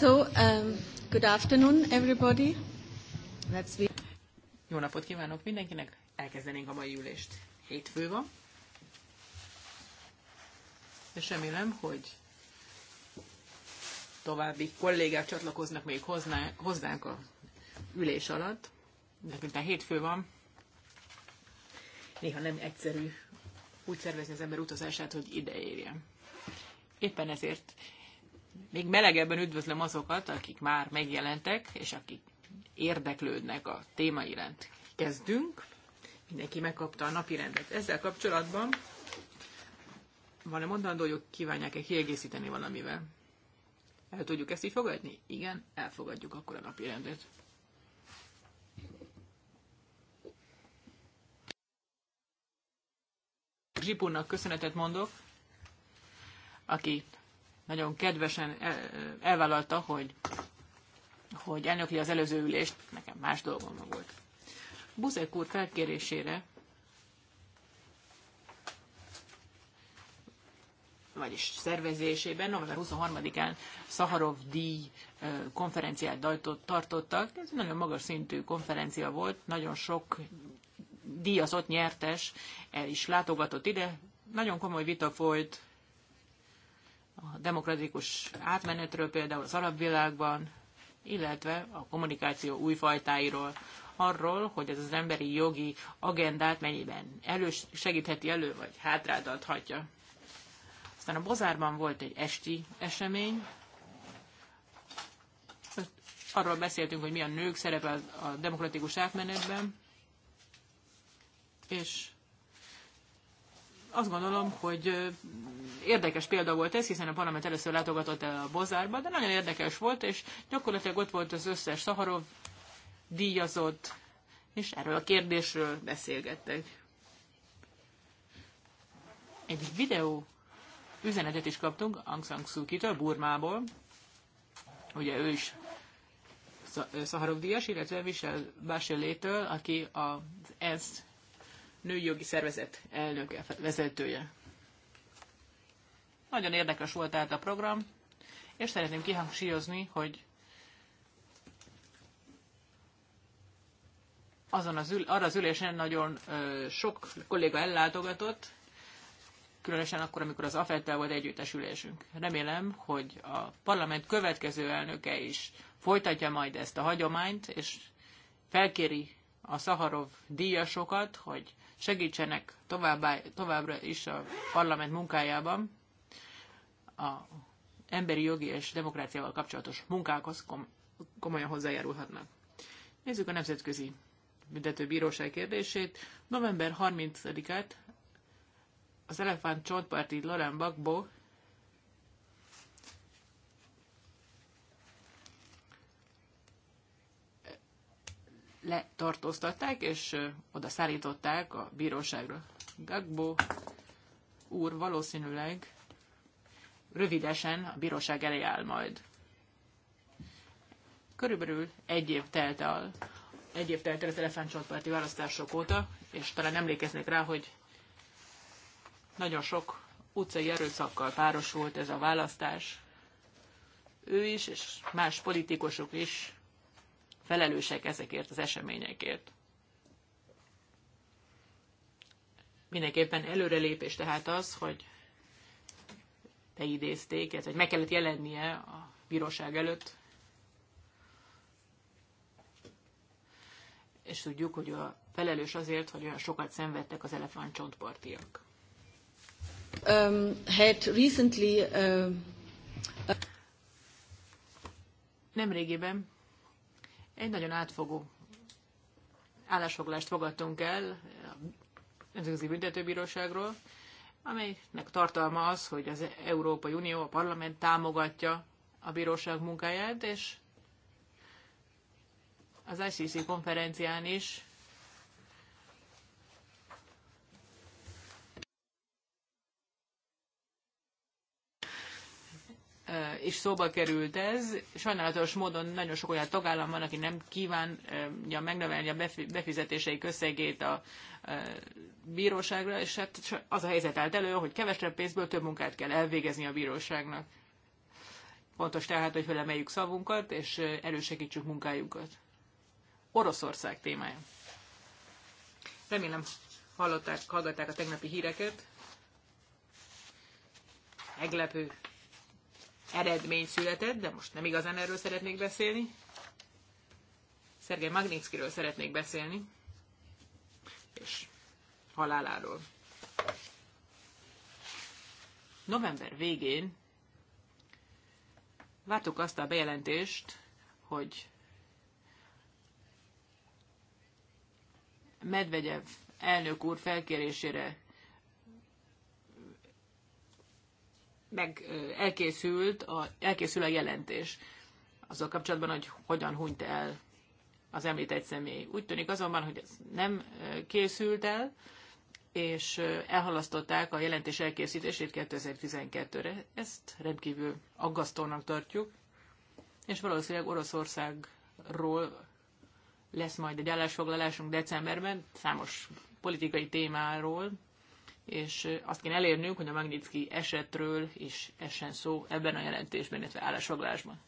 So, um, good afternoon, everybody. Let's be... Jó napot kívánok mindenkinek! Elkezdenénk a mai ülést. Hétfő van. És remélem, hogy további kollégák csatlakoznak még hozzánk a ülés alatt. De mint a hétfő van, néha nem egyszerű úgy szervezni az ember utazását, hogy ide érjen. Éppen ezért még melegebben üdvözlöm azokat, akik már megjelentek, és akik érdeklődnek a téma iránt. Kezdünk. Mindenki megkapta a napi rendet. Ezzel kapcsolatban van-e mondandó, hogy kívánják-e kiegészíteni valamivel? El tudjuk ezt így fogadni? Igen, elfogadjuk akkor a napi rendet. Zsipúnak köszönetet mondok, aki nagyon kedvesen elvállalta, hogy, hogy elnökli az előző ülést, nekem más dolgom volt. Buzek úr felkérésére, vagyis szervezésében november 23-án Szaharov díj konferenciát tartottak. Ez nagyon magas szintű konferencia volt, nagyon sok díjazott nyertes el is látogatott ide. Nagyon komoly vita folyt a demokratikus átmenetről például az arab világban, illetve a kommunikáció újfajtáiról, arról, hogy ez az emberi jogi agendát mennyiben elős, segítheti elő, vagy hátráltathatja. Aztán a Bozárban volt egy esti esemény, arról beszéltünk, hogy milyen nők szerepel a demokratikus átmenetben, és azt gondolom, hogy érdekes példa volt ez, hiszen a parlament először látogatott el a Bozárba, de nagyon érdekes volt, és gyakorlatilag ott volt az összes Szaharov díjazott, és erről a kérdésről beszélgettek. Egy videó üzenetet is kaptunk Aung San Suu Kyi-től, Burmából. Ugye ő is Szaharov díjas, illetve Michel Bachelet-től, aki az ENSZ női jogi szervezet elnöke, vezetője. Nagyon érdekes volt tehát a program, és szeretném kihangsúlyozni, hogy azon az ül, arra az ülésen nagyon ö, sok kolléga ellátogatott, különösen akkor, amikor az AFET-tel volt együttesülésünk. Remélem, hogy a parlament következő elnöke is folytatja majd ezt a hagyományt, és felkéri a Szaharov díjasokat, hogy segítsenek továbbá, továbbra is a parlament munkájában, a emberi jogi és demokráciával kapcsolatos munkákhoz kom- komolyan hozzájárulhatnak. Nézzük a Nemzetközi Büntetőbíróság kérdését. November 30-át az elefánt csontparti Laurent Bagbo letartóztatták, és oda szállították a bíróságra. Gagbo úr valószínűleg rövidesen a bíróság elé áll majd. Körülbelül egy év telt el, egy év telt el az elefántcsontpárti választások óta, és talán emlékeznék rá, hogy nagyon sok utcai erőszakkal párosult ez a választás. Ő is, és más politikusok is felelősek ezekért az eseményekért. Mindenképpen előrelépés tehát az, hogy beidézték, ez, hogy meg kellett jelennie a bíróság előtt, és tudjuk, hogy a felelős azért, hogy olyan sokat szenvedtek az elefántcsontpartiak. Um, had recently, nem uh, Nemrégiben egy nagyon átfogó állásfoglalást fogadtunk el a Nemzetközi Büntetőbíróságról, amelynek tartalma az, hogy az Európai Unió, a parlament támogatja a bíróság munkáját, és az ICC konferencián is és szóba került ez. Sajnálatos módon nagyon sok olyan tagállam van, aki nem kívánja megnövelni a befizetései összegét a bíróságra, és hát az a helyzet állt elő, hogy kevesebb pénzből több munkát kell elvégezni a bíróságnak. Fontos tehát, hogy felemeljük szavunkat, és elősegítsük munkájukat. Oroszország témája. Remélem hallották, hallgatták a tegnapi híreket. Meglepő eredmény született, de most nem igazán erről szeretnék beszélni. Szergei Magnitskyről szeretnék beszélni, és haláláról. November végén vártuk azt a bejelentést, hogy Medvegyev elnök úr felkérésére meg elkészült a, elkészül a jelentés azzal kapcsolatban, hogy hogyan hunyt el az említett személy. Úgy tűnik azonban, hogy ez nem készült el, és elhalasztották a jelentés elkészítését 2012-re. Ezt rendkívül aggasztónak tartjuk, és valószínűleg Oroszországról lesz majd egy állásfoglalásunk decemberben, számos politikai témáról, és azt kéne elérnünk, hogy a Magnitsky esetről is essen szó ebben a jelentésben, illetve állásfoglalásban.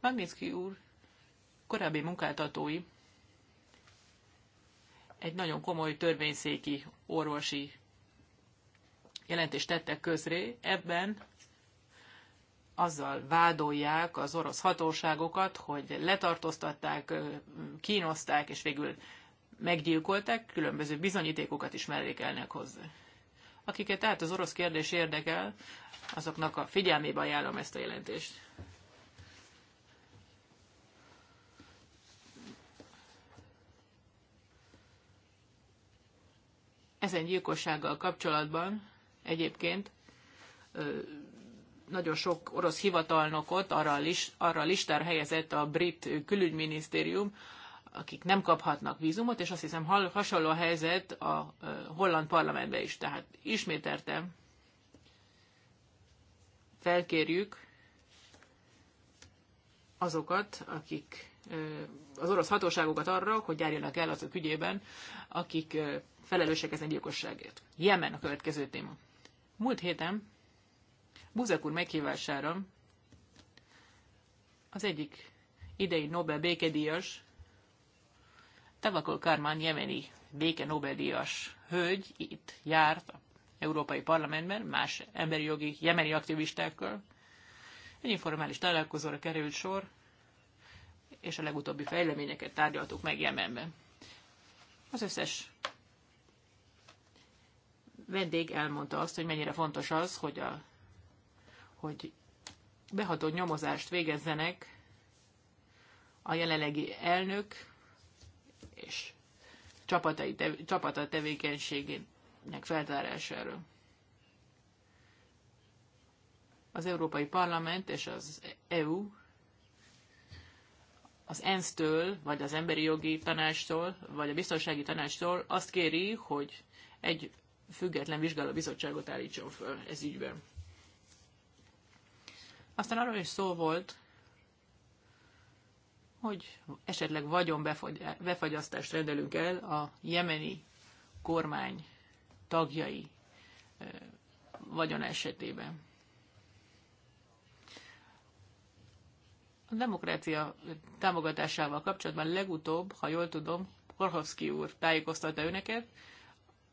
Magnitsky úr korábbi munkáltatói egy nagyon komoly törvényszéki orvosi jelentést tettek közré, ebben azzal vádolják az orosz hatóságokat, hogy letartóztatták, kínozták, és végül meggyilkolták, különböző bizonyítékokat is mellékelnek hozzá akiket tehát az orosz kérdés érdekel, azoknak a figyelmébe ajánlom ezt a jelentést. Ezen gyilkossággal kapcsolatban egyébként nagyon sok orosz hivatalnokot arra, list, arra listára helyezett a brit külügyminisztérium, akik nem kaphatnak vízumot, és azt hiszem hasonló a helyzet a holland parlamentben is. Tehát ismételtem, felkérjük azokat, akik az orosz hatóságokat arra, hogy járjanak el azok ügyében, akik felelősek ezen gyilkosságért. Jemen a következő téma. Múlt héten Buzek úr meghívására az egyik idei Nobel békedíjas Tavakol Karman jemeni béke Nobel-díjas hölgy itt járt a Európai Parlamentben más emberi jogi jemeni aktivistákkal. Egy informális találkozóra került sor, és a legutóbbi fejleményeket tárgyaltuk meg Jemenben. Az összes vendég elmondta azt, hogy mennyire fontos az, hogy, a, hogy behatott nyomozást végezzenek a jelenlegi elnök és csapatai, tev, csapata tevékenységének feltárásáról. Az Európai Parlament és az EU az ENSZ-től, vagy az Emberi Jogi Tanástól, vagy a Biztonsági Tanástól azt kéri, hogy egy független vizsgálóbizottságot állítson föl ez ügyben. Aztán arról is szó volt, hogy esetleg vagyon befagyasztást rendelünk el a jemeni kormány tagjai vagyon esetében. A demokrácia támogatásával kapcsolatban legutóbb, ha jól tudom, Korhovszki úr tájékoztatta önöket,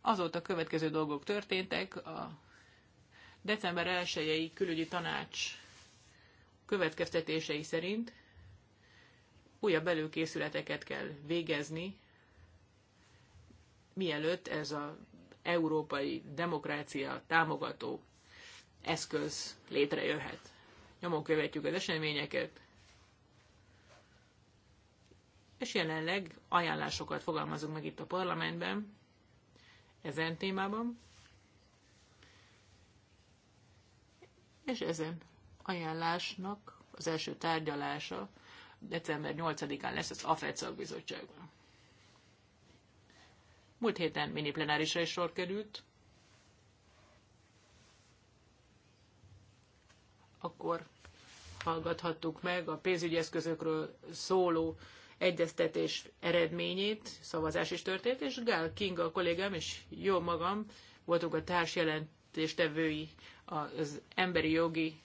azóta következő dolgok történtek, a december 1-i külügyi tanács következtetései szerint újabb előkészületeket kell végezni, mielőtt ez az európai demokrácia támogató eszköz létrejöhet. Nyomon követjük az eseményeket, és jelenleg ajánlásokat fogalmazunk meg itt a parlamentben ezen témában, és ezen ajánlásnak az első tárgyalása december 8-án lesz az AFEC szakbizottságban. Múlt héten mini plenárisra is sor került. Akkor hallgathattuk meg a pénzügyi eszközökről szóló egyeztetés eredményét, szavazás is történt, és Gál Kinga a kollégám, és jó magam, voltunk a társjelentéstevői az emberi jogi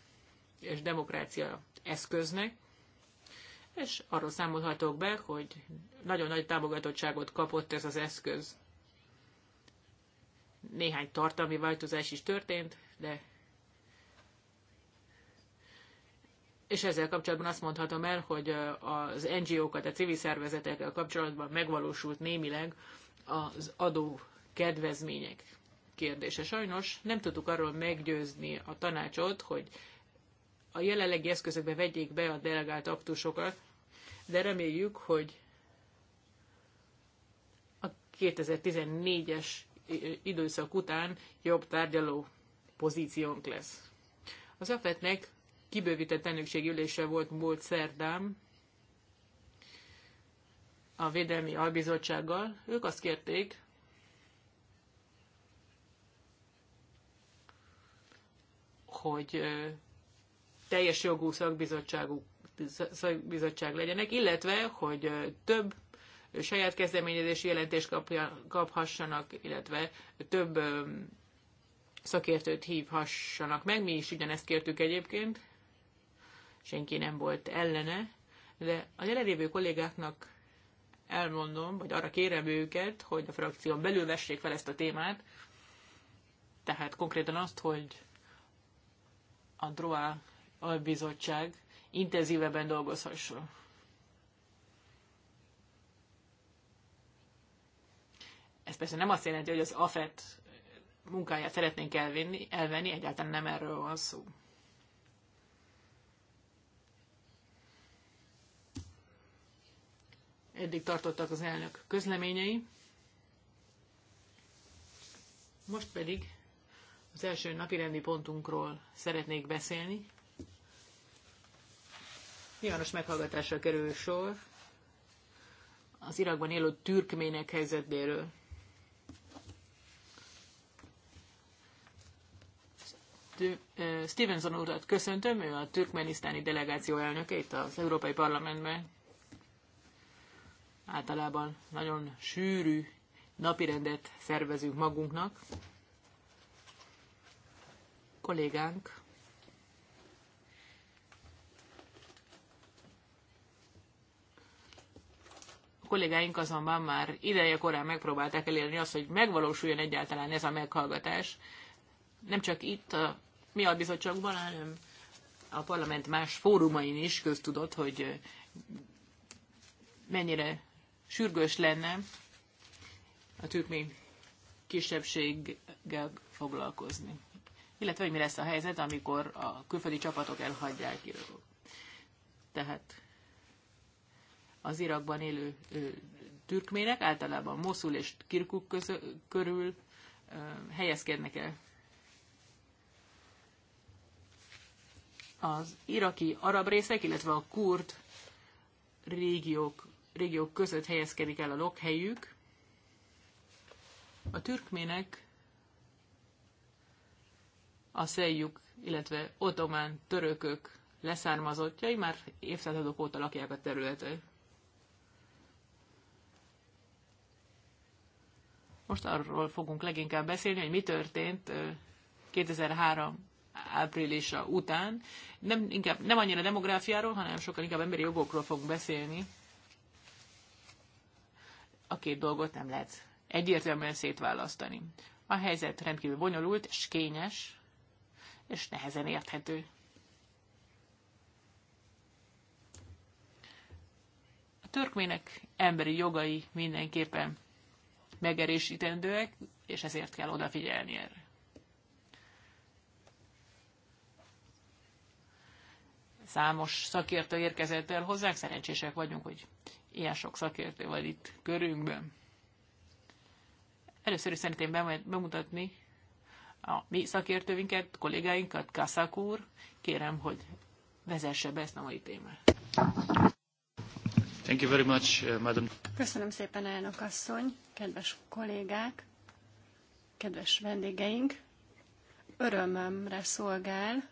és demokrácia eszköznek és arról számolhatok be, hogy nagyon nagy támogatottságot kapott ez az eszköz. Néhány tartalmi változás is történt, de és ezzel kapcsolatban azt mondhatom el, hogy az NGO-kat, a civil szervezetekkel kapcsolatban megvalósult némileg az adó kedvezmények kérdése. Sajnos nem tudtuk arról meggyőzni a tanácsot, hogy a jelenlegi eszközökbe vegyék be a delegált aktusokat, de reméljük, hogy a 2014-es időszak után jobb tárgyaló pozíciónk lesz. Az AFET-nek kibővített elnökségi ülése volt múlt szerdán a Védelmi Albizottsággal. Ők azt kérték, hogy teljes jogú szakbizottságuk szakbizottság legyenek, illetve, hogy több saját kezdeményezési jelentést kapja, kaphassanak, illetve több szakértőt hívhassanak meg. Mi is ugyanezt kértük egyébként, senki nem volt ellene, de a jelenlévő kollégáknak elmondom, vagy arra kérem őket, hogy a frakción belül vessék fel ezt a témát, tehát konkrétan azt, hogy a DROA albizottság intenzívebben dolgozhasson. Ez persze nem azt jelenti, hogy az AFET munkáját szeretnénk elvenni, elvenni egyáltalán nem erről van szó. Eddig tartottak az elnök közleményei. Most pedig az első napi rendi pontunkról szeretnék beszélni. Nyilvános meghallgatásra kerül sor az Irakban élő türkmének helyzetéről. Stevenson urat köszöntöm, ő a türkmenisztáni delegáció elnöke itt az Európai Parlamentben. Általában nagyon sűrű napirendet szervezünk magunknak. Kollégánk kollégáink azonban már ideje korán megpróbálták elérni azt, hogy megvalósuljon egyáltalán ez a meghallgatás. Nem csak itt a mi a bizottságban, hanem a parlament más fórumain is köztudott, hogy mennyire sürgős lenne a türkmén kisebbséggel foglalkozni. Illetve, hogy mi lesz a helyzet, amikor a külföldi csapatok elhagyják Irakot. Tehát az Irakban élő türkmének, általában Moszul és Kirkuk közö, körül helyezkednek el. Az iraki arab részek, illetve a kurd régiók, régiók között helyezkedik el a lokhelyük. A türkmének a szeljuk, illetve ottomán törökök leszármazottjai már évszázadok óta lakják a területet. Most arról fogunk leginkább beszélni, hogy mi történt 2003 áprilisa után. Nem, inkább, nem annyira demográfiáról, hanem sokkal inkább emberi jogokról fogunk beszélni. A két dolgot nem lehet egyértelműen szétválasztani. A helyzet rendkívül bonyolult és kényes, és nehezen érthető. A törkmének emberi jogai mindenképpen megerősítendőek, és ezért kell odafigyelni erre. Számos szakértő érkezett el hozzánk, szerencsések vagyunk, hogy ilyen sok szakértő van itt körünkben. Először is szeretném bemutatni a mi szakértőinket, kollégáinkat, Kaszak úr. Kérem, hogy vezesse be ezt a mai témát. Thank you very much, uh, madam. Köszönöm szépen, elnök asszony, kedves kollégák, kedves vendégeink. Örömömre szolgál,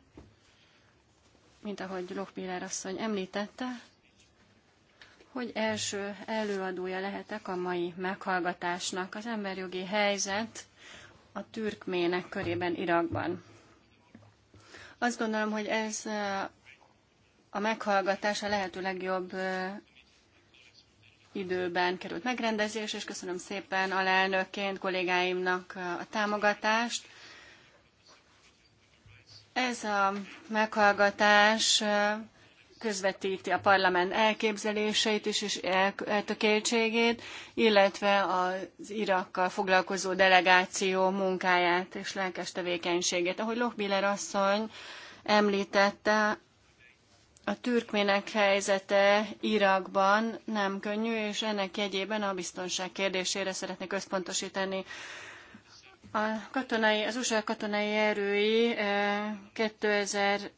mint ahogy Lokpillár asszony említette, hogy első előadója lehetek a mai meghallgatásnak. Az emberjogi helyzet a türkmének körében Irakban. Azt gondolom, hogy ez uh, a meghallgatás a lehető legjobb uh, időben került megrendezés, és köszönöm szépen alelnökként kollégáimnak a támogatást. Ez a meghallgatás közvetíti a parlament elképzeléseit is, és eltökéltségét, illetve az Irakkal foglalkozó delegáció munkáját és lelkes tevékenységét. Ahogy Lochbiller asszony említette, a türkmének helyzete Irakban nem könnyű, és ennek jegyében a biztonság kérdésére szeretnék összpontosítani. A katonai, az USA katonai erői 2000 eh,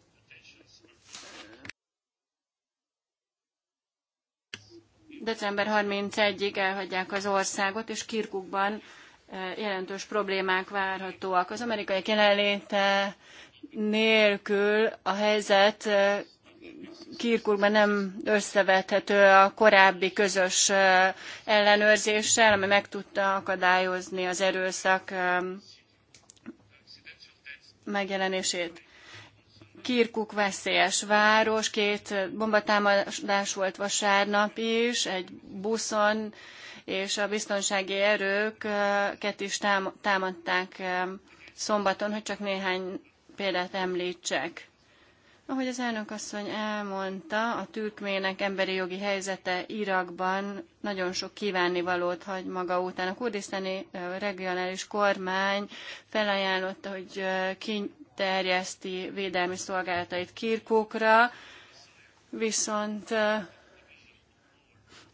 december 31-ig elhagyják az országot, és Kirkukban eh, jelentős problémák várhatóak. Az amerikai jelenléte nélkül a helyzet eh, Kirkukban nem összevethető a korábbi közös ellenőrzéssel, ami meg tudta akadályozni az erőszak megjelenését. Kirkuk veszélyes város, két bombatámadás volt vasárnap is, egy buszon, és a biztonsági erőket is támadták szombaton, hogy csak néhány példát említsek. Ahogy az elnök asszony elmondta, a türkmének emberi jogi helyzete Irakban nagyon sok kívánnivalót hagy maga után. A kurdisztáni regionális kormány felajánlotta, hogy kiterjeszti védelmi szolgálatait Kirkukra, viszont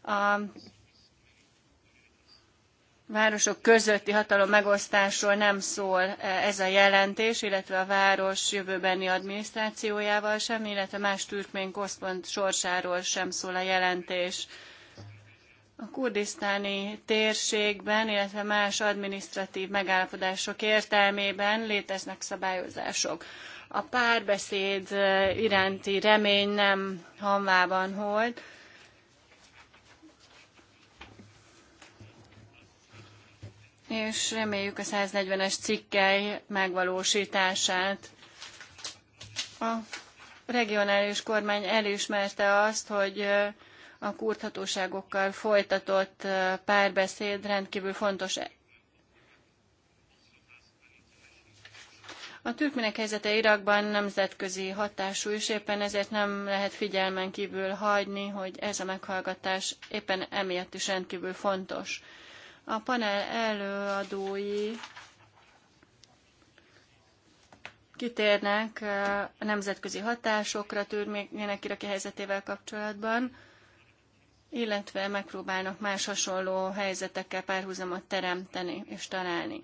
a városok közötti hatalom megosztásról nem szól e, ez a jelentés, illetve a város jövőbeni adminisztrációjával sem, illetve más türkmén központ sorsáról sem szól a jelentés. A kurdisztáni térségben, illetve más adminisztratív megállapodások értelmében léteznek szabályozások. A párbeszéd e, iránti remény nem hamvában volt, és reméljük a 140-es cikkely megvalósítását. A regionális kormány elismerte azt, hogy a kurthatóságokkal folytatott párbeszéd rendkívül fontos A türkmenek helyzete Irakban nemzetközi hatású, és éppen ezért nem lehet figyelmen kívül hagyni, hogy ez a meghallgatás éppen emiatt is rendkívül fontos. A panel előadói kitérnek a nemzetközi hatásokra, törvényének iraki helyzetével kapcsolatban, illetve megpróbálnak más hasonló helyzetekkel párhuzamot teremteni és találni.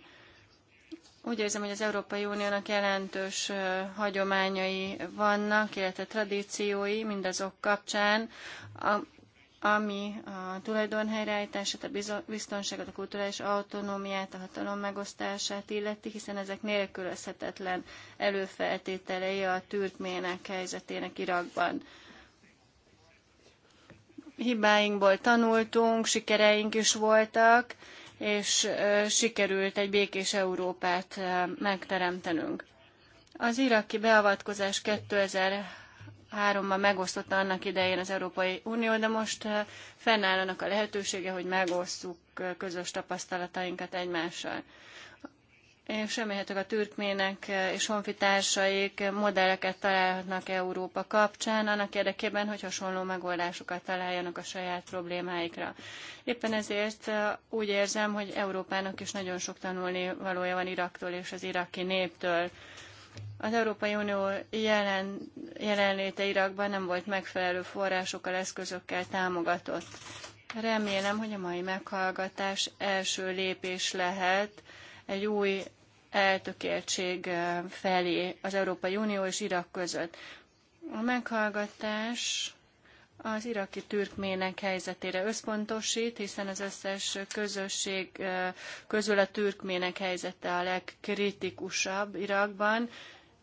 Úgy érzem, hogy az Európai Uniónak jelentős hagyományai vannak, illetve tradíciói mindazok kapcsán, ami a tulajdonhelyreállítását, a biztonságot, a kulturális autonómiát, a hatalom megosztását illeti, hiszen ezek nélkülözhetetlen előfeltételei a türkmének helyzetének Irakban. Hibáinkból tanultunk, sikereink is voltak, és sikerült egy békés Európát megteremtenünk. Az iraki beavatkozás 2000 háromban megosztotta annak idején az Európai Unió, de most eh, fennáll annak a lehetősége, hogy megosztjuk eh, közös tapasztalatainkat egymással. És remélhetőleg a türkmének eh, és honfitársaik modelleket találhatnak Európa kapcsán, annak érdekében, hogy hasonló megoldásokat találjanak a saját problémáikra. Éppen ezért úgy érzem, hogy Európának is nagyon sok tanulni valója van Iraktól és az iraki néptől. Az Európai Unió jelen, jelenléte Irakban nem volt megfelelő forrásokkal, eszközökkel támogatott. Remélem, hogy a mai meghallgatás első lépés lehet egy új eltökéltség felé az Európai Unió és Irak között. A meghallgatás az iraki türkmének helyzetére összpontosít, hiszen az összes közösség közül a türkmének helyzete a legkritikusabb Irakban,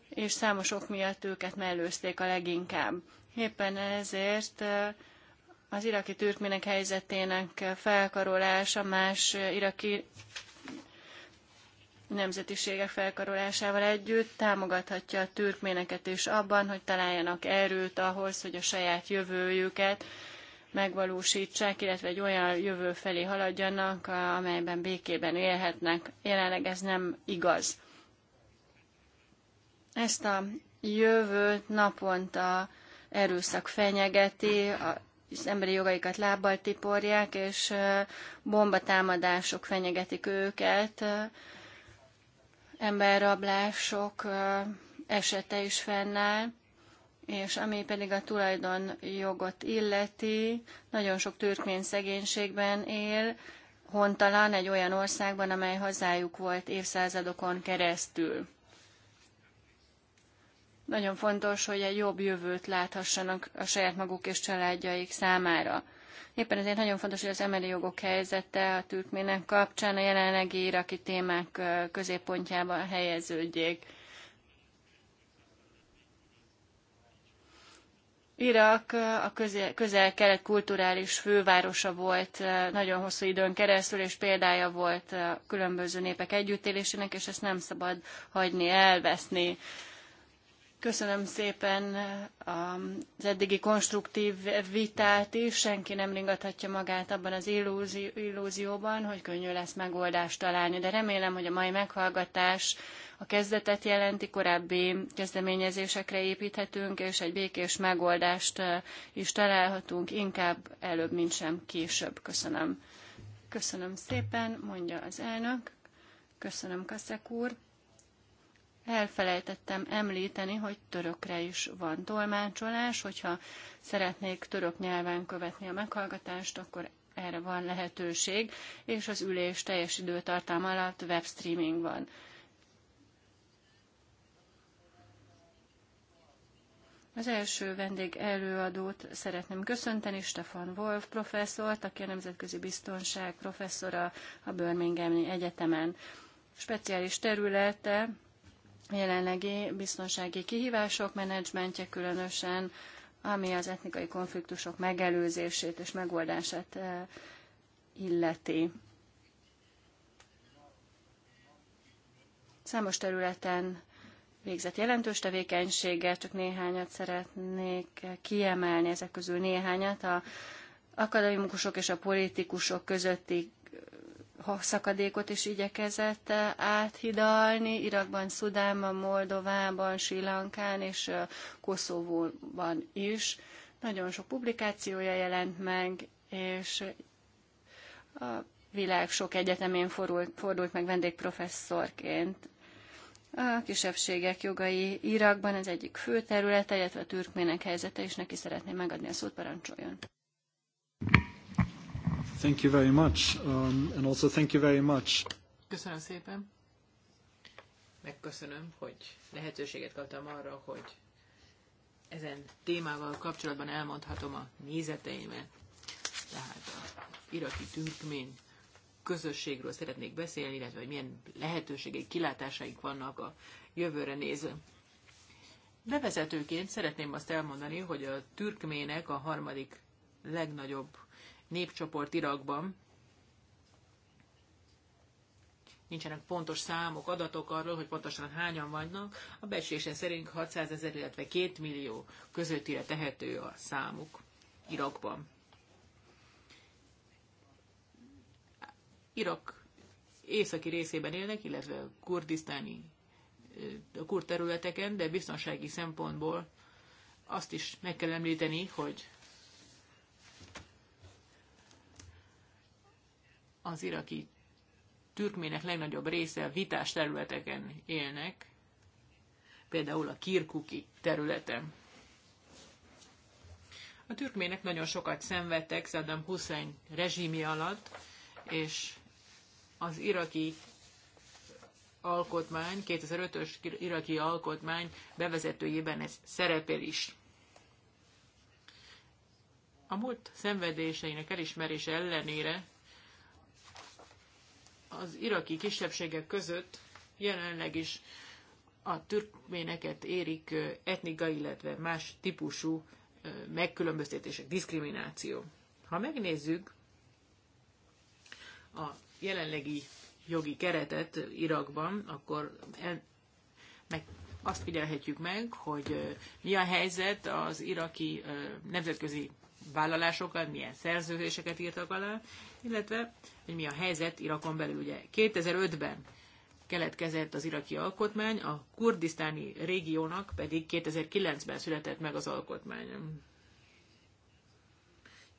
és számos ok miatt őket mellőzték a leginkább. Éppen ezért az iraki türkmének helyzetének felkarolása más iraki nemzetiségek felkarolásával együtt támogathatja a türkméneket is abban, hogy találjanak erőt ahhoz, hogy a saját jövőjüket megvalósítsák, illetve egy olyan jövő felé haladjanak, amelyben békében élhetnek. Jelenleg ez nem igaz. Ezt a jövőt naponta erőszak fenyegeti, az emberi jogaikat lábbal tiporják, és bombatámadások fenyegetik őket, emberrablások esete is fennáll, és ami pedig a tulajdonjogot illeti, nagyon sok türkmén szegénységben él, hontalan egy olyan országban, amely hazájuk volt évszázadokon keresztül. Nagyon fontos, hogy egy jobb jövőt láthassanak a saját maguk és családjaik számára. Éppen ezért nagyon fontos, hogy az emberi jogok helyzete a türkmének kapcsán a jelenlegi iraki témák középpontjába helyeződjék. Irak a közel-kelet kulturális fővárosa volt nagyon hosszú időn keresztül, és példája volt a különböző népek együttélésének, és ezt nem szabad hagyni elveszni. Köszönöm szépen um, az eddigi konstruktív vitát is. Senki nem ringathatja magát abban az illúzióban, hogy könnyű lesz megoldást találni, de remélem, hogy a mai meghallgatás a kezdetet jelenti, korábbi kezdeményezésekre építhetünk, és egy békés megoldást uh, is találhatunk, inkább előbb, mint sem később. Köszönöm. Köszönöm szépen, mondja az elnök. Köszönöm, Kaszek úr. Elfelejtettem említeni, hogy törökre is van tolmácsolás, hogyha szeretnék török nyelven követni a meghallgatást, akkor erre van lehetőség, és az ülés teljes időtartam alatt webstreaming van. Az első vendég előadót szeretném köszönteni, Stefan Wolf professzort, aki a Nemzetközi Biztonság professzora a Birminghami Egyetemen. Speciális területe jelenlegi biztonsági kihívások menedzsmentje különösen, ami az etnikai konfliktusok megelőzését és megoldását eh, illeti. Számos területen végzett jelentős tevékenységgel, csak néhányat szeretnék kiemelni, ezek közül néhányat. A akadémikusok és a politikusok közötti szakadékot is igyekezett áthidalni Irakban, Szudánban, Moldovában, Sri Lankán és Koszovóban is. Nagyon sok publikációja jelent meg, és a világ sok egyetemén fordult, fordult meg vendégprofesszorként. A kisebbségek jogai Irakban az egyik fő területe, illetve a türkmének helyzete, és neki szeretném megadni a szót, parancsoljon. Thank you very much, um, and also thank you very much. Köszönöm szépen. Megköszönöm, hogy lehetőséget kaptam arra, hogy ezen témával kapcsolatban elmondhatom a nézeteimet. Tehát a iraki türkmén közösségről szeretnék beszélni, illetve hogy milyen lehetőségek, kilátásaik vannak a jövőre nézve. Bevezetőként szeretném azt elmondani, hogy a türkmének a harmadik legnagyobb népcsoport Irakban. Nincsenek pontos számok, adatok arról, hogy pontosan hányan vannak. A becslése szerint 600 ezer, illetve 2 millió közöttire tehető a számuk Irakban. Irak északi részében élnek, illetve kurdisztáni kurd területeken, de biztonsági szempontból azt is meg kell említeni, hogy az iraki türkmének legnagyobb része vitás területeken élnek, például a Kirkuki területen. A türkmének nagyon sokat szenvedtek Saddam Hussein rezsimi alatt, és az iraki alkotmány, 2005-ös iraki alkotmány bevezetőjében ez szerepel is. A múlt szenvedéseinek elismerése ellenére az iraki kisebbségek között jelenleg is a türkméneket érik etnika, illetve más típusú megkülönböztetések, diszkrimináció. Ha megnézzük a jelenlegi jogi keretet Irakban, akkor el, meg azt figyelhetjük meg, hogy mi a helyzet az iraki nemzetközi vállalásokat, milyen szerződéseket írtak alá, illetve hogy mi a helyzet Irakon belül. Ugye 2005-ben keletkezett az iraki alkotmány, a kurdisztáni régiónak pedig 2009-ben született meg az alkotmány.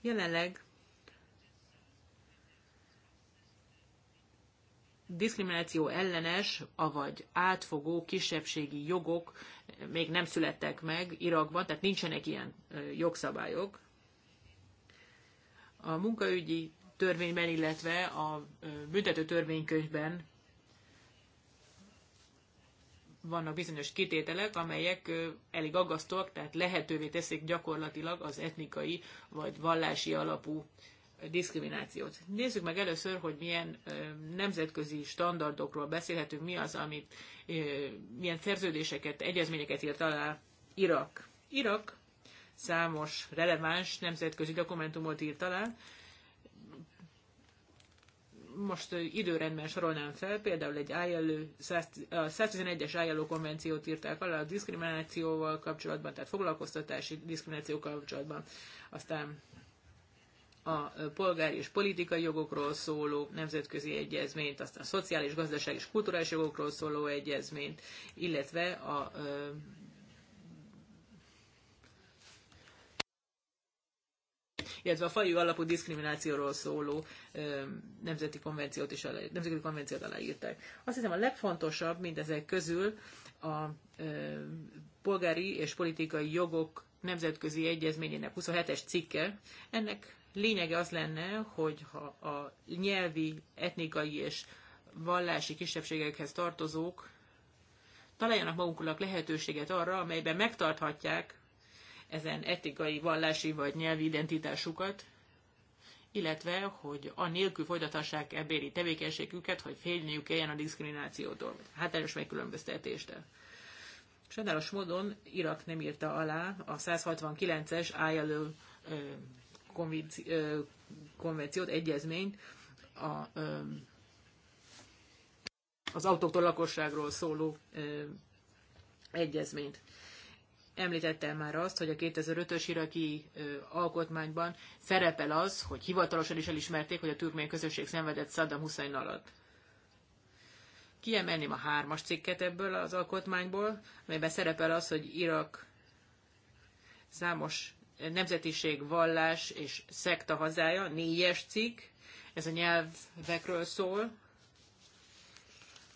Jelenleg diszkrimináció ellenes, avagy átfogó kisebbségi jogok még nem születtek meg Irakban, tehát nincsenek ilyen jogszabályok. A munkaügyi törvényben, illetve a büntető törvénykönyvben vannak bizonyos kitételek, amelyek elég aggasztóak, tehát lehetővé teszik gyakorlatilag az etnikai vagy vallási alapú diszkriminációt. Nézzük meg először, hogy milyen nemzetközi standardokról beszélhetünk, mi az, amit, milyen szerződéseket, egyezményeket írt alá Irak. Irak számos releváns nemzetközi dokumentumot írt alá, most időrendben sorolnám fel, például egy ILO, 111-es ILO konvenciót írták alá a diszkriminációval kapcsolatban, tehát foglalkoztatási diszkrimináció kapcsolatban, aztán a polgári és politikai jogokról szóló nemzetközi egyezményt, aztán a szociális, gazdaság és kulturális jogokról szóló egyezményt, illetve a illetve a fajú alapú diszkriminációról szóló nemzeti konvenciót is alá, nemzeti konvenciót aláírták. Azt hiszem a legfontosabb mindezek közül a polgári és politikai jogok nemzetközi egyezményének 27-es cikke. Ennek lényege az lenne, hogy ha a nyelvi, etnikai és vallási kisebbségekhez tartozók találjanak magunknak lehetőséget arra, amelyben megtarthatják ezen etikai, vallási vagy nyelvi identitásukat, illetve, hogy a nélkül folytatassák ebéri tevékenységüket, hogy félniük kelljen a diszkriminációtól, hátrányos megkülönböztetéstől. Sajnálos módon Irak nem írta alá a 169-es ILO konvenciót, egyezményt a, az autóktól lakosságról szóló egyezményt. Említettem már azt, hogy a 2005-ös iraki alkotmányban szerepel az, hogy hivatalosan is elismerték, hogy a türkmén közösség szenvedett Saddam Hussein alatt. Kiemelném a hármas cikket ebből az alkotmányból, amelyben szerepel az, hogy Irak számos nemzetiség, vallás és szekta hazája, négyes cikk, ez a nyelvekről szól,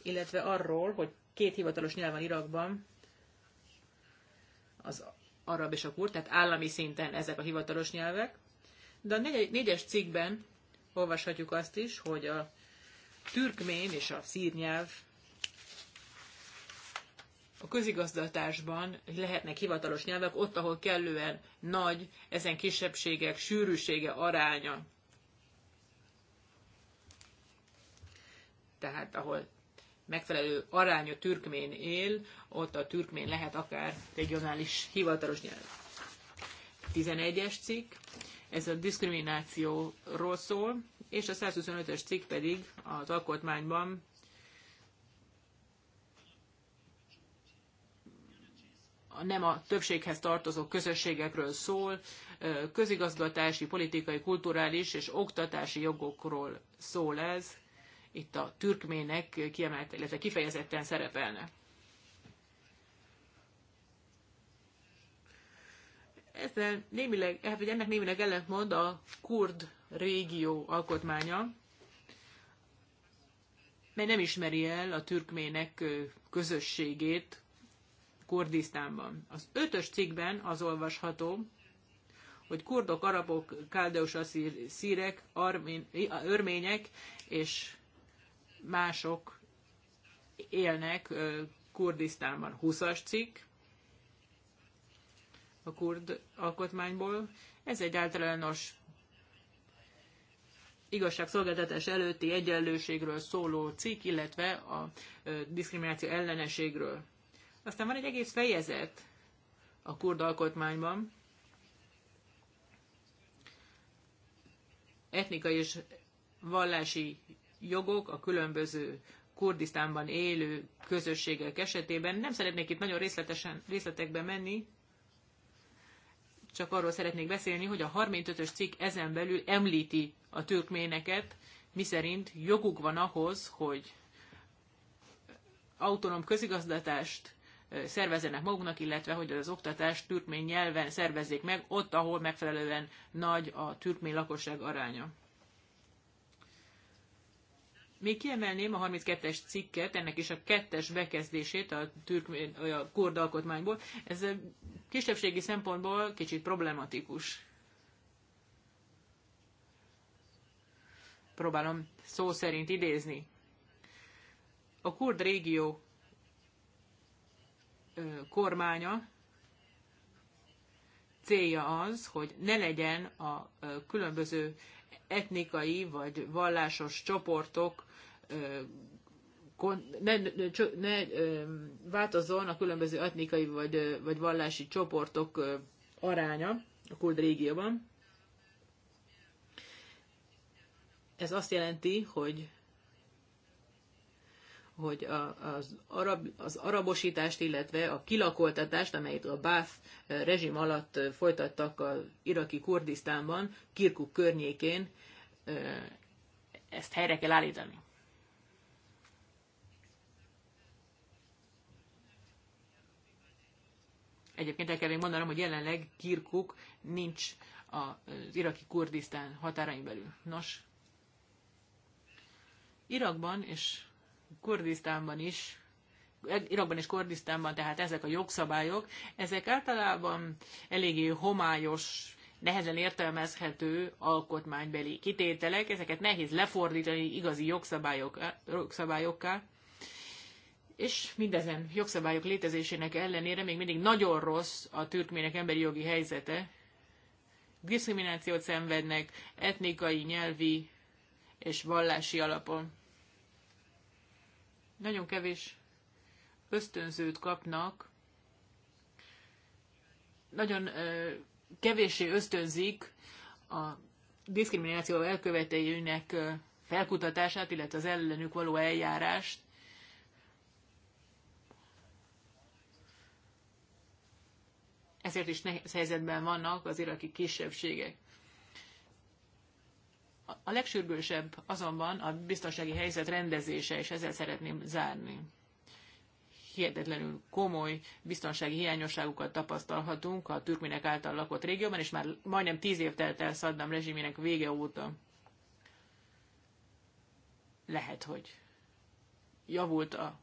illetve arról, hogy két hivatalos nyelv van Irakban, az arab és a kurd, tehát állami szinten ezek a hivatalos nyelvek. De a négyes cikkben olvashatjuk azt is, hogy a türkmén és a szír nyelv a közigazgatásban lehetnek hivatalos nyelvek ott, ahol kellően nagy ezen kisebbségek sűrűsége aránya. Tehát ahol megfelelő arányú türkmén él, ott a türkmén lehet akár regionális hivatalos nyelv. 11-es cikk, ez a diszkriminációról szól, és a 125 es cikk pedig az alkotmányban nem a többséghez tartozó közösségekről szól, közigazgatási, politikai, kulturális és oktatási jogokról szól ez itt a türkmének kiemelt, illetve kifejezetten szerepelne. Ezzel némileg, vagy hát, ennek némileg ellentmond a kurd régió alkotmánya, mely nem ismeri el a türkmének közösségét Kurdisztánban. Az ötös cikkben az olvasható, hogy kurdok, arabok, káldeus szírek, örmények és mások élnek Kurdisztánban. 20-as cikk a kurd alkotmányból. Ez egy általános igazságszolgáltatás előtti egyenlőségről szóló cikk, illetve a diszkrimináció elleneségről. Aztán van egy egész fejezet a kurd alkotmányban, etnikai és vallási jogok a különböző Kurdisztánban élő közösségek esetében. Nem szeretnék itt nagyon részletesen, részletekbe menni, csak arról szeretnék beszélni, hogy a 35-ös cikk ezen belül említi a türkméneket, miszerint joguk van ahhoz, hogy autonóm közigazgatást szervezzenek maguknak, illetve hogy az oktatást türkmén nyelven szervezzék meg, ott, ahol megfelelően nagy a türkmén lakosság aránya. Még kiemelném a 32-es cikket, ennek is a kettes bekezdését a, türk, a kurd alkotmányból. Ez kisebbségi szempontból kicsit problematikus. Próbálom szó szerint idézni. A kurd régió kormánya célja az, hogy ne legyen a különböző etnikai vagy vallásos csoportok ne, ne, ne változzon a különböző etnikai vagy, vagy vallási csoportok aránya a kurd régióban. Ez azt jelenti, hogy hogy a, az, arab, az arabosítást, illetve a kilakoltatást, amelyet a Báf rezsim alatt folytattak a iraki Kurdisztánban, Kirkuk környékén, ezt helyre kell állítani. Egyébként el kell még mondanom, hogy jelenleg Kirkuk nincs az iraki Kurdisztán határain belül. Nos, Irakban és Kurdisztánban is, Irakban és Kurdisztánban, tehát ezek a jogszabályok, ezek általában eléggé homályos, nehezen értelmezhető alkotmánybeli kitételek, ezeket nehéz lefordítani igazi jogszabályok, jogszabályokká, és mindezen jogszabályok létezésének ellenére még mindig nagyon rossz a türkmének emberi jogi helyzete. Diszkriminációt szenvednek etnikai, nyelvi és vallási alapon. Nagyon kevés ösztönzőt kapnak, nagyon ö, kevéssé ösztönzik a diszkrimináció elkövetőinek felkutatását, illetve az ellenük való eljárást, ezért is nehéz helyzetben vannak az iraki kisebbségek. A legsürgősebb azonban a biztonsági helyzet rendezése, és ezzel szeretném zárni. Hihetetlenül komoly biztonsági hiányosságokat tapasztalhatunk a türkmének által lakott régióban, és már majdnem tíz év telt el Saddam rezsimének vége óta. Lehet, hogy javult a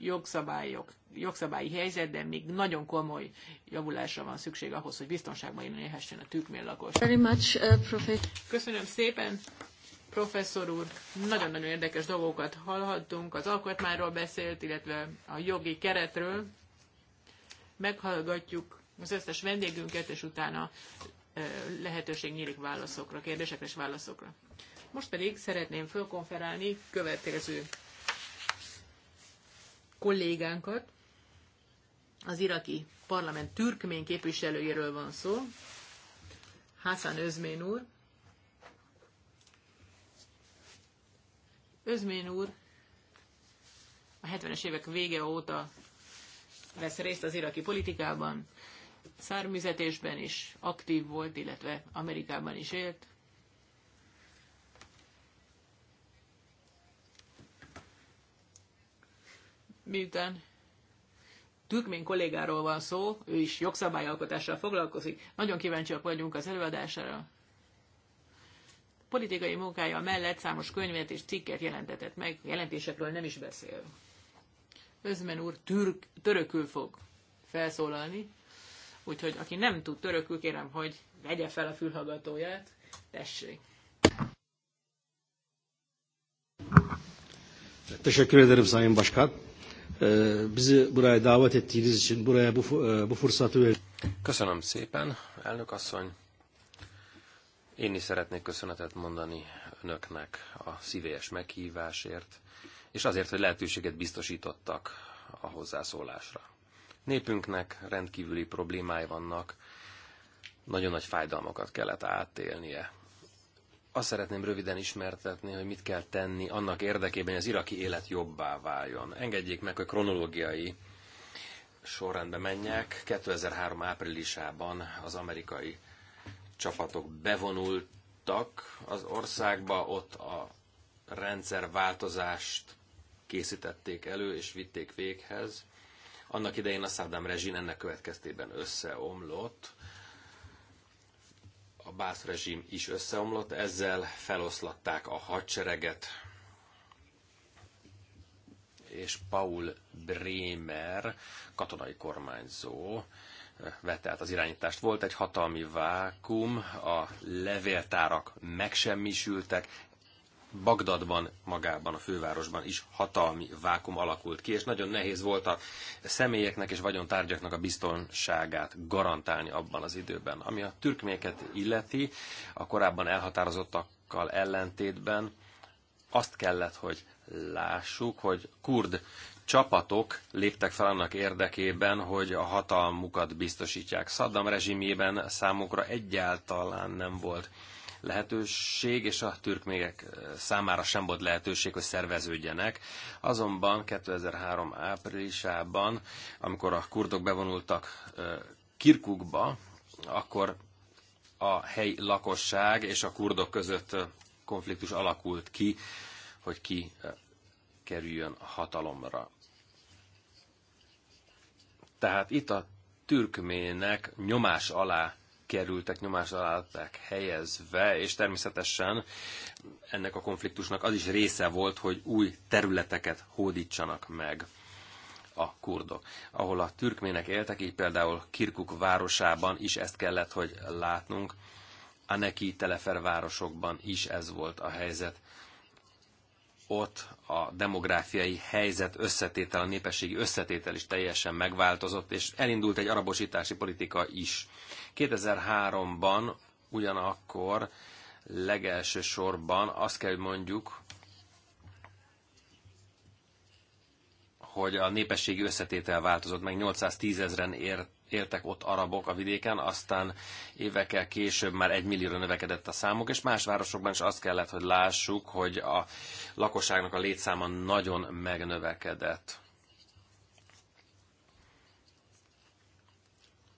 jogszabályok, jogszabályi helyzet, de még nagyon komoly javulásra van szükség ahhoz, hogy biztonságban élhessen a tükmér lakos. Very much, uh, Köszönöm szépen, professzor úr. Nagyon-nagyon érdekes dolgokat hallhattunk. Az alkotmányról beszélt, illetve a jogi keretről. Meghallgatjuk az összes vendégünket, és utána lehetőség nyílik válaszokra, kérdésekre és válaszokra. Most pedig szeretném fölkonferálni következő kollégánkat. Az iraki parlament türkmén képviselőjéről van szó, Hassan Özmén úr. Özmén úr a 70-es évek vége óta vesz részt az iraki politikában, szárműzetésben is aktív volt, illetve Amerikában is élt. miután Türkmén kollégáról van szó, ő is jogszabályalkotással foglalkozik, nagyon kíváncsiak vagyunk az előadására. Politikai munkája mellett számos könyvet és cikket jelentetett meg, jelentésekről nem is beszél. Özmen úr türk, törökül fog felszólalni, úgyhogy aki nem tud törökül, kérem, hogy vegye fel a fülhallgatóját, tessék. Teşekkür ederim Sayın Başkan bizi buraya davet ettiğiniz için, buraya bu, bu fırsatı ver. Köszönöm szépen, elnök asszony. Én is szeretnék köszönetet mondani önöknek a szívélyes meghívásért, és azért, hogy lehetőséget biztosítottak a hozzászólásra. Népünknek rendkívüli problémái vannak, nagyon nagy fájdalmakat kellett átélnie azt szeretném röviden ismertetni, hogy mit kell tenni annak érdekében, hogy az iraki élet jobbá váljon. Engedjék meg, hogy kronológiai sorrendbe menjek. 2003. áprilisában az amerikai csapatok bevonultak az országba, ott a rendszerváltozást készítették elő és vitték véghez. Annak idején a Saddam rezsim ennek következtében összeomlott, a Bász rezsim is összeomlott, ezzel feloszlatták a hadsereget, és Paul Bremer, katonai kormányzó, vette át az irányítást. Volt egy hatalmi vákum, a levéltárak megsemmisültek, Bagdadban magában, a fővárosban is hatalmi vákum alakult ki, és nagyon nehéz volt a személyeknek és vagyontárgyaknak a biztonságát garantálni abban az időben. Ami a türkméket illeti, a korábban elhatározottakkal ellentétben azt kellett, hogy lássuk, hogy kurd csapatok léptek fel annak érdekében, hogy a hatalmukat biztosítják. Saddam rezsimében számukra egyáltalán nem volt lehetőség, és a türkmégek számára sem volt lehetőség, hogy szerveződjenek. Azonban 2003 áprilisában, amikor a kurdok bevonultak Kirkukba, akkor a helyi lakosság és a kurdok között konfliktus alakult ki, hogy ki kerüljön hatalomra. Tehát itt a türkmének nyomás alá kerültek nyomás alá lettek helyezve, és természetesen ennek a konfliktusnak az is része volt, hogy új területeket hódítsanak meg a kurdok. Ahol a türkmének éltek, így például Kirkuk városában is ezt kellett, hogy látnunk, a neki telefer városokban is ez volt a helyzet. Ott a demográfiai helyzet összetétel, a népességi összetétel is teljesen megváltozott, és elindult egy arabosítási politika is 2003-ban ugyanakkor legelső sorban azt kell, hogy mondjuk, hogy a népességi összetétel változott, meg 810 ezeren ért értek ott arabok a vidéken, aztán évekkel később már egy millióra növekedett a számuk, és más városokban is azt kellett, hogy lássuk, hogy a lakosságnak a létszáma nagyon megnövekedett.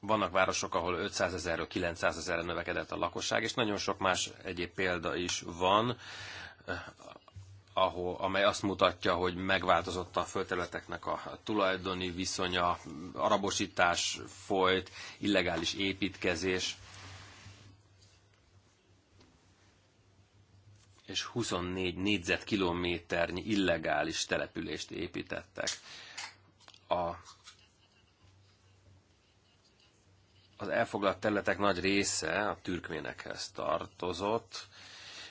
Vannak városok, ahol 500 ezerről 900 ezerre növekedett a lakosság, és nagyon sok más egyéb példa is van, eh, ahol, amely azt mutatja, hogy megváltozott a földterületeknek a tulajdoni viszonya, arabosítás folyt, illegális építkezés. és 24 négyzetkilométernyi illegális települést építettek. A az elfoglalt területek nagy része a türkménekhez tartozott,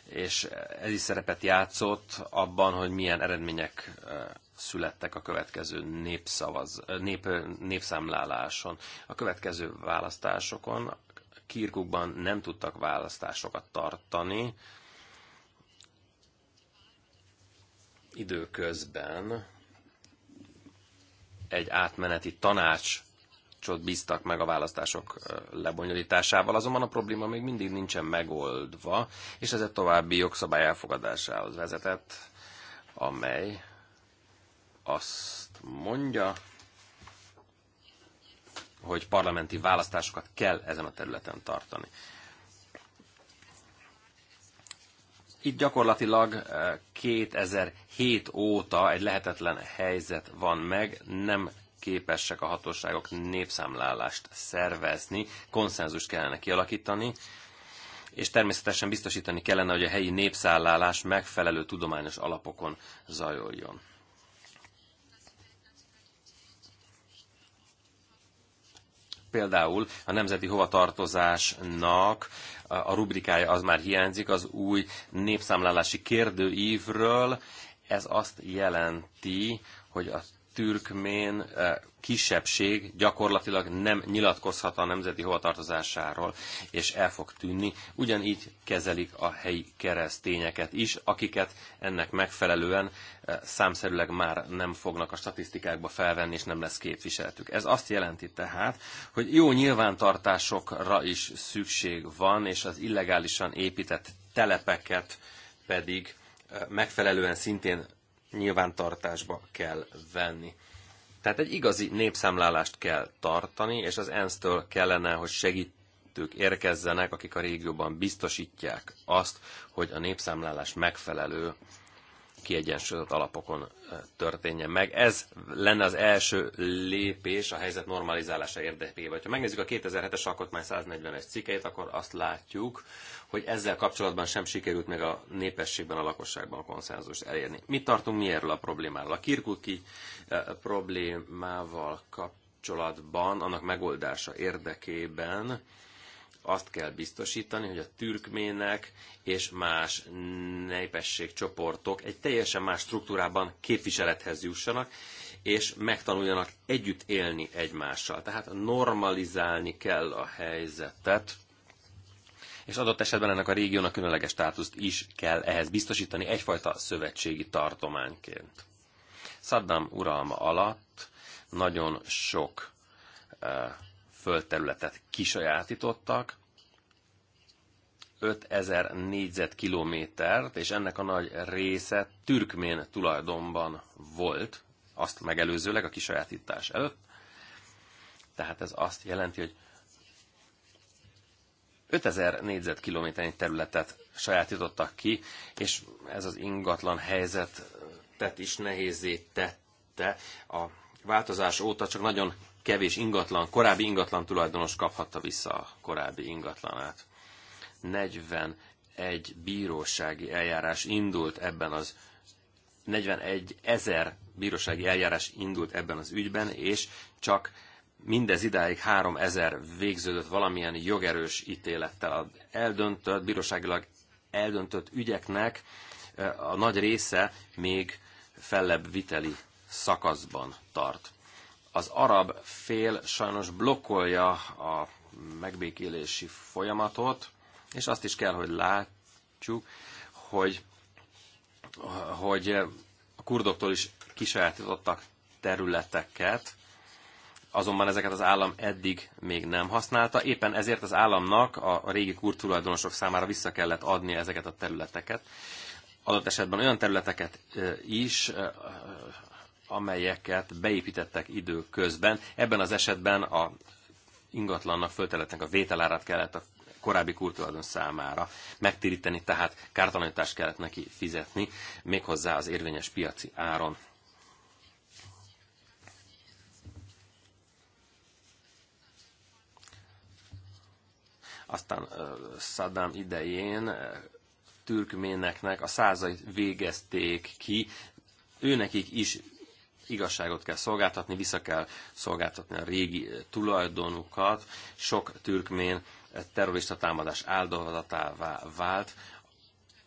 és ez is szerepet játszott abban, hogy milyen eredmények születtek a következő népszavaz, nép, népszámláláson. A következő választásokon Kirkukban nem tudtak választásokat tartani. Időközben egy átmeneti tanács tanácsot bíztak meg a választások lebonyolításával, azonban a probléma még mindig nincsen megoldva, és ez egy további jogszabály elfogadásához vezetett, amely azt mondja, hogy parlamenti választásokat kell ezen a területen tartani. Itt gyakorlatilag 2007 óta egy lehetetlen helyzet van meg, nem képesek a hatóságok népszámlálást szervezni, konszenzust kellene kialakítani, és természetesen biztosítani kellene, hogy a helyi népszállálás megfelelő tudományos alapokon zajoljon. Például a nemzeti hovatartozásnak a rubrikája az már hiányzik az új népszámlálási kérdőívről. Ez azt jelenti, hogy a türkmén eh, kisebbség gyakorlatilag nem nyilatkozhat a nemzeti hovatartozásáról, és el fog tűnni. Ugyanígy kezelik a helyi keresztényeket is, akiket ennek megfelelően eh, számszerűleg már nem fognak a statisztikákba felvenni, és nem lesz képviseletük. Ez azt jelenti tehát, hogy jó nyilvántartásokra is szükség van, és az illegálisan épített telepeket pedig eh, megfelelően szintén nyilvántartásba kell venni. Tehát egy igazi népszámlálást kell tartani, és az ENSZ-től kellene, hogy segítők érkezzenek, akik a régióban biztosítják azt, hogy a népszámlálás megfelelő kiegyensúlyozott alapokon történjen meg. Ez lenne az első lépés a helyzet normalizálása érdekében. Ha megnézzük a 2007-es alkotmány 141 cikkeit, akkor azt látjuk, hogy ezzel kapcsolatban sem sikerült meg a népességben, a lakosságban a konszenzus elérni. Mit tartunk mi erről a problémáról? A kirkuki problémával kapcsolatban, annak megoldása érdekében azt kell biztosítani, hogy a türkmének és más népességcsoportok egy teljesen más struktúrában képviselethez jussanak, és megtanuljanak együtt élni egymással. Tehát normalizálni kell a helyzetet, és adott esetben ennek a régiónak különleges státuszt is kell ehhez biztosítani egyfajta szövetségi tartományként. Saddam uralma alatt nagyon sok eh, földterületet kisajátítottak, 5000 négyzetkilométert, és ennek a nagy része türkmén tulajdonban volt, azt megelőzőleg a kisajátítás előtt. Tehát ez azt jelenti, hogy 5000 négyzetkilométernyi területet sajátítottak ki, és ez az ingatlan helyzetet is nehézé tette. A változás óta csak nagyon kevés ingatlan, korábbi ingatlan tulajdonos kaphatta vissza a korábbi ingatlanát. 41 bírósági eljárás indult ebben az 41 ezer bírósági eljárás indult ebben az ügyben, és csak mindez idáig ezer végződött valamilyen jogerős ítélettel. Az eldöntött, bíróságilag eldöntött ügyeknek eh, a nagy része még fellebb viteli szakaszban tart. Az arab fél sajnos blokkolja a megbékélési folyamatot, és azt is kell, hogy látjuk, hogy, hogy a kurdoktól is kisajátítottak területeket, azonban ezeket az állam eddig még nem használta. Éppen ezért az államnak a régi kurd tulajdonosok számára vissza kellett adni ezeket a területeket. Adott esetben olyan területeket is, amelyeket beépítettek időközben. Ebben az esetben a ingatlannak, fölteletnek a vételárát kellett a korábbi kultúradon számára megtéríteni, tehát kártalanítást kellett neki fizetni, méghozzá az érvényes piaci áron. Aztán uh, Saddam idején uh, türkméneknek a százait végezték ki, őnekik is igazságot kell szolgáltatni, vissza kell szolgáltatni a régi eh, tulajdonukat. Sok türkmén eh, terrorista támadás áldozatává vált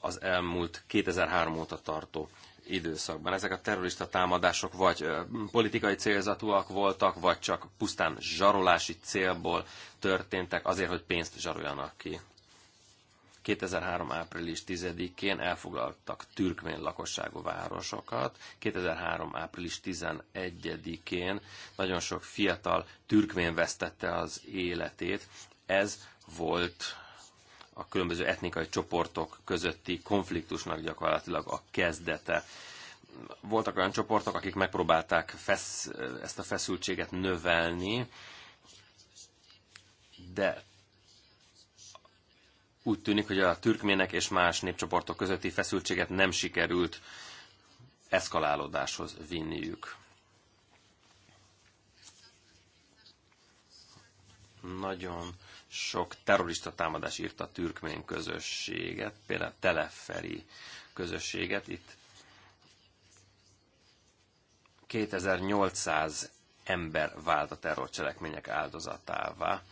az elmúlt 2003 óta tartó időszakban. Ezek a terrorista támadások vagy eh, politikai célzatúak voltak, vagy csak pusztán zsarolási célból történtek azért, hogy pénzt zsaroljanak ki. 2003. április 10-én elfoglaltak türkmén lakosságú városokat, 2003. április 11-én nagyon sok fiatal türkmén vesztette az életét. Ez volt a különböző etnikai csoportok közötti konfliktusnak gyakorlatilag a kezdete voltak olyan csoportok, akik megpróbálták fesz, ezt a feszültséget növelni, de úgy tűnik, hogy a türkmének és más népcsoportok közötti feszültséget nem sikerült eszkalálódáshoz vinniük. Nagyon sok terrorista támadás írt a türkmén közösséget, például a teleferi közösséget. Itt 2800 ember vált a terrorcselekmények áldozatává.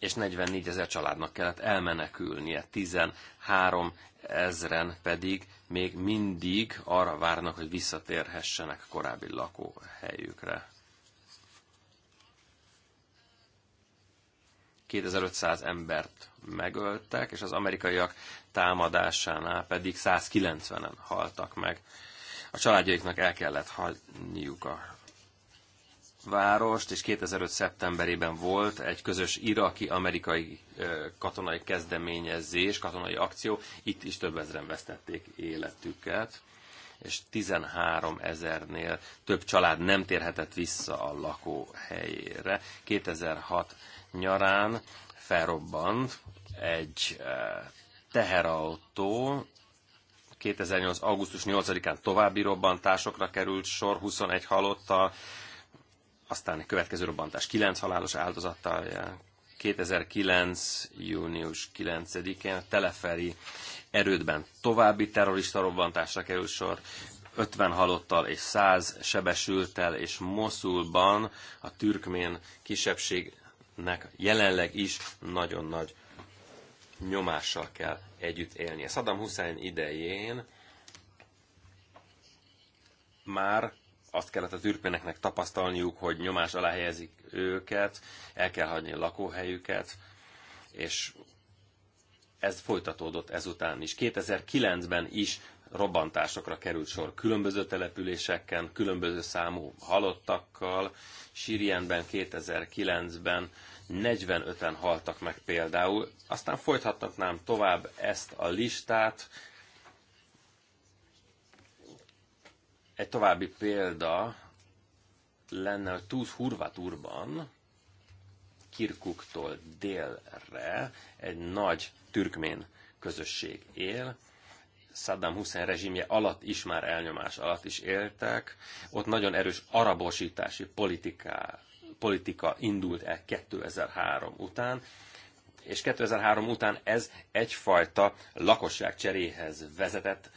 és 44 ezer családnak kellett elmenekülnie, 13 ezren pedig még mindig arra várnak, hogy visszatérhessenek korábbi lakóhelyükre. 2500 embert megöltek, és az amerikaiak támadásánál pedig 190-en haltak meg. A családjaiknak el kellett hagyniuk a várost, és 2005. szeptemberében volt egy közös iraki-amerikai katonai kezdeményezés, katonai akció, itt is több ezeren vesztették életüket és 13 ezernél több család nem térhetett vissza a lakóhelyére. 2006 nyarán felrobbant egy teherautó, 2008. augusztus 8-án további robbantásokra került sor, 21 halottal, aztán a következő robbantás 9 halálos áldozattal 2009. június 9-én teleferi erődben további terrorista robbantásra kerül sor, 50 halottal és 100 sebesültel, és Moszulban a türkmén kisebbségnek jelenleg is nagyon nagy nyomással kell együtt élnie. Saddam Hussein idején már azt kellett a űrpéneknek tapasztalniuk, hogy nyomás alá helyezik őket, el kell hagyni a lakóhelyüket, és ez folytatódott ezután is. 2009-ben is robbantásokra került sor különböző településeken, különböző számú halottakkal. Sirienben 2009-ben 45-en haltak meg például. Aztán folytathatnám tovább ezt a listát, Egy további példa lenne, hogy Túz Hurvaturban, Kirkuktól délre egy nagy türkmén közösség él, Saddam Hussein rezsimje alatt is már elnyomás alatt is éltek. Ott nagyon erős arabosítási politiká, politika indult el 2003 után, és 2003 után ez egyfajta lakosságcseréhez vezetett,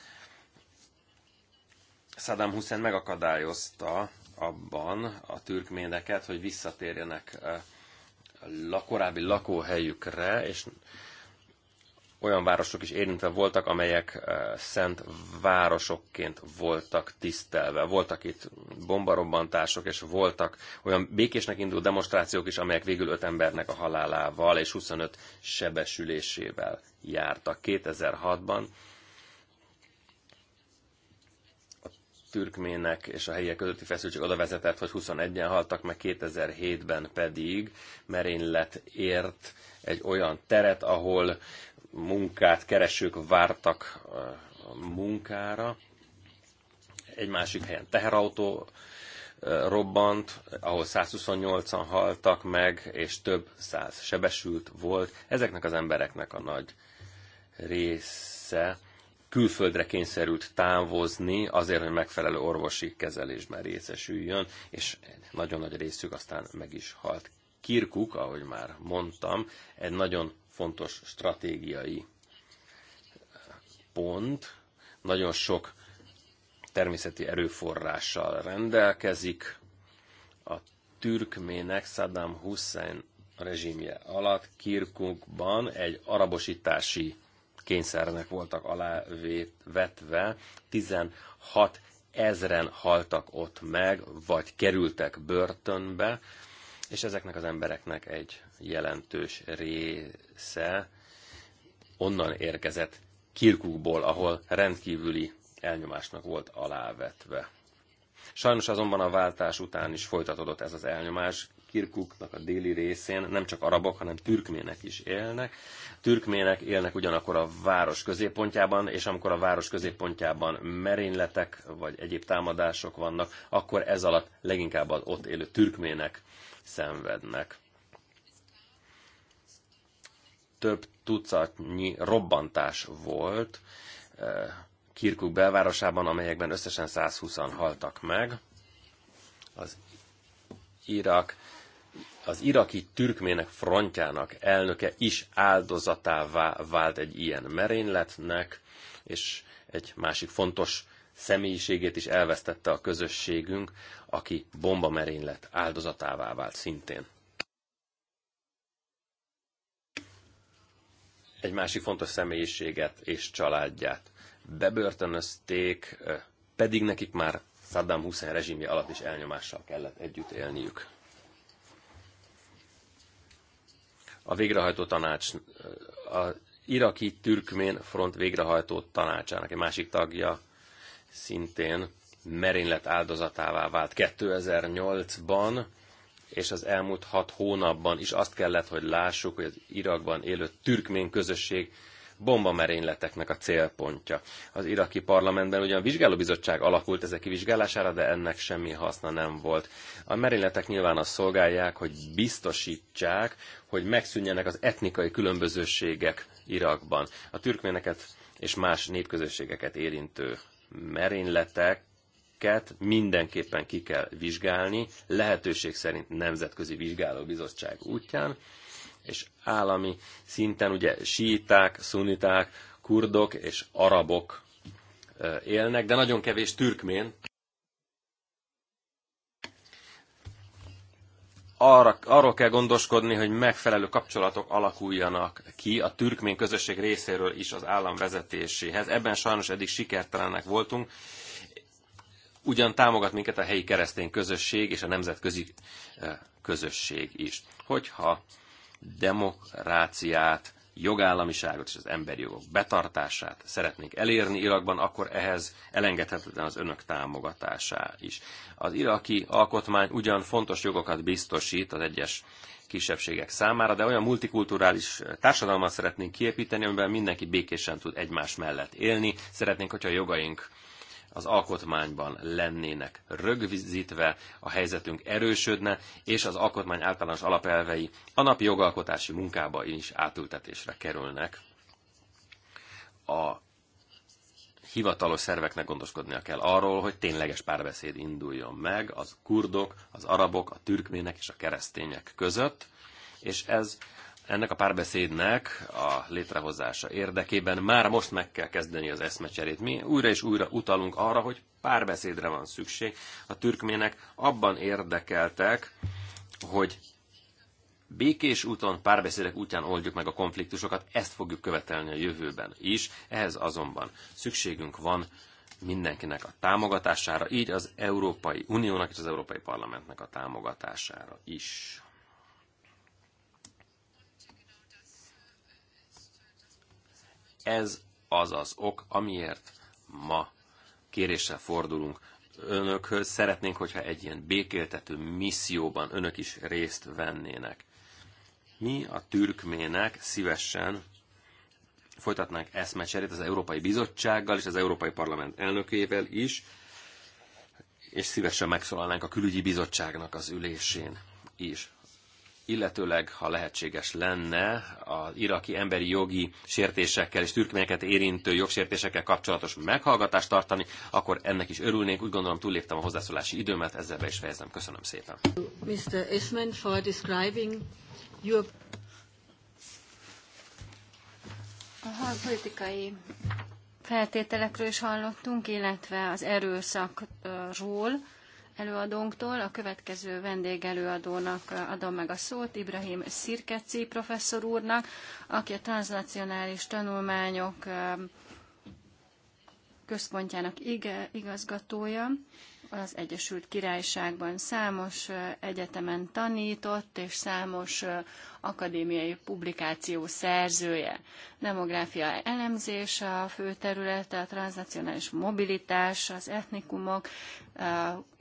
Saddam Hussein megakadályozta abban a türkméneket, hogy visszatérjenek a korábbi lakóhelyükre, és olyan városok is érintve voltak, amelyek szent városokként voltak tisztelve. Voltak itt bombarobbantások, és voltak olyan békésnek induló demonstrációk is, amelyek végül öt embernek a halálával és 25 sebesülésével jártak 2006-ban. türkmének és a helyiek közötti feszültség oda vezetett, hogy 21-en haltak meg, 2007-ben pedig merénylet ért egy olyan teret, ahol munkát keresők vártak uh, a munkára. Egy másik helyen teherautó uh, robbant, ahol 128-an haltak meg, és több száz sebesült volt. Ezeknek az embereknek a nagy része külföldre kényszerült távozni azért, hogy megfelelő orvosi kezelésben részesüljön, és nagyon nagy részük aztán meg is halt. Kirkuk, ahogy már mondtam, egy nagyon fontos stratégiai pont, nagyon sok természeti erőforrással rendelkezik. A türkmének Saddam Hussein rezsimje alatt Kirkukban egy arabosítási kényszernek voltak alávetve. 16 ezren haltak ott meg, vagy kerültek börtönbe, és ezeknek az embereknek egy jelentős része onnan érkezett Kirkukból, ahol rendkívüli elnyomásnak volt alávetve. Sajnos azonban a váltás után is folytatódott ez az elnyomás. Kirkuknak a déli részén nem csak arabok, hanem türkmének is élnek. Türkmének élnek ugyanakkor a város középpontjában, és amikor a város középpontjában merényletek vagy egyéb támadások vannak, akkor ez alatt leginkább az ott élő türkmének szenvednek. Több tucatnyi robbantás volt eh, Kirkuk belvárosában, amelyekben összesen 120-an haltak meg. Az Irak az iraki türkmének frontjának elnöke is áldozatává vált egy ilyen merényletnek, és egy másik fontos személyiségét is elvesztette a közösségünk, aki bombamerénylet áldozatává vált szintén. Egy másik fontos személyiséget és családját bebörtönözték, pedig nekik már Saddam Hussein rezsimje alatt is elnyomással kellett együtt élniük. a végrehajtó tanács, a iraki türkmén front végrehajtó tanácsának egy másik tagja szintén merénylet áldozatává vált 2008-ban, és az elmúlt hat hónapban is azt kellett, hogy lássuk, hogy az Irakban élő türkmén közösség bombamerényleteknek a célpontja. Az iraki parlamentben ugyan vizsgálóbizottság alakult ezek kivizsgálására, de ennek semmi haszna nem volt. A merényletek nyilván azt szolgálják, hogy biztosítsák, hogy megszűnjenek az etnikai különbözőségek Irakban. A türkméneket és más népközösségeket érintő merényletek mindenképpen ki kell vizsgálni, lehetőség szerint nemzetközi vizsgálóbizottság útján, és állami szinten ugye síták, szuniták, kurdok és arabok élnek, de nagyon kevés türkmén. Arra, arról kell gondoskodni, hogy megfelelő kapcsolatok alakuljanak ki a türkmén közösség részéről is az állam vezetéséhez. Ebben sajnos eddig sikertelenek voltunk. Ugyan támogat minket a helyi keresztény közösség és a nemzetközi közösség is. Hogyha demokráciát, jogállamiságot és az emberi jogok betartását szeretnénk elérni Irakban, akkor ehhez elengedhetetlen az önök támogatása is. Az iraki alkotmány ugyan fontos jogokat biztosít az egyes kisebbségek számára, de olyan multikulturális társadalmat szeretnénk kiépíteni, amiben mindenki békésen tud egymás mellett élni. Szeretnénk, hogyha a jogaink az alkotmányban lennének rögzítve, a helyzetünk erősödne, és az alkotmány általános alapelvei a napi jogalkotási munkába is átültetésre kerülnek. A hivatalos szerveknek gondoskodnia kell arról, hogy tényleges párbeszéd induljon meg az kurdok, az arabok, a türkmének és a keresztények között, és ez ennek a párbeszédnek a létrehozása érdekében már most meg kell kezdeni az eszmecserét. Mi újra és újra utalunk arra, hogy párbeszédre van szükség. A türkmének abban érdekeltek, hogy békés úton, párbeszédek útján oldjuk meg a konfliktusokat, ezt fogjuk követelni a jövőben is. Ehhez azonban szükségünk van mindenkinek a támogatására, így az Európai Uniónak és az Európai Parlamentnek a támogatására is. Ez az az ok, amiért ma kéréssel fordulunk önökhöz. Szeretnénk, hogyha egy ilyen békéltető misszióban önök is részt vennének. Mi a türkmének szívesen folytatnánk eszmecserét az Európai Bizottsággal és az Európai Parlament elnökével is, és szívesen megszólalnánk a külügyi bizottságnak az ülésén is illetőleg, ha lehetséges lenne, az iraki emberi jogi sértésekkel és türkményeket érintő jogsértésekkel kapcsolatos meghallgatást tartani, akkor ennek is örülnék. Úgy gondolom túlléptem a hozzászólási időmet, ezzel be is fejezem. Köszönöm szépen. Mr. Isman for describing your... Aha, a politikai feltételekről is hallottunk, illetve az erőszakról. Uh, előadónktól. A következő vendégelőadónak adom meg a szót, Ibrahim Szirkeci professzor úrnak, aki a transnacionális tanulmányok központjának igazgatója az Egyesült Királyságban. Számos egyetemen tanított, és számos akadémiai publikáció szerzője. Demográfia elemzése a fő területe, a transnacionális mobilitás, az etnikumok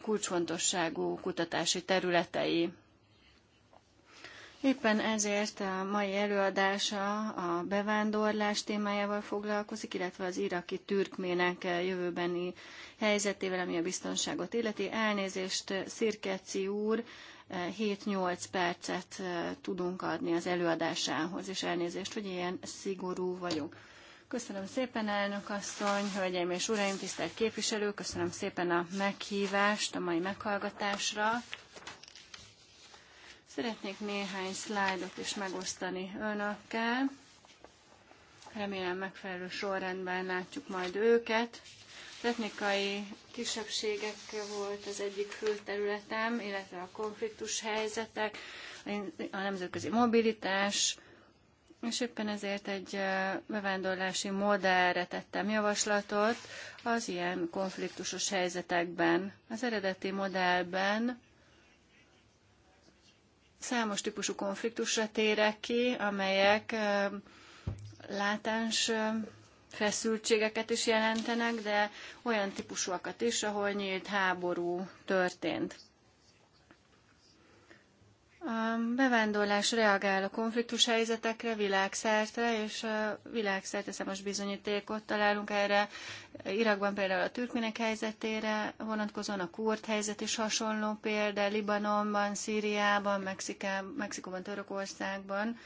kulcsfontosságú kutatási területei. Éppen ezért a mai előadása a bevándorlás témájával foglalkozik, illetve az iraki türkmének jövőbeni helyzetével, ami a biztonságot illeti. Elnézést, Szirkeci úr, 7-8 percet tudunk adni az előadásához, és elnézést, hogy ilyen szigorú vagyok. Köszönöm szépen, elnök asszony, hölgyeim és uraim, tisztelt képviselők, köszönöm szépen a meghívást a mai meghallgatásra. Szeretnék néhány szlájdot is megosztani önökkel. Remélem megfelelő sorrendben látjuk majd őket. Az etnikai kisebbségek volt az egyik fő területem, illetve a konfliktus helyzetek, a nemzetközi mobilitás, és éppen ezért egy bevándorlási modellre tettem javaslatot az ilyen konfliktusos helyzetekben. Az eredeti modellben Számos típusú konfliktusra térek ki, amelyek látens feszültségeket is jelentenek, de olyan típusúakat is, ahol nyílt háború történt. A bevándorlás reagál a konfliktus helyzetekre világszerte, és világszerte számos bizonyítékot találunk erre. Irakban például a türkmenek helyzetére vonatkozóan a kurd helyzet is hasonló példa, Libanonban, Szíriában, Mexikában, Mexikóban, Törökországban,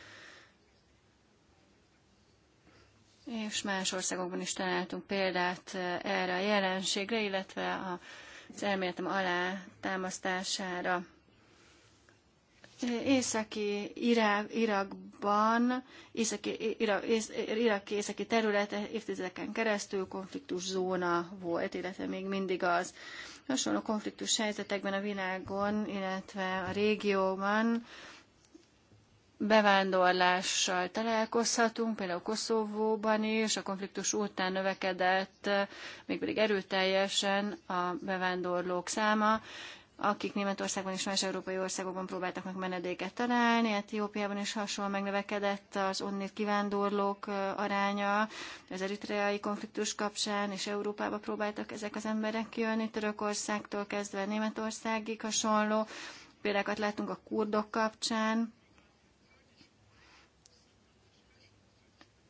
és más országokban is találtunk példát erre a jelenségre, illetve az elméletem alá támasztására. Északi Irak, Irakban, északi, Irak, iraki északi területe évtizedeken keresztül konfliktus zóna volt, illetve még mindig az. Hasonló konfliktus helyzetekben a világon, illetve a régióban bevándorlással találkozhatunk, például Koszovóban is, a konfliktus után növekedett, még pedig erőteljesen a bevándorlók száma, akik Németországban és más európai országokban próbáltak meg menedéket találni. Etiópiában is hasonlóan megnövekedett az onnét kivándorlók aránya, az eritreai konfliktus kapcsán, és Európába próbáltak ezek az emberek jönni, Törökországtól kezdve Németországig hasonló. Példákat láttunk a kurdok kapcsán,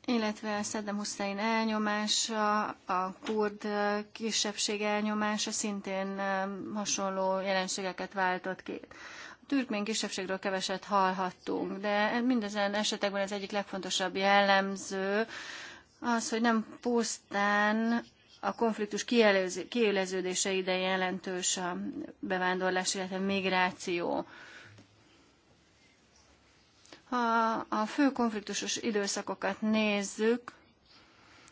illetve Saddam Hussein elnyomása, a kurd kisebbség elnyomása szintén hasonló jelenségeket váltott ki. A türkmén kisebbségről keveset hallhattunk, de mindezen esetekben az egyik legfontosabb jellemző az, hogy nem pusztán a konfliktus kieleződése idején jelentős a bevándorlás, illetve migráció. Ha a fő konfliktusos időszakokat nézzük,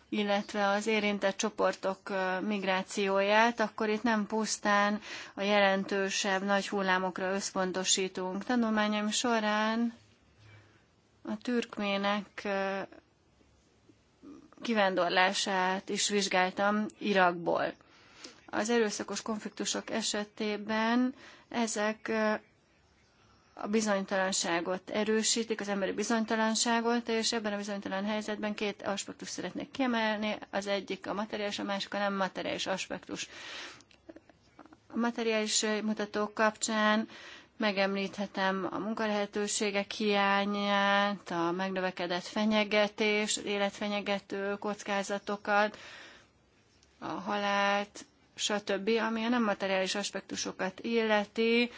illetve az érintett csoportok migrációját, akkor itt nem pusztán a jelentősebb nagy hullámokra összpontosítunk. Tanulmányom során a türkmének kivándorlását is vizsgáltam Irakból. Az erőszakos konfliktusok esetében ezek a bizonytalanságot erősítik, az emberi bizonytalanságot, és ebben a bizonytalan helyzetben két aspektus szeretnék kiemelni. Az egyik a materiális, a másik a nem materiális aspektus. A materiális mutatók kapcsán megemlíthetem a munkalehetőségek hiányát, a megnövekedett fenyegetés, életfenyegető kockázatokat, a halált, stb., ami a nem materiális aspektusokat illeti,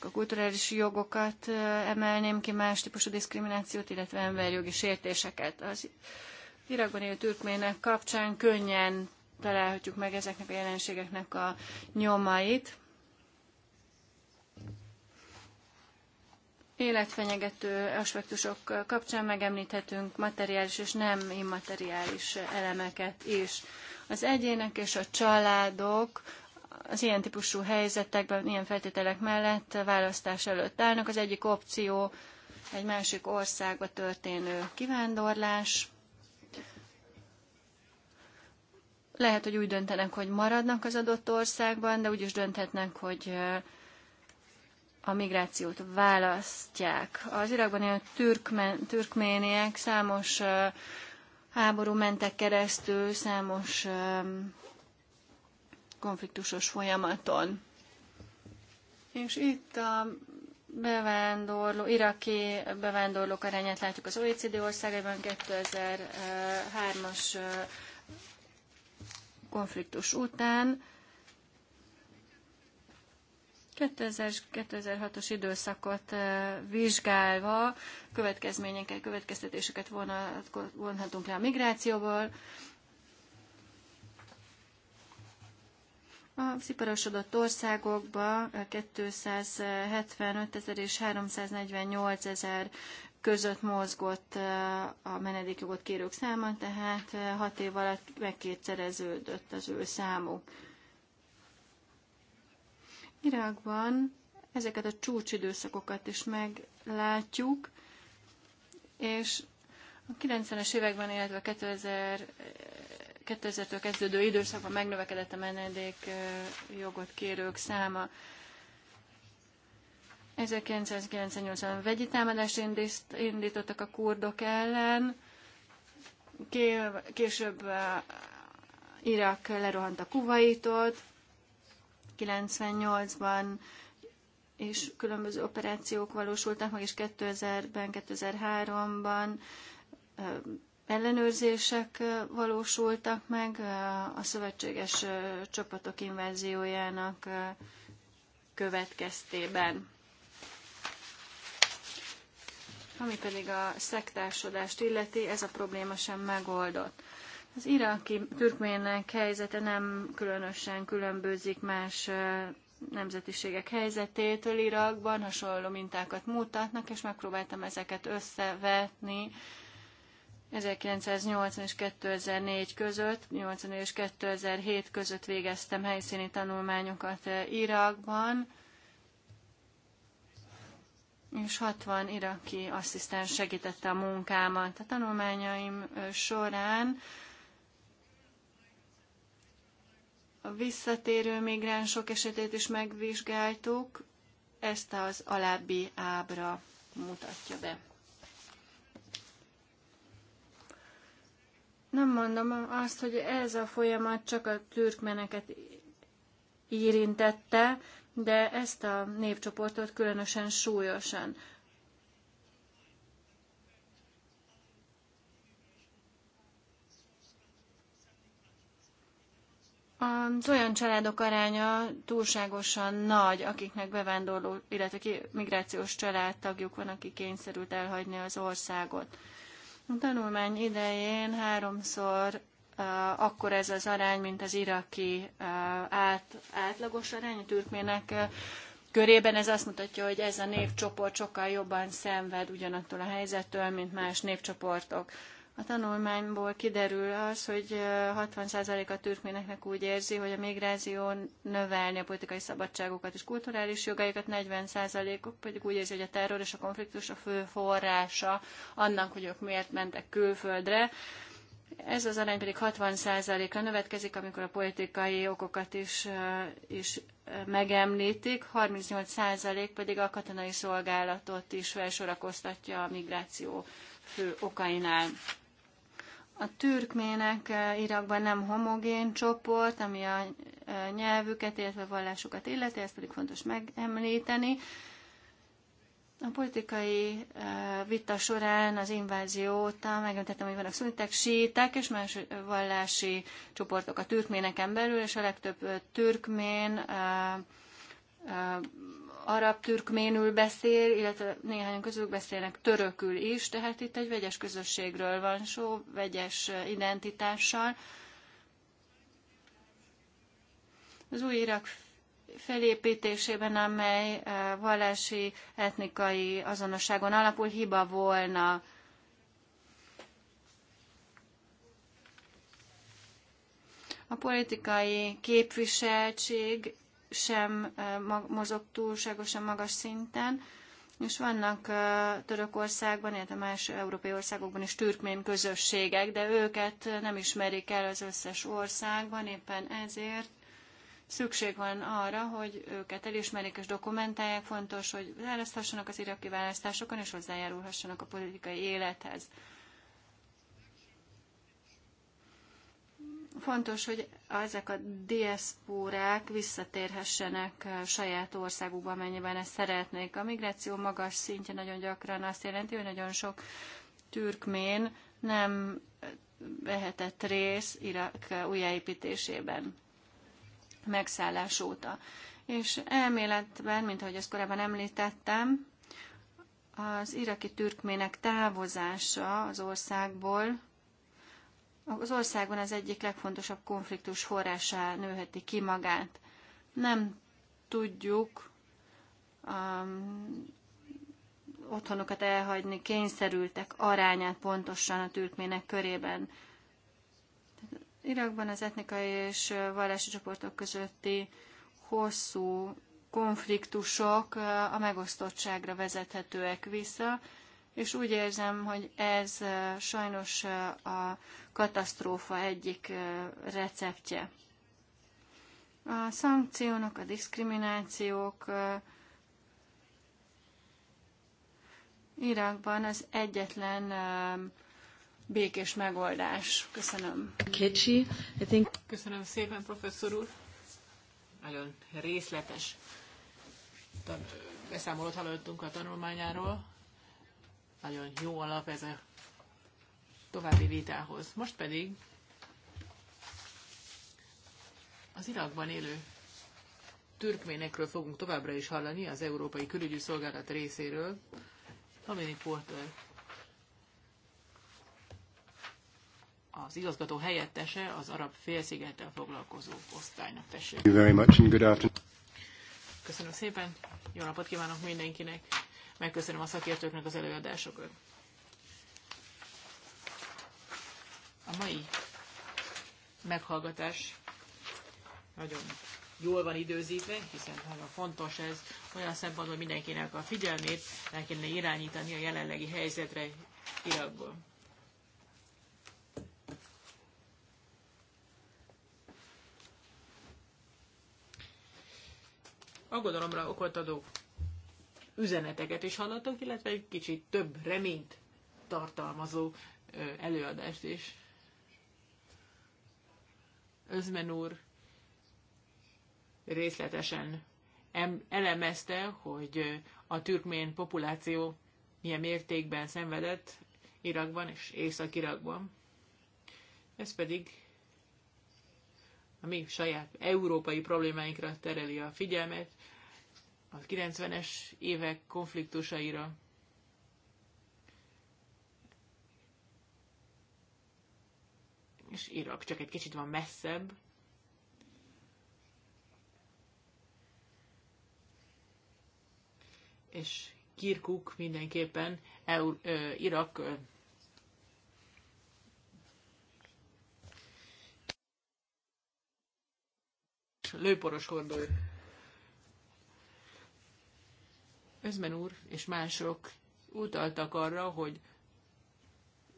a kulturális jogokat emelném ki, más típusú diszkriminációt, illetve emberjogi sértéseket. Az élő türkmének kapcsán könnyen találhatjuk meg ezeknek a jelenségeknek a nyomait. Életfenyegető aspektusok kapcsán megemlíthetünk materiális és nem immateriális elemeket is. Az egyének és a családok az ilyen típusú helyzetekben, ilyen feltételek mellett választás előtt állnak. Az egyik opció egy másik országba történő kivándorlás. Lehet, hogy úgy döntenek, hogy maradnak az adott országban, de úgy is dönthetnek, hogy a migrációt választják. Az Irakban ilyen türkmen, türkméniek számos háború mentek keresztül, számos konfliktusos folyamaton. És itt a bevándorló, iraki bevándorlók arányát látjuk az OECD országában 2003-as konfliktus után. 2006-os időszakot vizsgálva következményeket, következtetéseket vonhatunk le a migrációból. A sziparosodott országokba 275 ezer és 348 ezer között mozgott a menedékjogot kérők száma, tehát hat év alatt megkétszereződött az ő számuk. Irakban ezeket a csúcsidőszakokat is meglátjuk, és a 90-es években, illetve 2000 2000-től kezdődő időszakban megnövekedett a menedék jogot kérők száma. 1998-ban vegyi támadást indítottak a kurdok ellen, később Irak lerohant a Kuwaitot, 98-ban és különböző operációk valósultak meg, és 2000-ben, 2003-ban ellenőrzések valósultak meg a szövetséges csapatok inváziójának következtében. Ami pedig a szektársodást illeti, ez a probléma sem megoldott. Az iraki türkmének helyzete nem különösen különbözik más nemzetiségek helyzetétől Irakban, hasonló mintákat mutatnak, és megpróbáltam ezeket összevetni 1980 és 2004 között, 80 és 2007 között végeztem helyszíni tanulmányokat eh, Irakban, és 60 iraki asszisztens segítette a munkámat. A tanulmányaim eh, során a visszatérő migránsok esetét is megvizsgáltuk, ezt az alábbi ábra mutatja be. Nem mondom azt, hogy ez a folyamat csak a türkmeneket érintette, de ezt a névcsoportot különösen súlyosan. Az olyan családok aránya túlságosan nagy, akiknek bevándorló, illetve migrációs családtagjuk van, aki kényszerült elhagyni az országot. A tanulmány idején háromszor uh, akkor ez az arány, mint az iraki uh, át, átlagos arány a türkmének uh, körében. Ez azt mutatja, hogy ez a népcsoport sokkal jobban szenved ugyanattól a helyzettől, mint más népcsoportok. A tanulmányból kiderül az, hogy 60% a türkményeknek úgy érzi, hogy a migráció növelni a politikai szabadságokat és kulturális jogaikat, 40%-uk pedig úgy érzi, hogy a terror és a konfliktus a fő forrása annak, hogy ők miért mentek külföldre. Ez az arány pedig 60%-ra növetkezik, amikor a politikai okokat is, is megemlítik, 38% pedig a katonai szolgálatot is felsorakoztatja a migráció fő okainál. A türkmének eh, Irakban nem homogén csoport, ami a eh, nyelvüket, illetve vallásukat illeti, ezt pedig fontos megemlíteni. A politikai eh, vita során az invázió óta megemlítettem, hogy vannak szunitek, síták és más vallási csoportok a türkméneken belül, és a legtöbb türkmén arab-türkménül beszél, illetve néhányan közülük beszélnek törökül is, tehát itt egy vegyes közösségről van szó, vegyes identitással. Az új Irak felépítésében, amely eh, vallási, etnikai azonosságon alapul, hiba volna. A politikai képviseltség sem mozog túlságosan magas szinten, és vannak Törökországban, illetve más európai országokban is türkmén közösségek, de őket nem ismerik el az összes országban, éppen ezért szükség van arra, hogy őket elismerik és dokumentálják, fontos, hogy választhassanak az iraki választásokon, és hozzájárulhassanak a politikai élethez. Fontos, hogy ezek a diaszpórák visszatérhessenek saját országukba, amennyiben ezt szeretnék. A migráció magas szintje nagyon gyakran azt jelenti, hogy nagyon sok türkmén nem vehetett rész Irak újjáépítésében megszállás óta. És elméletben, mint ahogy ezt korábban említettem, az iraki türkmének távozása az országból az országban az egyik legfontosabb konfliktus forrásá nőheti ki magát. Nem tudjuk um, otthonukat elhagyni kényszerültek arányát pontosan a türkmének körében. Irakban az etnikai és vallási csoportok közötti hosszú konfliktusok uh, a megosztottságra vezethetőek vissza, és úgy érzem, hogy ez sajnos a katasztrófa egyik receptje. A szankciónak, a diszkriminációk Irakban az egyetlen békés megoldás. Köszönöm. Kicsi, I think... Köszönöm szépen, professzor úr. Nagyon részletes beszámolót hallottunk a tanulmányáról. Nagyon jó alap ez a további vitához. Most pedig az Irakban élő türkménekről fogunk továbbra is hallani az Európai Külügyi Szolgálat részéről. Dominik Porter az igazgató helyettese az arab félszigettel foglalkozó osztálynak. Tessék. Köszönöm szépen, jó napot kívánok mindenkinek! Megköszönöm a szakértőknek az előadásokat. A mai meghallgatás nagyon jól van időzítve, hiszen nagyon fontos ez, olyan szempontból mindenkinek a figyelmét el kellene irányítani a jelenlegi helyzetre Irakból. Aggodalomra okot adó üzeneteket is hallottunk, illetve egy kicsit több reményt tartalmazó előadást is. Özmen úr részletesen elemezte, hogy a türkmén populáció milyen mértékben szenvedett Irakban és Észak-Irakban. Ez pedig a mi saját európai problémáinkra tereli a figyelmet, a 90-es évek konfliktusaira. És Irak csak egy kicsit van messzebb. És Kirkuk mindenképpen EU, ö, Irak ö, lőporos hordója. Özmen úr és mások utaltak arra, hogy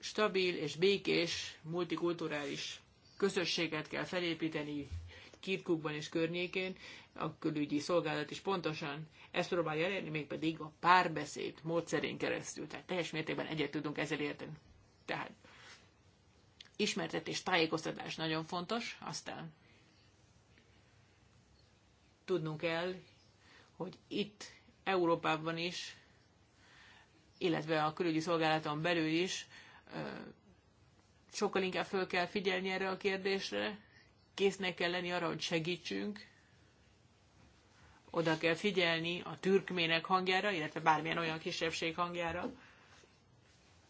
stabil és békés multikulturális közösséget kell felépíteni Kirkukban és környékén, a külügyi szolgálat is pontosan ezt próbálja elérni, mégpedig a párbeszéd módszerén keresztül. Tehát teljes mértékben egyet tudunk ezzel érteni. Tehát ismertetés, tájékoztatás nagyon fontos, aztán tudnunk kell, hogy itt Európában is, illetve a külügyi szolgálaton belül is sokkal inkább föl kell figyelni erre a kérdésre, késznek kell lenni arra, hogy segítsünk, oda kell figyelni a türkmének hangjára, illetve bármilyen olyan kisebbség hangjára,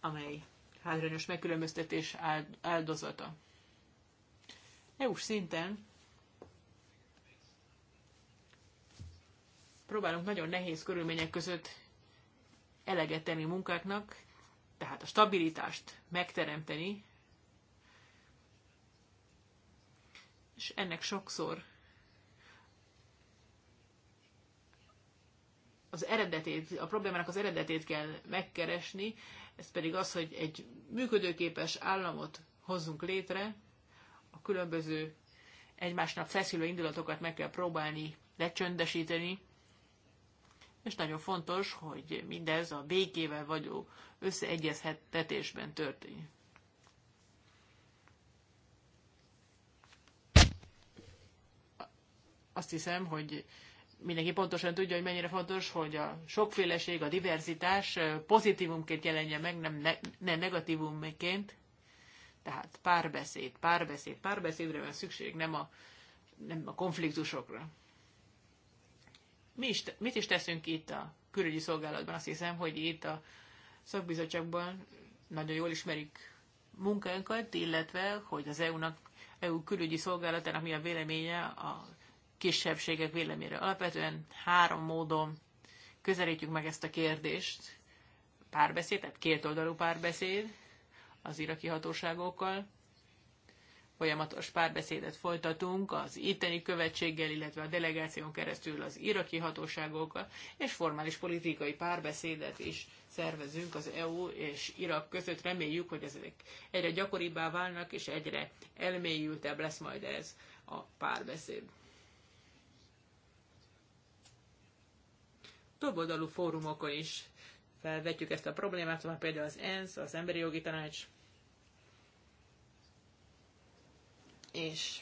amely hátrányos megkülönböztetés áldozata. EU-s szinten próbálunk nagyon nehéz körülmények között eleget tenni munkáknak, tehát a stabilitást megteremteni, és ennek sokszor az eredetét, a problémának az eredetét kell megkeresni, ez pedig az, hogy egy működőképes államot hozzunk létre, a különböző egymásnak feszülő indulatokat meg kell próbálni lecsöndesíteni, és nagyon fontos, hogy mindez a békével való összeegyezhetetésben történik. Azt hiszem, hogy mindenki pontosan tudja, hogy mennyire fontos, hogy a sokféleség, a diverzitás pozitívumként jelenje meg, nem ne, ne negatívumként. Tehát párbeszéd, párbeszéd, párbeszédre van szükség, nem a, nem a konfliktusokra mi is, mit is teszünk itt a külügyi szolgálatban? Azt hiszem, hogy itt a szakbizottságban nagyon jól ismerik munkánkat, illetve, hogy az EU-nak, EU külügyi szolgálatának mi a véleménye a kisebbségek véleményre. Alapvetően három módon közelítjük meg ezt a kérdést. Párbeszéd, tehát kétoldalú párbeszéd az iraki hatóságokkal, folyamatos párbeszédet folytatunk az itteni követséggel, illetve a delegáción keresztül az iraki hatóságokkal, és formális politikai párbeszédet is szervezünk az EU és Irak között. Reméljük, hogy ezek egyre gyakoribbá válnak, és egyre elmélyültebb lesz majd ez a párbeszéd. Többoldalú fórumokon is felvetjük ezt a problémát, van például az ENSZ, az Emberi Jogi Tanács, és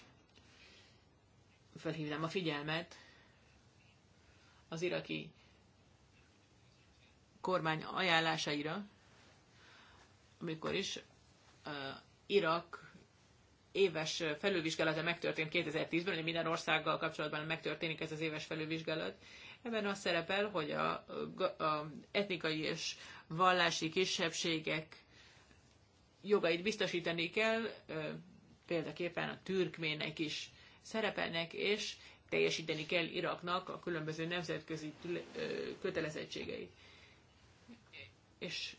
felhívnám a figyelmet az iraki kormány ajánlásaira, amikor is uh, Irak éves felülvizsgálata megtörtént 2010-ben, hogy minden országgal kapcsolatban megtörténik ez az éves felülvizsgálat. Ebben az szerepel, hogy a, a etnikai és vallási kisebbségek jogait biztosítani kell, példaképpen a türkmének is szerepelnek, és teljesíteni kell Iraknak a különböző nemzetközi kötelezettségeit. És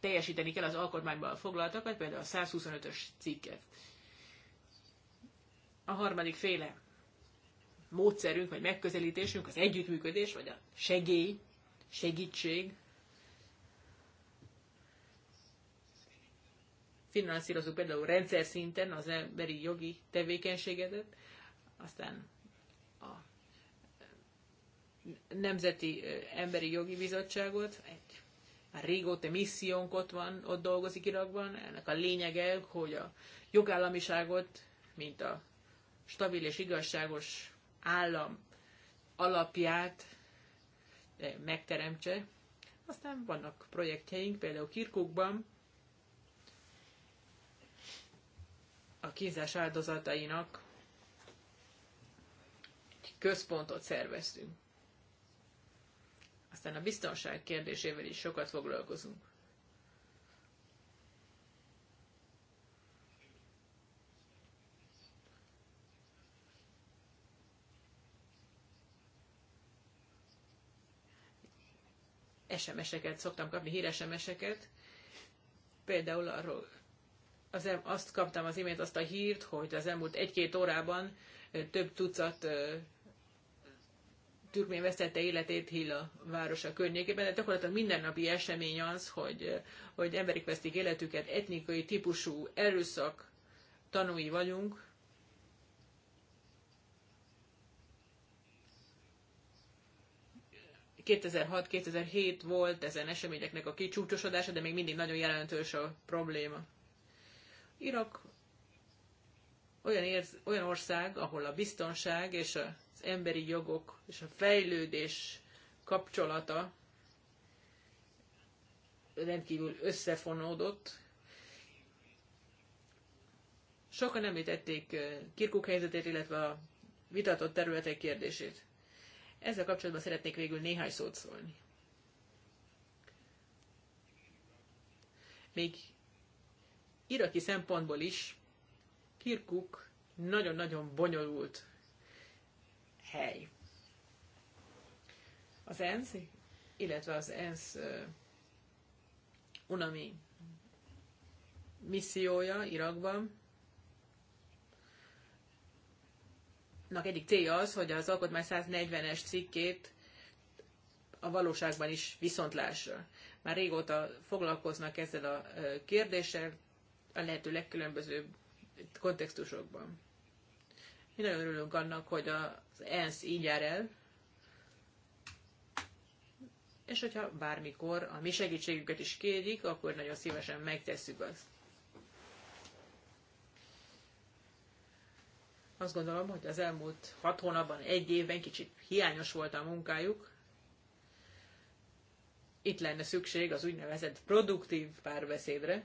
teljesíteni kell az alkotmányban foglaltakat, például a 125-ös cikket. A harmadik féle módszerünk, vagy megközelítésünk az együttműködés, vagy a segély, segítség. finanszírozunk például rendszer szinten az emberi jogi tevékenységedet, aztán a Nemzeti Emberi Jogi Bizottságot, egy már régóta missziónk ott van, ott dolgozik Irakban, ennek a lényege, hogy a jogállamiságot, mint a stabil és igazságos állam alapját megteremtse. Aztán vannak projektjeink, például Kirkukban a kínzás áldozatainak egy központot szerveztünk. Aztán a biztonság kérdésével is sokat foglalkozunk. SMS-eket szoktam kapni, híres SMS-eket, például arról az, azt kaptam az imént azt a hírt, hogy az elmúlt egy-két órában több tucat türkmén vesztette életét Hilla városa környékében, de gyakorlatilag mindennapi esemény az, hogy, hogy emberik vesztik életüket, etnikai típusú erőszak tanúi vagyunk. ...2006-2007 volt ezen eseményeknek a kicsúcsosodása, de még mindig nagyon jelentős a probléma. Irak olyan, érz, olyan ország, ahol a biztonság és az emberi jogok és a fejlődés kapcsolata rendkívül összefonódott. Sokan említették eh, Kirkuk helyzetét, illetve a vitatott területek kérdését. Ezzel kapcsolatban szeretnék végül néhány szót szólni. Még iraki szempontból is Kirkuk nagyon-nagyon bonyolult hely. Az ENSZ, illetve az ENSZ UNAMI missziója Irakban, Nak egyik célja az, hogy az alkotmány 140-es cikkét a valóságban is viszontlásra. Már régóta foglalkoznak ezzel a kérdéssel, a lehető legkülönbözőbb kontextusokban. Mi nagyon örülünk annak, hogy az ENSZ így jár el, és hogyha bármikor a mi segítségüket is kérjük, akkor nagyon szívesen megtesszük azt. Azt gondolom, hogy az elmúlt hat hónapban, egy évben kicsit hiányos volt a munkájuk. Itt lenne szükség az úgynevezett produktív párbeszédre,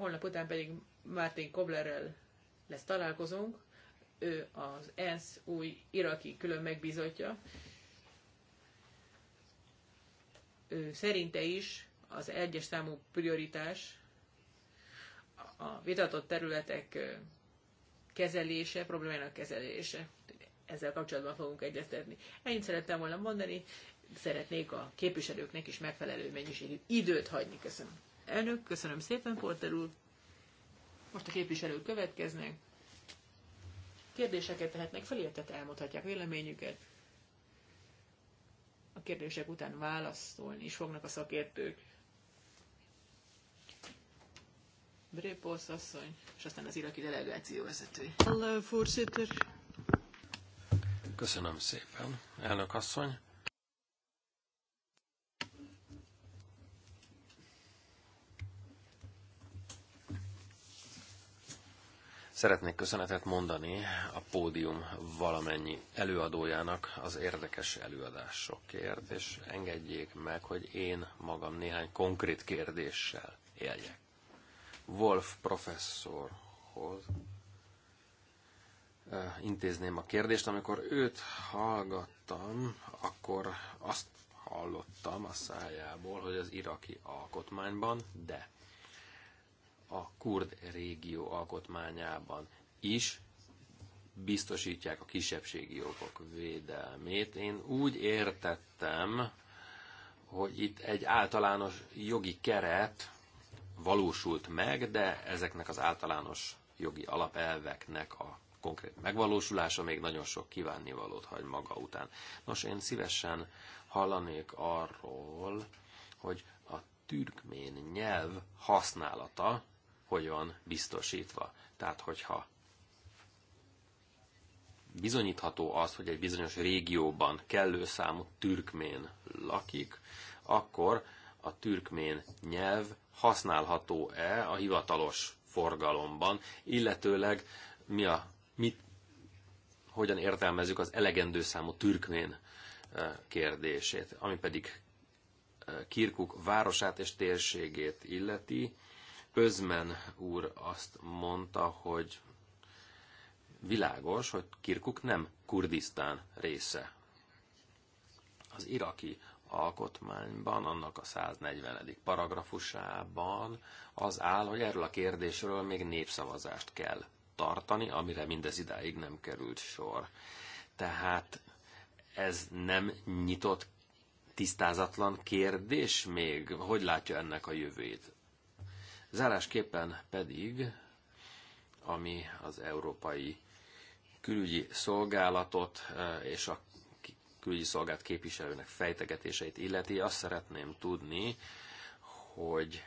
holnap után pedig Martin Koblerrel lesz találkozunk, ő az ENSZ új iraki külön megbízottja. Ő szerinte is az egyes számú prioritás a vitatott területek kezelése, problémának kezelése. Ezzel kapcsolatban fogunk egyeztetni. Ennyit szerettem volna mondani, szeretnék a képviselőknek is megfelelő mennyiségű időt hagyni. Köszönöm. Elnök, köszönöm szépen, Porter úr. Most a képviselők következnek. Kérdéseket tehetnek fel, illetve elmondhatják véleményüket. A kérdések után válaszolni is fognak a szakértők. Brépolsz asszony, és aztán az iraki delegáció vezetői. Köszönöm szépen, elnök asszony. Szeretnék köszönetet mondani a pódium valamennyi előadójának az érdekes előadásokért, és engedjék meg, hogy én magam néhány konkrét kérdéssel éljek. Wolf professzorhoz intézném a kérdést. Amikor őt hallgattam, akkor azt hallottam a szájából, hogy az iraki alkotmányban, de a kurd régió alkotmányában is biztosítják a kisebbségi jogok védelmét. Én úgy értettem, hogy itt egy általános jogi keret valósult meg, de ezeknek az általános jogi alapelveknek a konkrét megvalósulása még nagyon sok kívánnivalót hagy maga után. Nos, én szívesen hallanék arról, hogy a türkmén nyelv használata hogy van biztosítva. Tehát, hogyha bizonyítható az, hogy egy bizonyos régióban kellő számú türkmén lakik, akkor a türkmén nyelv használható-e a hivatalos forgalomban, illetőleg mi a, mit, hogyan értelmezzük az elegendő számú türkmén e, kérdését, ami pedig e, Kirkuk városát és térségét illeti. Közmen úr azt mondta, hogy világos, hogy Kirkuk nem Kurdisztán része. Az iraki alkotmányban, annak a 140. paragrafusában az áll, hogy erről a kérdésről még népszavazást kell tartani, amire mindez idáig nem került sor. Tehát ez nem nyitott, tisztázatlan kérdés még? Hogy látja ennek a jövőjét? Zárásképpen pedig, ami az európai külügyi szolgálatot és a külügyi szolgált képviselőnek fejtegetéseit illeti, azt szeretném tudni, hogy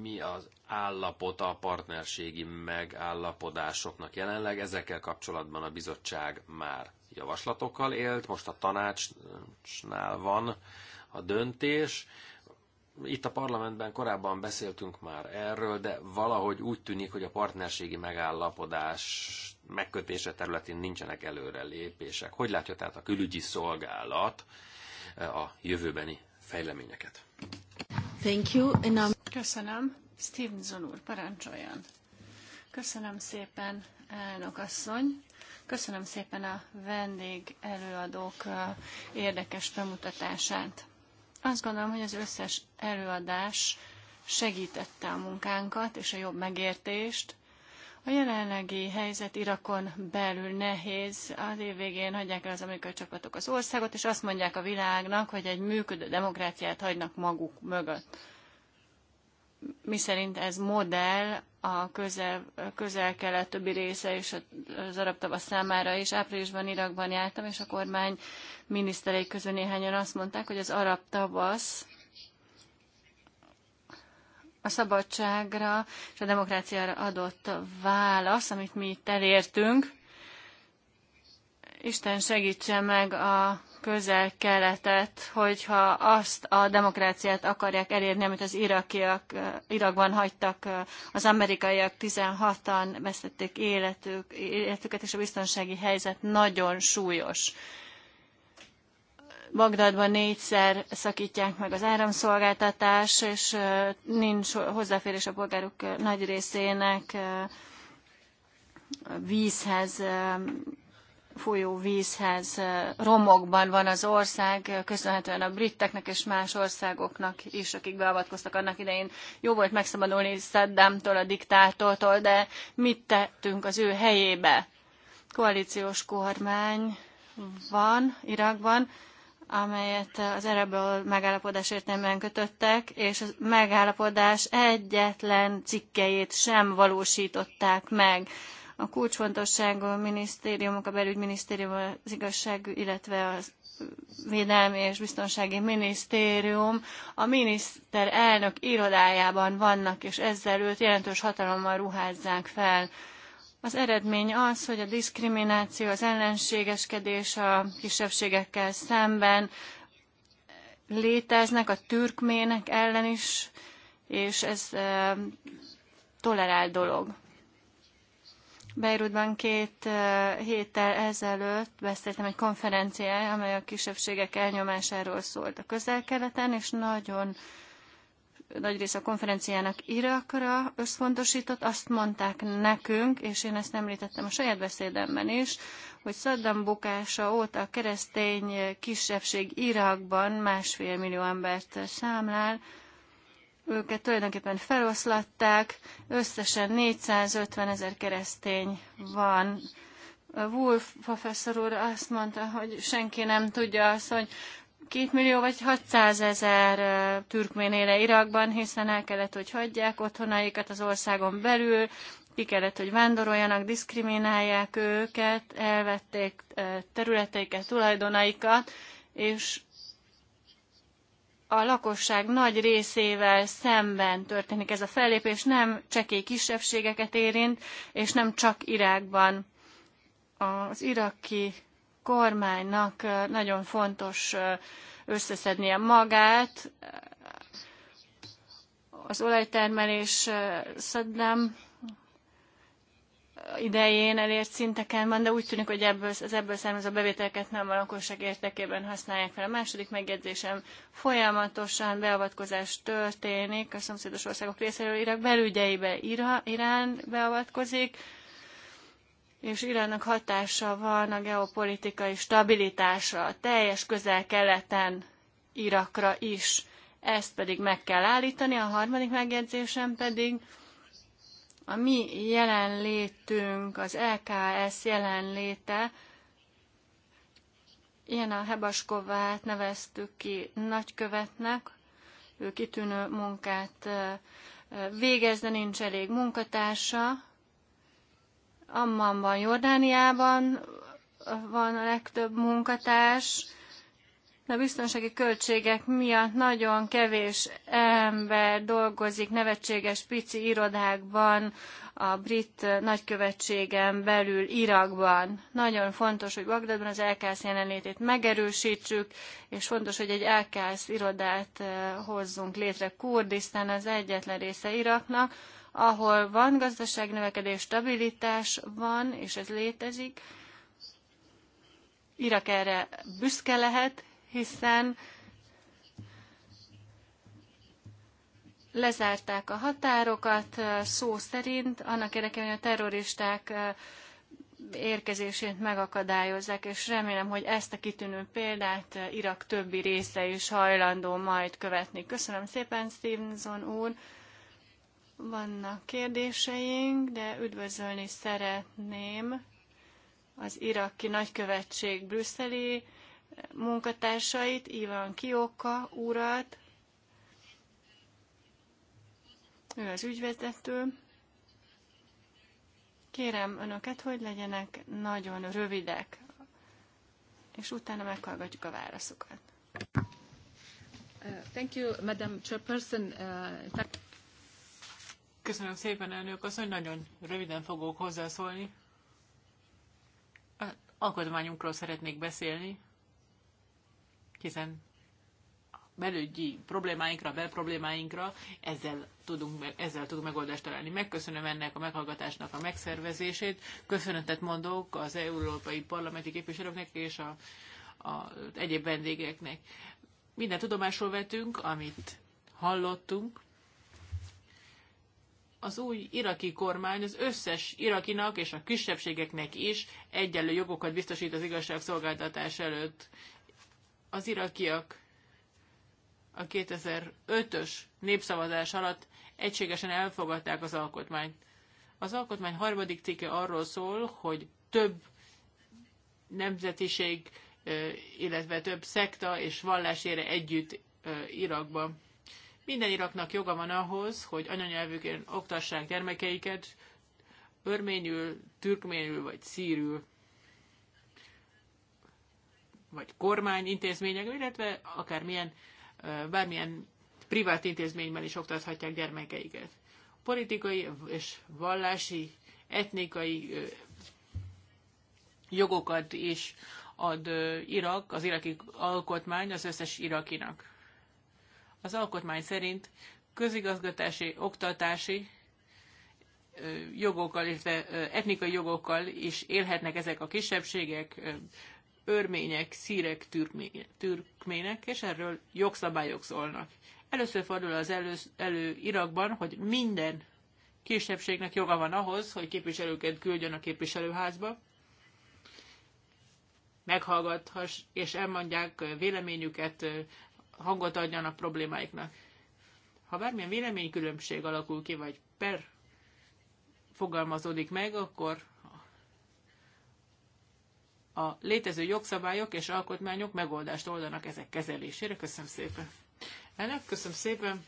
mi az állapota a partnerségi megállapodásoknak jelenleg. Ezekkel kapcsolatban a bizottság már javaslatokkal élt, most a tanácsnál van a döntés. Itt a parlamentben korábban beszéltünk már erről, de valahogy úgy tűnik, hogy a partnerségi megállapodás megkötése területén nincsenek előrelépések. Hogy látja tehát a külügyi szolgálat eh, a jövőbeni fejleményeket? Thank you, and I'm... Köszönöm. Stevenson úr, parancsoljon. Köszönöm szépen, elnök asszony. Köszönöm szépen a vendég előadók eh, érdekes bemutatását. Azt gondolom, hogy az összes előadás segítette a munkánkat és a jobb megértést. A jelenlegi helyzet Irakon belül nehéz. Az év végén hagyják el az amerikai csapatok az országot, és azt mondják a világnak, hogy egy működő demokráciát hagynak maguk mögött szerint ez modell a közel, közel többi része és az arab tavasz számára is. Áprilisban Irakban jártam, és a kormány miniszterei közül néhányan azt mondták, hogy az arab tavasz a szabadságra és a demokráciára adott válasz, amit mi itt elértünk. Isten segítse meg a közel-keletet, hogyha azt a demokráciát akarják elérni, amit az irakiak, Irakban hagytak, az amerikaiak 16-an vesztették életük, életüket, és a biztonsági helyzet nagyon súlyos. Bagdadban négyszer szakítják meg az áramszolgáltatás, és nincs hozzáférés a polgárok nagy részének vízhez, folyó vízhez romokban van az ország, köszönhetően a briteknek és más országoknak is, akik beavatkoztak annak idején. Jó volt megszabadulni Saddamtól, a diktátortól, de mit tettünk az ő helyébe? Koalíciós kormány van Irakban, amelyet az Ereből megállapodás értelműen kötöttek, és a megállapodás egyetlen cikkejét sem valósították meg a kulcsfontosságú minisztériumok, a belügyminisztérium, az igazság, illetve a Védelmi és Biztonsági Minisztérium a miniszterelnök irodájában vannak, és ezzel őt jelentős hatalommal ruházzák fel. Az eredmény az, hogy a diszkrimináció, az ellenségeskedés a kisebbségekkel szemben léteznek, a türkmének ellen is, és ez eh, tolerált dolog. Beirutban két héttel ezelőtt beszéltem egy konferenciáján, amely a kisebbségek elnyomásáról szólt a közel-keleten, és nagyon nagy része a konferenciának Irakra összpontosított, azt mondták nekünk, és én ezt említettem a saját beszédemben is, hogy Saddam bukása óta a keresztény kisebbség Irakban másfél millió embert számlál, őket tulajdonképpen feloszlatták, összesen 450 ezer keresztény van. Wolf professzor úr azt mondta, hogy senki nem tudja azt, hogy két millió vagy 600 ezer türkmén éle Irakban, hiszen el kellett, hogy hagyják otthonaikat az országon belül, ki kellett, hogy vándoroljanak, diszkriminálják őket, elvették területeiket, tulajdonaikat, és a lakosság nagy részével szemben történik ez a fellépés, nem csekély kisebbségeket érint, és nem csak Irákban. Az iraki kormánynak nagyon fontos összeszednie magát, az olajtermelés Saddam idején elért szinteken van, de úgy tűnik, hogy ebből, az ebből származó bevételeket nem a lakosság értekében használják fel. A második megjegyzésem folyamatosan beavatkozás történik a szomszédos országok részéről, Irak belügyeibe Irán beavatkozik, és Iránnak hatása van a geopolitikai stabilitásra, a teljes közel-keleten Irakra is. Ezt pedig meg kell állítani. A harmadik megjegyzésem pedig, a mi jelenlétünk, az LKS jelenléte, ilyen a Hebaskovát neveztük ki nagykövetnek, ő kitűnő munkát végez, de nincs elég munkatársa. Ammanban, Jordániában van a legtöbb munkatárs, de a biztonsági költségek miatt nagyon kevés ember dolgozik nevetséges pici irodákban, a brit nagykövetségen belül Irakban. Nagyon fontos, hogy Bagdadban az LKS jelenlétét megerősítsük, és fontos, hogy egy LKS irodát eh, hozzunk létre. Kurdisztán az egyetlen része Iraknak, ahol van gazdaságnövekedés, stabilitás van, és ez létezik. Irak erre büszke lehet, hiszen lezárták a határokat szó szerint, annak érdekében, hogy a terroristák érkezését megakadályozzák, és remélem, hogy ezt a kitűnő példát Irak többi része is hajlandó majd követni. Köszönöm szépen, Stevenson úr! Vannak kérdéseink, de üdvözölni szeretném az iraki nagykövetség brüsszeli munkatársait, Ivan Kioka urat, ő az ügyvezető. Kérem önöket, hogy legyenek nagyon rövidek, és utána meghallgatjuk a válaszokat. Uh, thank you, Madam Chairperson. Uh, Köszönöm szépen, elnök asszony, nagyon röviden fogok hozzászólni. Alkotmányunkról szeretnék beszélni, hiszen a belügyi problémáinkra, belproblémáinkra ezzel tudunk, ezzel tudunk megoldást találni. Megköszönöm ennek a meghallgatásnak a megszervezését, köszönetet mondok az európai parlamenti képviselőknek és a, a egyéb vendégeknek. Minden tudomásról vetünk, amit hallottunk, az új iraki kormány az összes irakinak és a kisebbségeknek is egyenlő jogokat biztosít az igazságszolgáltatás előtt az irakiak a 2005-ös népszavazás alatt egységesen elfogadták az alkotmányt. Az alkotmány harmadik cikke arról szól, hogy több nemzetiség, illetve több szekta és vallásére együtt Irakban. Minden iraknak joga van ahhoz, hogy anyanyelvükén oktassák gyermekeiket, örményül, türkménül vagy szírül vagy kormány intézmények, illetve akármilyen, bármilyen privát intézményben is oktathatják gyermekeiket. Politikai és vallási, etnikai jogokat is ad Irak, az iraki alkotmány az összes irakinak. Az alkotmány szerint közigazgatási, oktatási jogokkal, illetve etnikai jogokkal is élhetnek ezek a kisebbségek, örmények, szírek, türkmének, és erről jogszabályok szólnak. Először fordul az elő, elő Irakban, hogy minden kisebbségnek joga van ahhoz, hogy képviselőket küldjön a képviselőházba, meghallgathass, és elmondják véleményüket, hangot adjanak problémáiknak. Ha bármilyen véleménykülönbség alakul ki, vagy per fogalmazódik meg, akkor a létező jogszabályok és alkotmányok megoldást oldanak ezek kezelésére. Köszönöm szépen. Elnök, köszönöm szépen.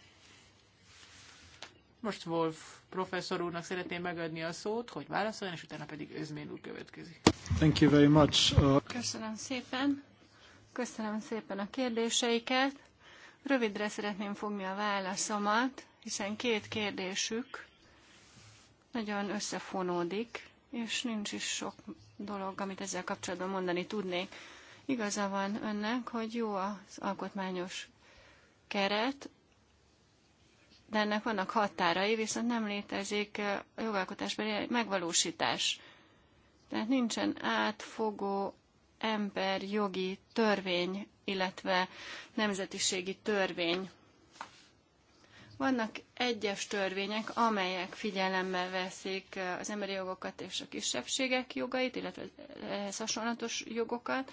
Most Wolf professzor úrnak szeretném megadni a szót, hogy válaszoljon, és utána pedig Özmén úr következik. Thank you very much. Uh... Köszönöm szépen. Köszönöm szépen a kérdéseiket. Rövidre szeretném fogni a válaszomat, hiszen két kérdésük nagyon összefonódik, és nincs is sok dolog, amit ezzel kapcsolatban mondani tudnék. Igaza van önnek, hogy jó az alkotmányos keret, de ennek vannak határai, viszont nem létezik a jogalkotásbeli megvalósítás. Tehát nincsen átfogó jogi törvény, illetve nemzetiségi törvény. Vannak egyes törvények, amelyek figyelembe veszik az emberi jogokat és a kisebbségek jogait, illetve ehhez hasonlatos jogokat,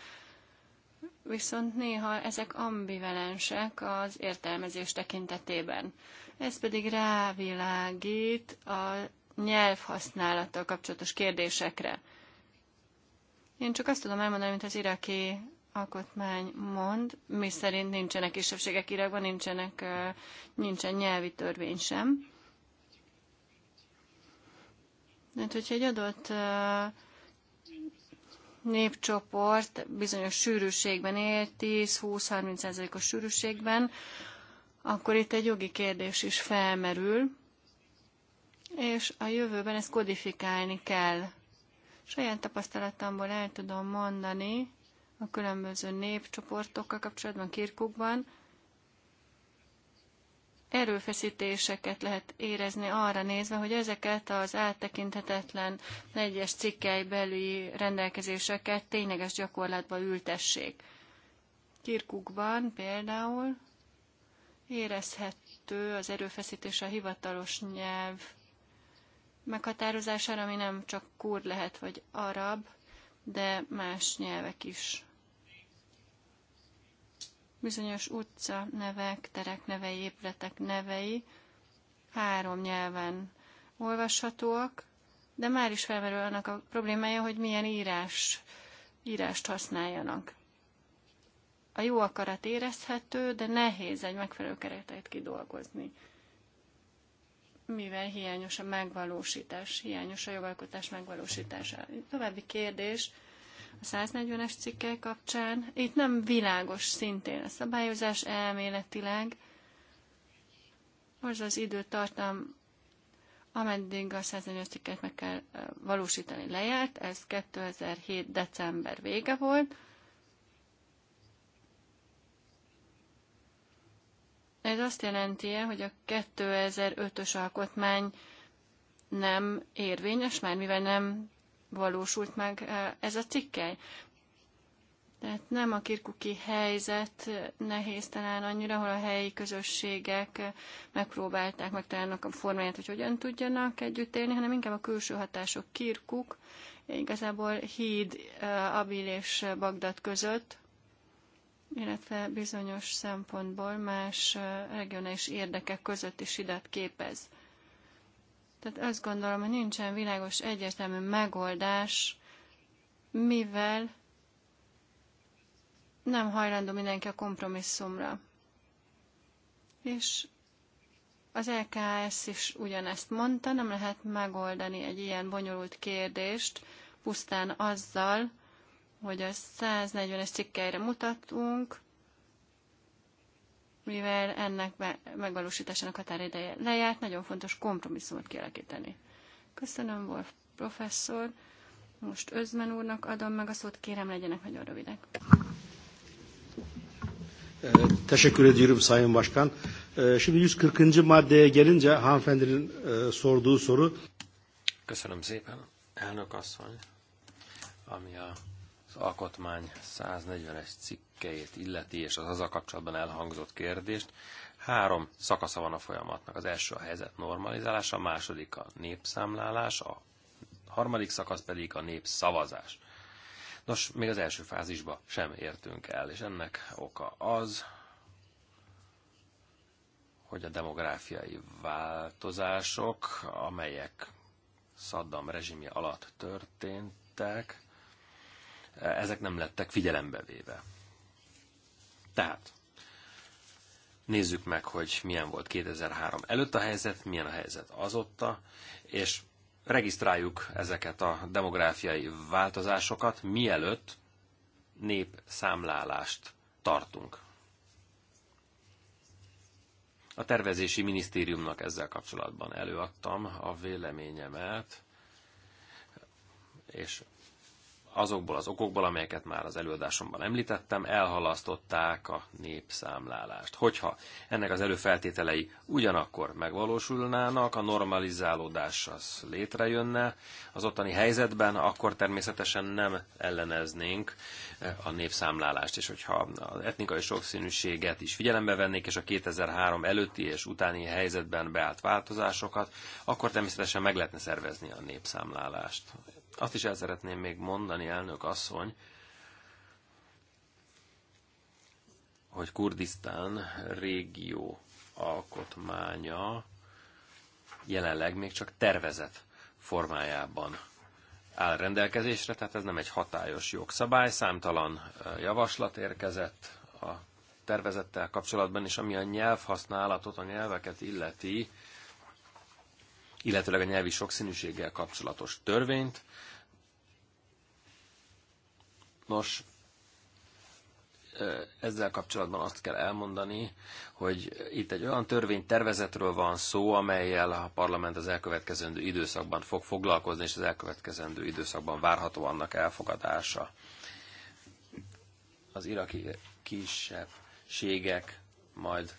viszont néha ezek ambivalensek az értelmezés tekintetében. Ez pedig rávilágít a nyelvhasználattal kapcsolatos kérdésekre. Én csak azt tudom elmondani, mint az iraki alkotmány mond, mi szerint nincsenek kisebbségek Irakban, nincsenek, nincsen nyelvi törvény sem. Mert hogyha egy adott népcsoport bizonyos sűrűségben él, 10-20-30%-os sűrűségben, akkor itt egy jogi kérdés is felmerül, és a jövőben ezt kodifikálni kell. Saját tapasztalatomból el tudom mondani, a különböző népcsoportokkal kapcsolatban, kirkukban, erőfeszítéseket lehet érezni arra nézve, hogy ezeket az áttekinthetetlen egyes cikkei belüli rendelkezéseket tényleges gyakorlatba ültessék. Kirkukban például érezhető az erőfeszítés a hivatalos nyelv meghatározására, ami nem csak kurd lehet, vagy arab, de más nyelvek is. Bizonyos utca nevek, terek nevei, épületek nevei három nyelven olvashatóak, de már is felmerül annak a problémája, hogy milyen írás, írást használjanak. A jó akarat érezhető, de nehéz egy megfelelő kereteit kidolgozni mivel hiányos a megvalósítás, hiányos a jogalkotás megvalósítása. További kérdés a 140-es cikkel kapcsán. Itt nem világos szintén a szabályozás elméletileg, az az időtartam, ameddig a 140 cikket meg kell valósítani lejárt, ez 2007. december vége volt, Ez azt jelenti -e, hogy a 2005-ös alkotmány nem érvényes, már mivel nem valósult meg e, ez a cikkely. Tehát nem a kirkuki helyzet nehéz talán annyira, ahol a helyi közösségek megpróbálták megtalálni a formáját, hogy hogyan tudjanak együtt élni, hanem inkább a külső hatások kirkuk, igazából híd e, Abil és Bagdad között, illetve bizonyos szempontból más regionális érdekek között is idet képez. Tehát azt gondolom, hogy nincsen világos egyértelmű megoldás, mivel nem hajlandó mindenki a kompromisszumra. És az LKS is ugyanezt mondta, nem lehet megoldani egy ilyen bonyolult kérdést pusztán azzal, hogy a 140-es cikkeire mutatunk, mivel ennek megvalósításának határideje lejárt, nagyon fontos kompromisszumot kialakítani. Köszönöm, Wolf professzor. Most Özmen úrnak adom meg a szót, kérem legyenek nagyon rövidek. Teşekkür ediyorum Sayın Başkan. Şimdi 140. maddeye gelince hanımefendinin sorduğu soru. Köszönöm szépen, elnök asszony, ami a alkotmány 141 cikkejét illeti, és az azzal kapcsolatban elhangzott kérdést, három szakasza van a folyamatnak. Az első a helyzet normalizálása, a második a népszámlálás, a harmadik szakasz pedig a népszavazás. Nos, még az első fázisba sem értünk el, és ennek oka az, hogy a demográfiai változások, amelyek Saddam rezsimje alatt történtek, ezek nem lettek figyelembe véve. Tehát nézzük meg, hogy milyen volt 2003 előtt a helyzet, milyen a helyzet azotta, és regisztráljuk ezeket a demográfiai változásokat, mielőtt népszámlálást tartunk. A tervezési minisztériumnak ezzel kapcsolatban előadtam a véleményemet, és azokból az okokból, amelyeket már az előadásomban említettem, elhalasztották a népszámlálást. Hogyha ennek az előfeltételei ugyanakkor megvalósulnának, a normalizálódás az létrejönne az ottani helyzetben, akkor természetesen nem elleneznénk a népszámlálást, és hogyha az etnikai sokszínűséget is figyelembe vennék, és a 2003 előtti és utáni helyzetben beállt változásokat, akkor természetesen meg lehetne szervezni a népszámlálást. Azt is el szeretném még mondani, elnök asszony, hogy Kurdisztán régió alkotmánya jelenleg még csak tervezet formájában áll rendelkezésre, tehát ez nem egy hatályos jogszabály, számtalan javaslat érkezett a tervezettel kapcsolatban, és ami a nyelvhasználatot, a nyelveket illeti, illetőleg a nyelvi sokszínűséggel kapcsolatos törvényt. Nos, ezzel kapcsolatban azt kell elmondani, hogy itt egy olyan törvénytervezetről van szó, amelyel a parlament az elkövetkezendő időszakban fog foglalkozni, és az elkövetkezendő időszakban várható annak elfogadása. Az iraki kisebbségek majd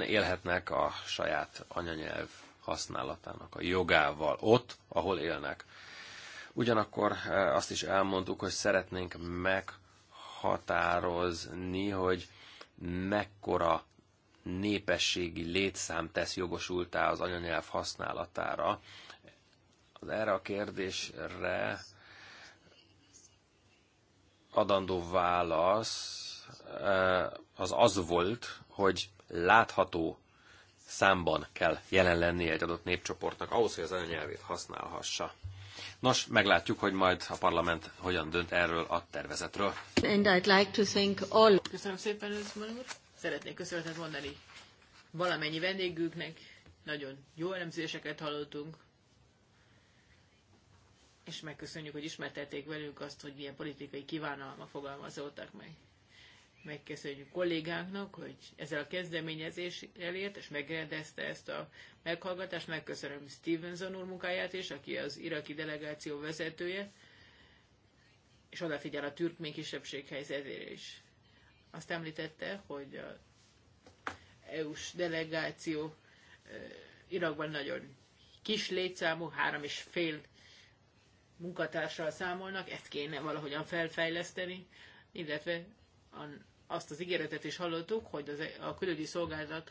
élhetnek a saját anyanyelv használatának a jogával ott, ahol élnek. Ugyanakkor eh, azt is elmondtuk, hogy szeretnénk meghatározni, hogy mekkora népességi létszám tesz jogosultá az anyanyelv használatára. Az erre a kérdésre adandó válasz eh, az az volt, hogy látható számban kell jelen lennie egy adott népcsoportnak ahhoz, hogy az anyanyelvét használhassa. Nos, meglátjuk, hogy majd a parlament hogyan dönt erről a tervezetről. And I'd like to thank all... Köszönöm szépen, Özman úr. Szeretnék köszönetet mondani valamennyi vendégünknek. Nagyon jó elemzéseket hallottunk. És megköszönjük, hogy ismertették velünk azt, hogy milyen politikai kívánalma fogalmazódtak meg. Megköszönjük kollégánknak, hogy ezzel a kezdeményezéssel elért, és megrendezte ezt a meghallgatást. Megköszönöm Stevenson úr munkáját is, aki az iraki delegáció vezetője, és odafigyel a türkmén kisebbség helyzetére is. Azt említette, hogy a EU-s delegáció eh, Irakban nagyon kis létszámú, három és fél munkatársal számolnak, ezt kéne valahogyan felfejleszteni, illetve azt az ígéretet is hallottuk, hogy az, e- a külügyi szolgálat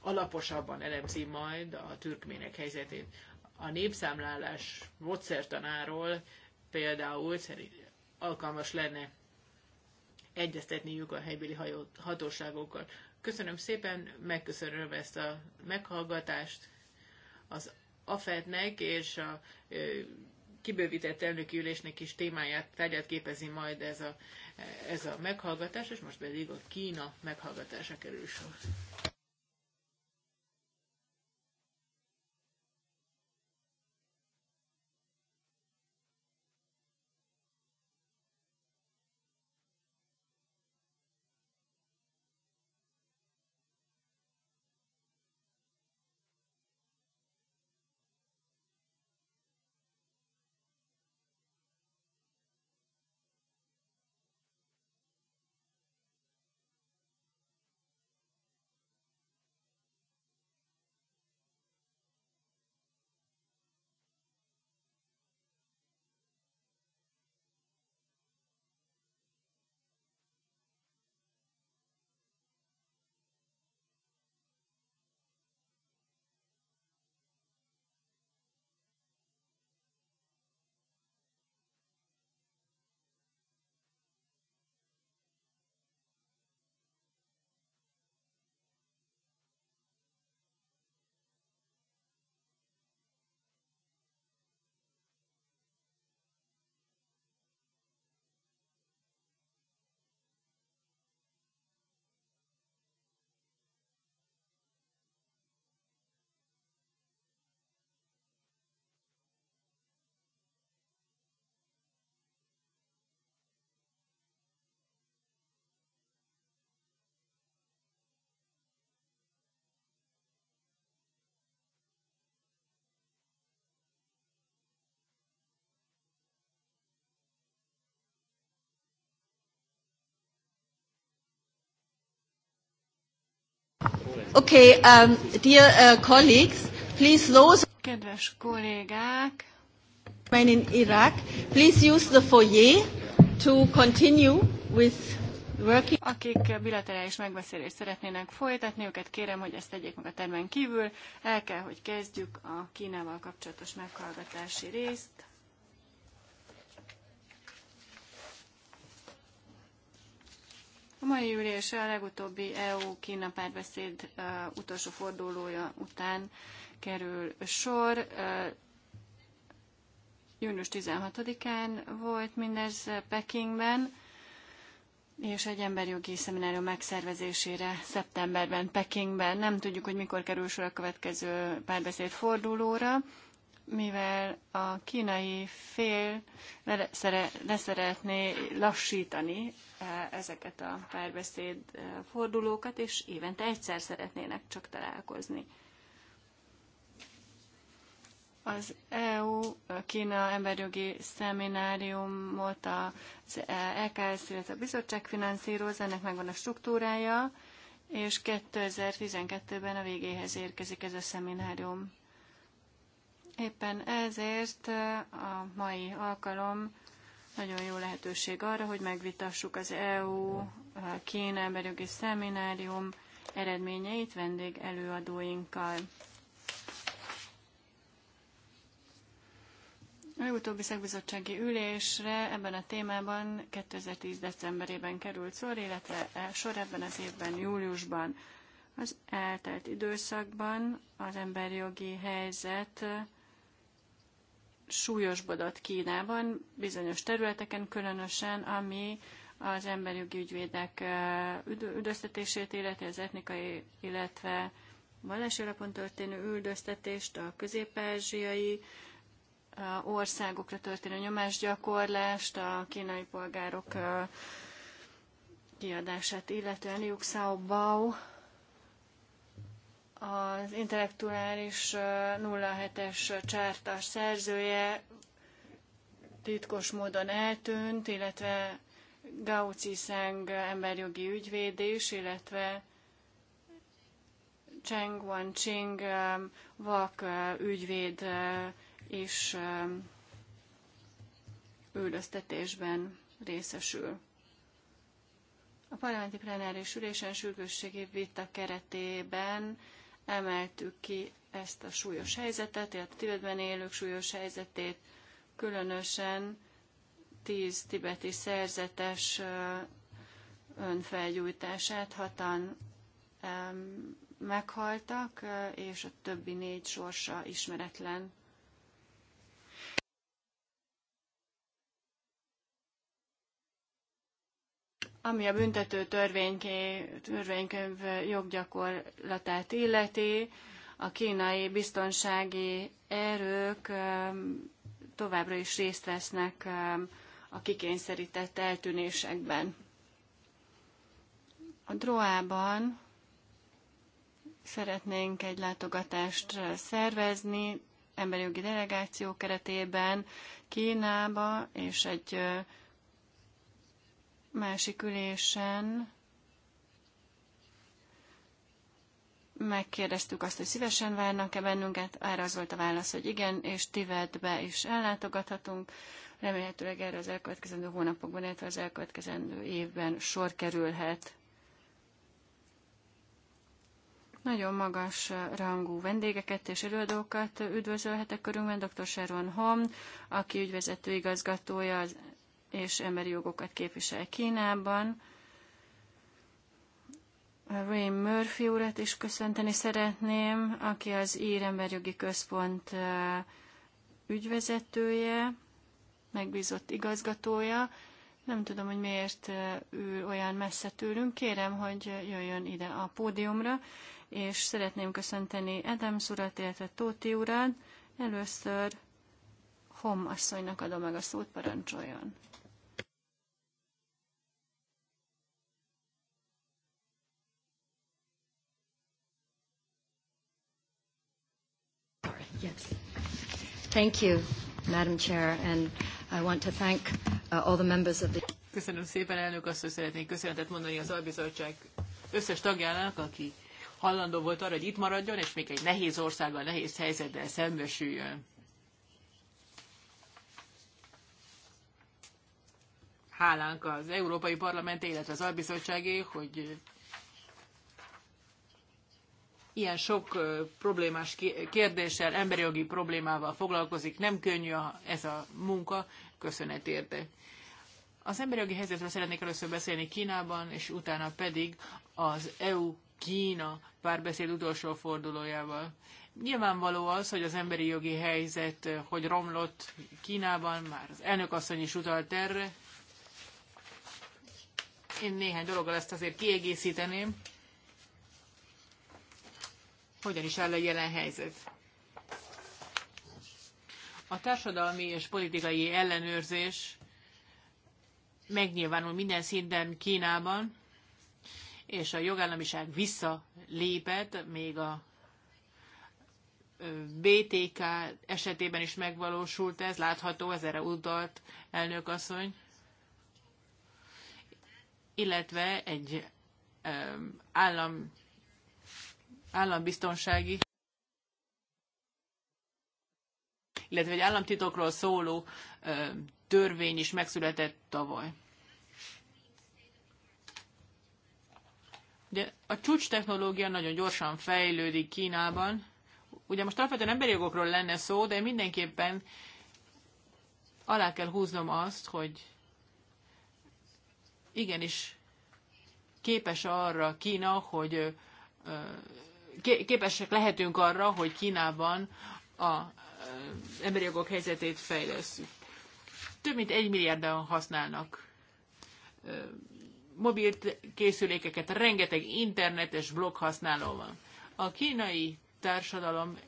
alaposabban elemzi majd a türkmének helyzetét. A népszámlálás módszertanáról például szerint alkalmas lenne egyeztetniük a helybéli hatóságokkal. Köszönöm szépen, megköszönöm ezt a meghallgatást az AFET-nek és a ö, kibővített elnöki ülésnek is témáját, tárgyát képezi majd ez a ez a meghallgatás, és most pedig a Kína meghallgatása kerül sor. Okay, um, dear uh, colleagues, please those... Kedves kollégák! Men in Iraq, please use the foyer to continue with working. Akik bilaterális megbeszélést szeretnének folytatni, őket kérem, hogy ezt tegyék meg a termen kívül. El kell, hogy kezdjük a Kínával kapcsolatos meghallgatási részt. A mai ülés a legutóbbi EU-Kína párbeszéd utolsó fordulója után kerül sor. Június 16-án volt mindez Pekingben, és egy emberjogi szeminárium megszervezésére szeptemberben Pekingben. Nem tudjuk, hogy mikor kerül sor a következő párbeszéd fordulóra mivel a kínai fél leszeretné lassítani eh, ezeket a párbeszéd eh, fordulókat, és évente egyszer szeretnének csak találkozni. Az EU-Kína emberjogi szemináriumot az EKS, illetve a bizottság finanszírozza, ennek megvan a struktúrája, és 2012-ben a végéhez érkezik ez a szeminárium. Éppen ezért eh, a mai alkalom nagyon jó lehetőség arra, hogy megvitassuk az EU eh, Kína emberjogi szeminárium eredményeit vendég előadóinkkal. A legutóbbi szakbizottsági ülésre ebben a témában 2010. decemberében került sor, illetve e sor ebben az évben, júliusban. Az eltelt időszakban az emberjogi helyzet súlyosbodott Kínában, bizonyos területeken különösen, ami az jogi ügyvédek üldöztetését illeti, az etnikai, illetve vallási alapon történő üldöztetést, a közép-ázsiai országokra történő nyomásgyakorlást, a kínai polgárok kiadását illetően Liu Xiaobao az intellektuális 07-es csártás szerzője titkos módon eltűnt, illetve Gauci Szeng emberjogi ügyvédés, illetve Cheng Wan Ching vak ügyvéd is üldöztetésben részesül. A parlamenti plenáris ülésen sürgősségi vita keretében emeltük ki ezt a súlyos helyzetet, illetve a Tibetben élők súlyos helyzetét, különösen tíz tibeti szerzetes önfelgyújtását hatan meghaltak, és a többi négy sorsa ismeretlen. Ami a büntető törvénykönyv joggyakorlatát illeti, a kínai biztonsági erők um, továbbra is részt vesznek um, a kikényszerített eltűnésekben. A Droában szeretnénk egy látogatást szervezni emberi jogi delegáció keretében Kínába, és egy másik ülésen megkérdeztük azt, hogy szívesen várnak-e bennünket, erre az volt a válasz, hogy igen, és Tivetbe is ellátogathatunk. Remélhetőleg erre az elkövetkezendő hónapokban, illetve az elkövetkezendő évben sor kerülhet. Nagyon magas rangú vendégeket és előadókat üdvözölhetek körünkben, dr. Sharon Hom, aki ügyvezető igazgatója az és emberi jogokat képvisel Kínában. Ray Murphy urat is köszönteni szeretném, aki az Ír Emberjogi Központ ügyvezetője, megbízott igazgatója. Nem tudom, hogy miért ül olyan messze tőlünk. Kérem, hogy jöjjön ide a pódiumra, és szeretném köszönteni Edem urat, illetve Tóti urat. Először Hom asszonynak adom meg a szót, parancsoljon. Yes. Thank you, Madam Chair, and I want to thank uh, all the members of the... Köszönöm szépen, elnök asszony, szeretnék köszönetet mondani az albizottság összes tagjának, aki hallandó volt arra, hogy itt maradjon, és még egy nehéz országgal, nehéz helyzettel szembesüljön. Hálánk az Európai Parlament, illetve az Albizottságé, hogy ilyen sok problémás kérdéssel, emberi jogi problémával foglalkozik. Nem könnyű ez a munka, köszönet érte. Az emberi jogi helyzetről szeretnék először beszélni Kínában, és utána pedig az EU-Kína párbeszéd utolsó fordulójával. Nyilvánvaló az, hogy az emberi jogi helyzet, hogy romlott Kínában, már az elnökasszony is utalt erre. Én néhány dologgal ezt azért kiegészíteném hogyan is áll a jelen helyzet. A társadalmi és politikai ellenőrzés megnyilvánul minden szinten Kínában, és a jogállamiság visszalépett, még a BTK esetében is megvalósult ez, látható, ez erre utalt elnök asszony, illetve egy állam állambiztonsági illetve egy államtitokról szóló ö, törvény is megszületett tavaly. Ugye a csúcs technológia nagyon gyorsan fejlődik Kínában. Ugye most alapvetően emberi jogokról lenne szó, de mindenképpen alá kell húznom azt, hogy igenis képes arra Kína, hogy ö, ö, képesek lehetünk arra, hogy Kínában a eh, emberi jogok helyzetét fejlesztjük. Több mint egy milliárdan használnak eh, mobil készülékeket, rengeteg internetes blog használó van. A kínai társadalom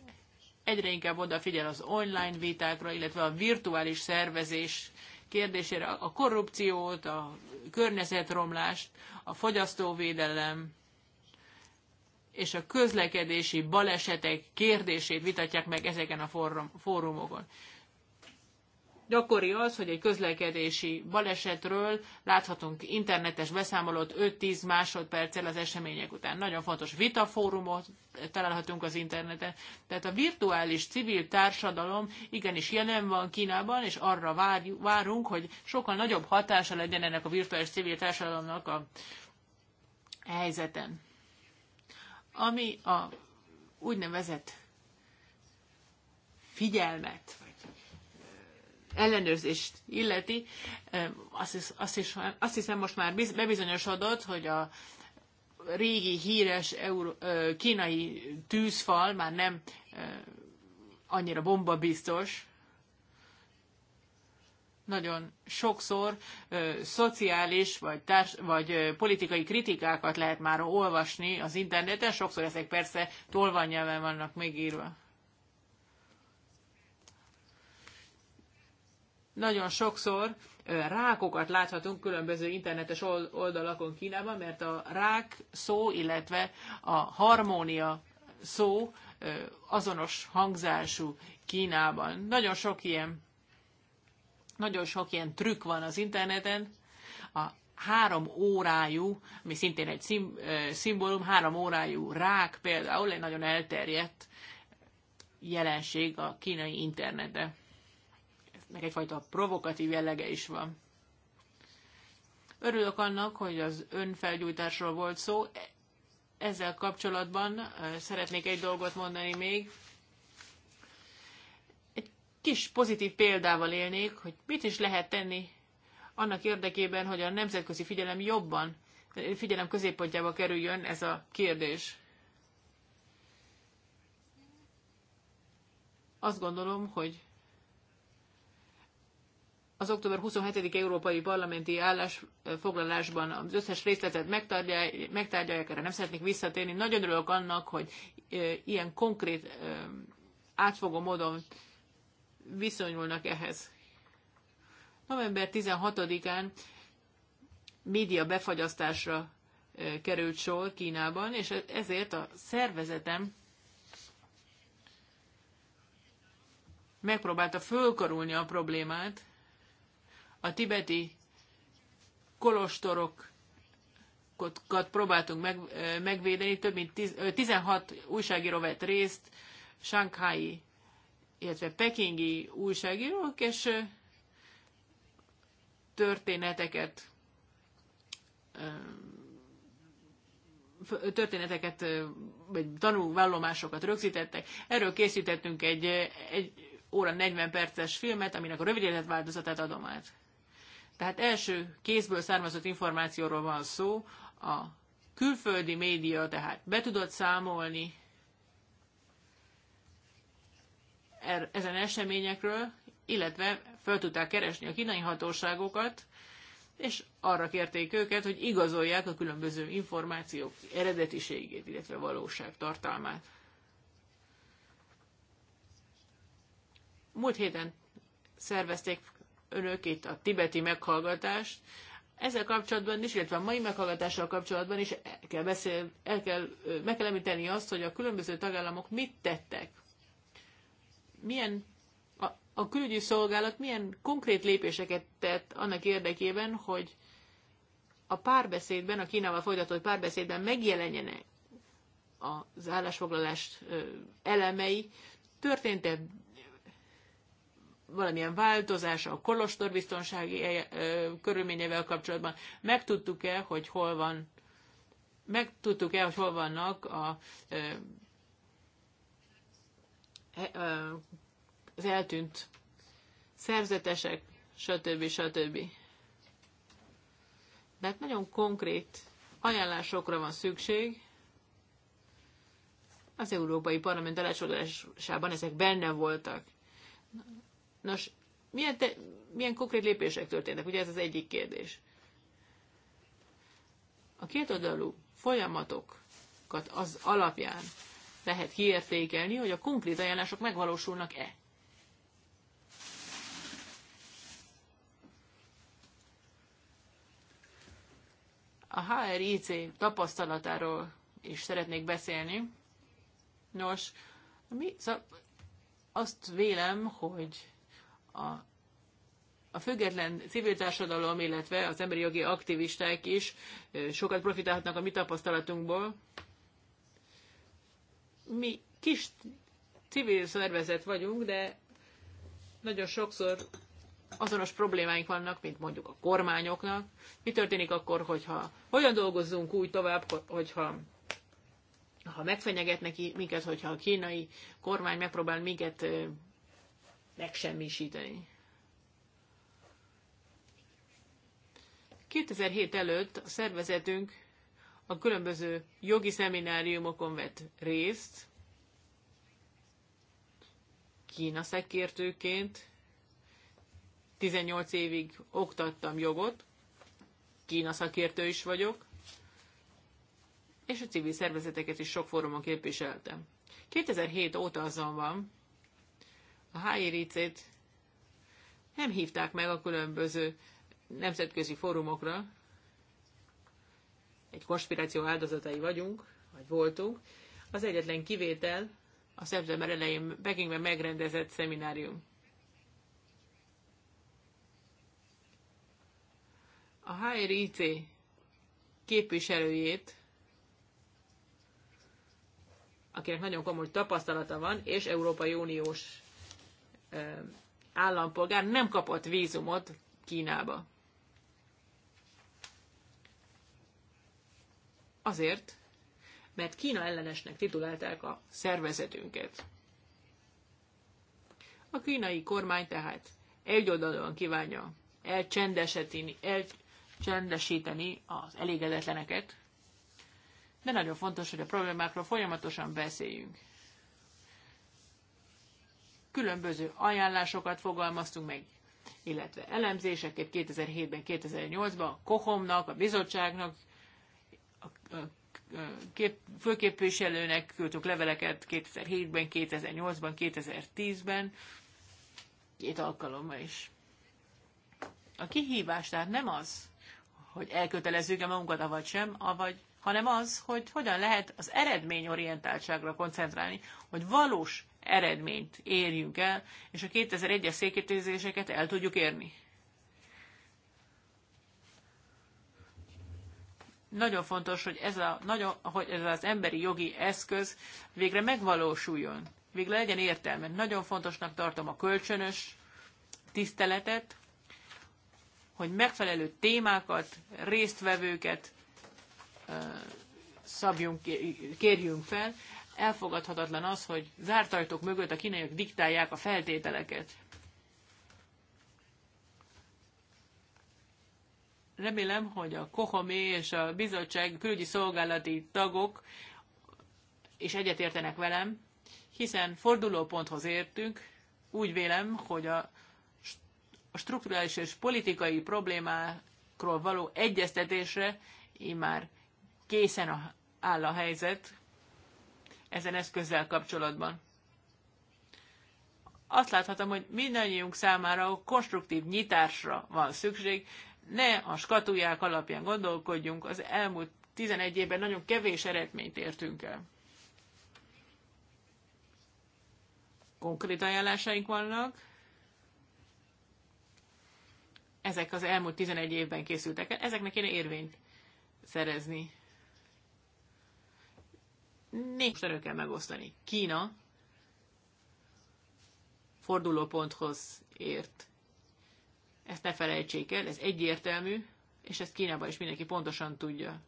egyre inkább odafigyel az online vitákra, illetve a virtuális szervezés kérdésére, a korrupciót, a környezetromlást, a fogyasztóvédelem, és a közlekedési balesetek kérdését vitatják meg ezeken a fórumokon. Gyakori az, hogy egy közlekedési balesetről láthatunk internetes beszámolót 5-10 másodperccel az események után. Nagyon fontos vitafórumot találhatunk az interneten. Tehát a virtuális civil társadalom igenis jelen van Kínában, és arra várunk, hogy sokkal nagyobb hatása legyen ennek a virtuális civil társadalomnak a helyzeten ami a úgynevezett figyelmet, vagy ellenőrzést illeti, azt, hisz, azt, hisz, azt hiszem most már bebizonyosodott, hogy a régi híres euró, kínai tűzfal már nem annyira bombabiztos, nagyon sokszor ö, szociális vagy, társ, vagy ö, politikai kritikákat lehet már olvasni az interneten, sokszor ezek persze tolvanyelven vannak megírva. Nagyon sokszor ö, rákokat láthatunk különböző internetes oldalakon Kínában, mert a rák szó, illetve a harmónia szó ö, azonos hangzású Kínában. Nagyon sok ilyen nagyon sok ilyen trükk van az interneten. A három órájú, ami szintén egy szim, szimbólum, három órájú rák például egy nagyon elterjedt jelenség a kínai internete. Ennek egyfajta provokatív jellege is van. Örülök annak, hogy az önfelgyújtásról volt szó. E- ezzel kapcsolatban szeretnék egy dolgot mondani még kis pozitív példával élnék, hogy mit is lehet tenni annak érdekében, hogy a nemzetközi figyelem jobban, figyelem középpontjába kerüljön ez a kérdés. Azt gondolom, hogy az október 27. Európai Parlamenti állásfoglalásban az összes részletet megtárgyalják, megtárgyalják, erre nem szeretnék visszatérni. Nagyon örülök annak, hogy ilyen konkrét, átfogó módon viszonyulnak ehhez. November 16-án média befagyasztásra e, került sor Kínában, és ezért a szervezetem megpróbálta fölkarulni a problémát. A tibeti kolostorokat próbáltunk meg, e, megvédeni, több mint 16 újságíró vett részt, Shanghai illetve pekingi újságírók, és történeteket történeteket, vagy tanulvallomásokat rögzítettek. Erről készítettünk egy, egy óra 40 perces filmet, aminek a rövidített változatát adom át. Tehát első kézből származott információról van szó, a külföldi média tehát be tudott számolni Er, ezen eseményekről, illetve fel tudták keresni a kínai hatóságokat, és arra kérték őket, hogy igazolják a különböző információk eredetiségét, illetve valóság tartalmát. Múlt héten szervezték önök itt a tibeti meghallgatást. Ezzel kapcsolatban is, illetve a mai meghallgatással kapcsolatban is el kell beszél, el kell, meg kell említeni azt, hogy a különböző tagállamok mit tettek milyen a, a külügyi szolgálat milyen konkrét lépéseket tett annak érdekében, hogy a párbeszédben, a Kínával folytatott párbeszédben megjelenjenek az állásfoglalás elemei. Történt-e valamilyen változás a kolostor biztonsági körülményevel kapcsolatban? Megtudtuk-e, hogy hol van megtudtuk-e, hogy hol vannak a E, az eltűnt szerzetesek, stb. stb. De hát nagyon konkrét ajánlásokra van szükség. Az Európai Parlament elásodásában ezek benne voltak. Nos, milyen, te, milyen konkrét lépések történtek? Ugye ez az egyik kérdés. A kétoldalú folyamatokat az alapján, lehet kiértékelni, hogy a konkrét ajánlások megvalósulnak-e. A HRIC tapasztalatáról is szeretnék beszélni. Nos, mi, szóval azt vélem, hogy a, a független civil társadalom, illetve az emberi jogi aktivisták is sokat profitálhatnak a mi tapasztalatunkból mi kis civil szervezet vagyunk, de nagyon sokszor azonos problémáink vannak, mint mondjuk a kormányoknak. Mi történik akkor, hogyha hogyan dolgozzunk úgy tovább, hogyha ha neki minket, hogyha a kínai kormány megpróbál minket megsemmisíteni. 2007 előtt a szervezetünk a különböző jogi szemináriumokon vett részt, Kína szekértőként 18 évig oktattam jogot, Kína szakértő is vagyok, és a civil szervezeteket is sok fórumon képviseltem. 2007 óta azonban a hiric nem hívták meg a különböző nemzetközi fórumokra, egy konspiráció áldozatai vagyunk, vagy voltunk. Az egyetlen kivétel a szeptember elején Pekingben megrendezett szeminárium. A HRIC képviselőjét, akinek nagyon komoly tapasztalata van, és Európai Uniós állampolgár nem kapott vízumot Kínába. Azért, mert Kína ellenesnek titulálták a szervezetünket. A kínai kormány tehát egyoldalúan kívánja elcsendesíteni az elégedetleneket, de nagyon fontos, hogy a problémákról folyamatosan beszéljünk. Különböző ajánlásokat fogalmaztunk meg, illetve elemzéseket 2007-ben, 2008-ban a Kohomnak, a bizottságnak, kép, főképviselőnek küldtük leveleket 2007-ben, 2008-ban, 2010-ben, két alkalommal is. A kihívás tehát nem az, hogy elkötelezzük-e magunkat, avagy sem, avagy, hanem az, hogy hogyan lehet az eredményorientáltságra koncentrálni, hogy valós eredményt érjünk el, és a 2001-es székétézéseket el tudjuk érni. Nagyon fontos, hogy ez, a, nagyon, hogy ez az emberi jogi eszköz végre megvalósuljon, végre legyen értelme. Nagyon fontosnak tartom a kölcsönös tiszteletet, hogy megfelelő témákat, résztvevőket szabjunk, kérjünk fel. Elfogadhatatlan az, hogy zárt ajtók mögött a kínaiak diktálják a feltételeket. remélem, hogy a Kohomé és a bizottság külügyi szolgálati tagok és egyetértenek velem, hiszen fordulóponthoz értünk. Úgy vélem, hogy a strukturális és politikai problémákról való egyeztetésre immár készen áll a helyzet ezen eszközzel kapcsolatban. Azt láthatom, hogy mindannyiunk számára konstruktív nyitásra van szükség, ne a skatuják alapján gondolkodjunk, az elmúlt 11 évben nagyon kevés eredményt értünk el. Konkrét ajánlásaink vannak. Ezek az elmúlt 11 évben készültek el. Ezeknek kéne érvényt szerezni. Négy erről kell megosztani. Kína fordulóponthoz ért ezt ne felejtsék el, ez egyértelmű, és ezt Kínában is mindenki pontosan tudja,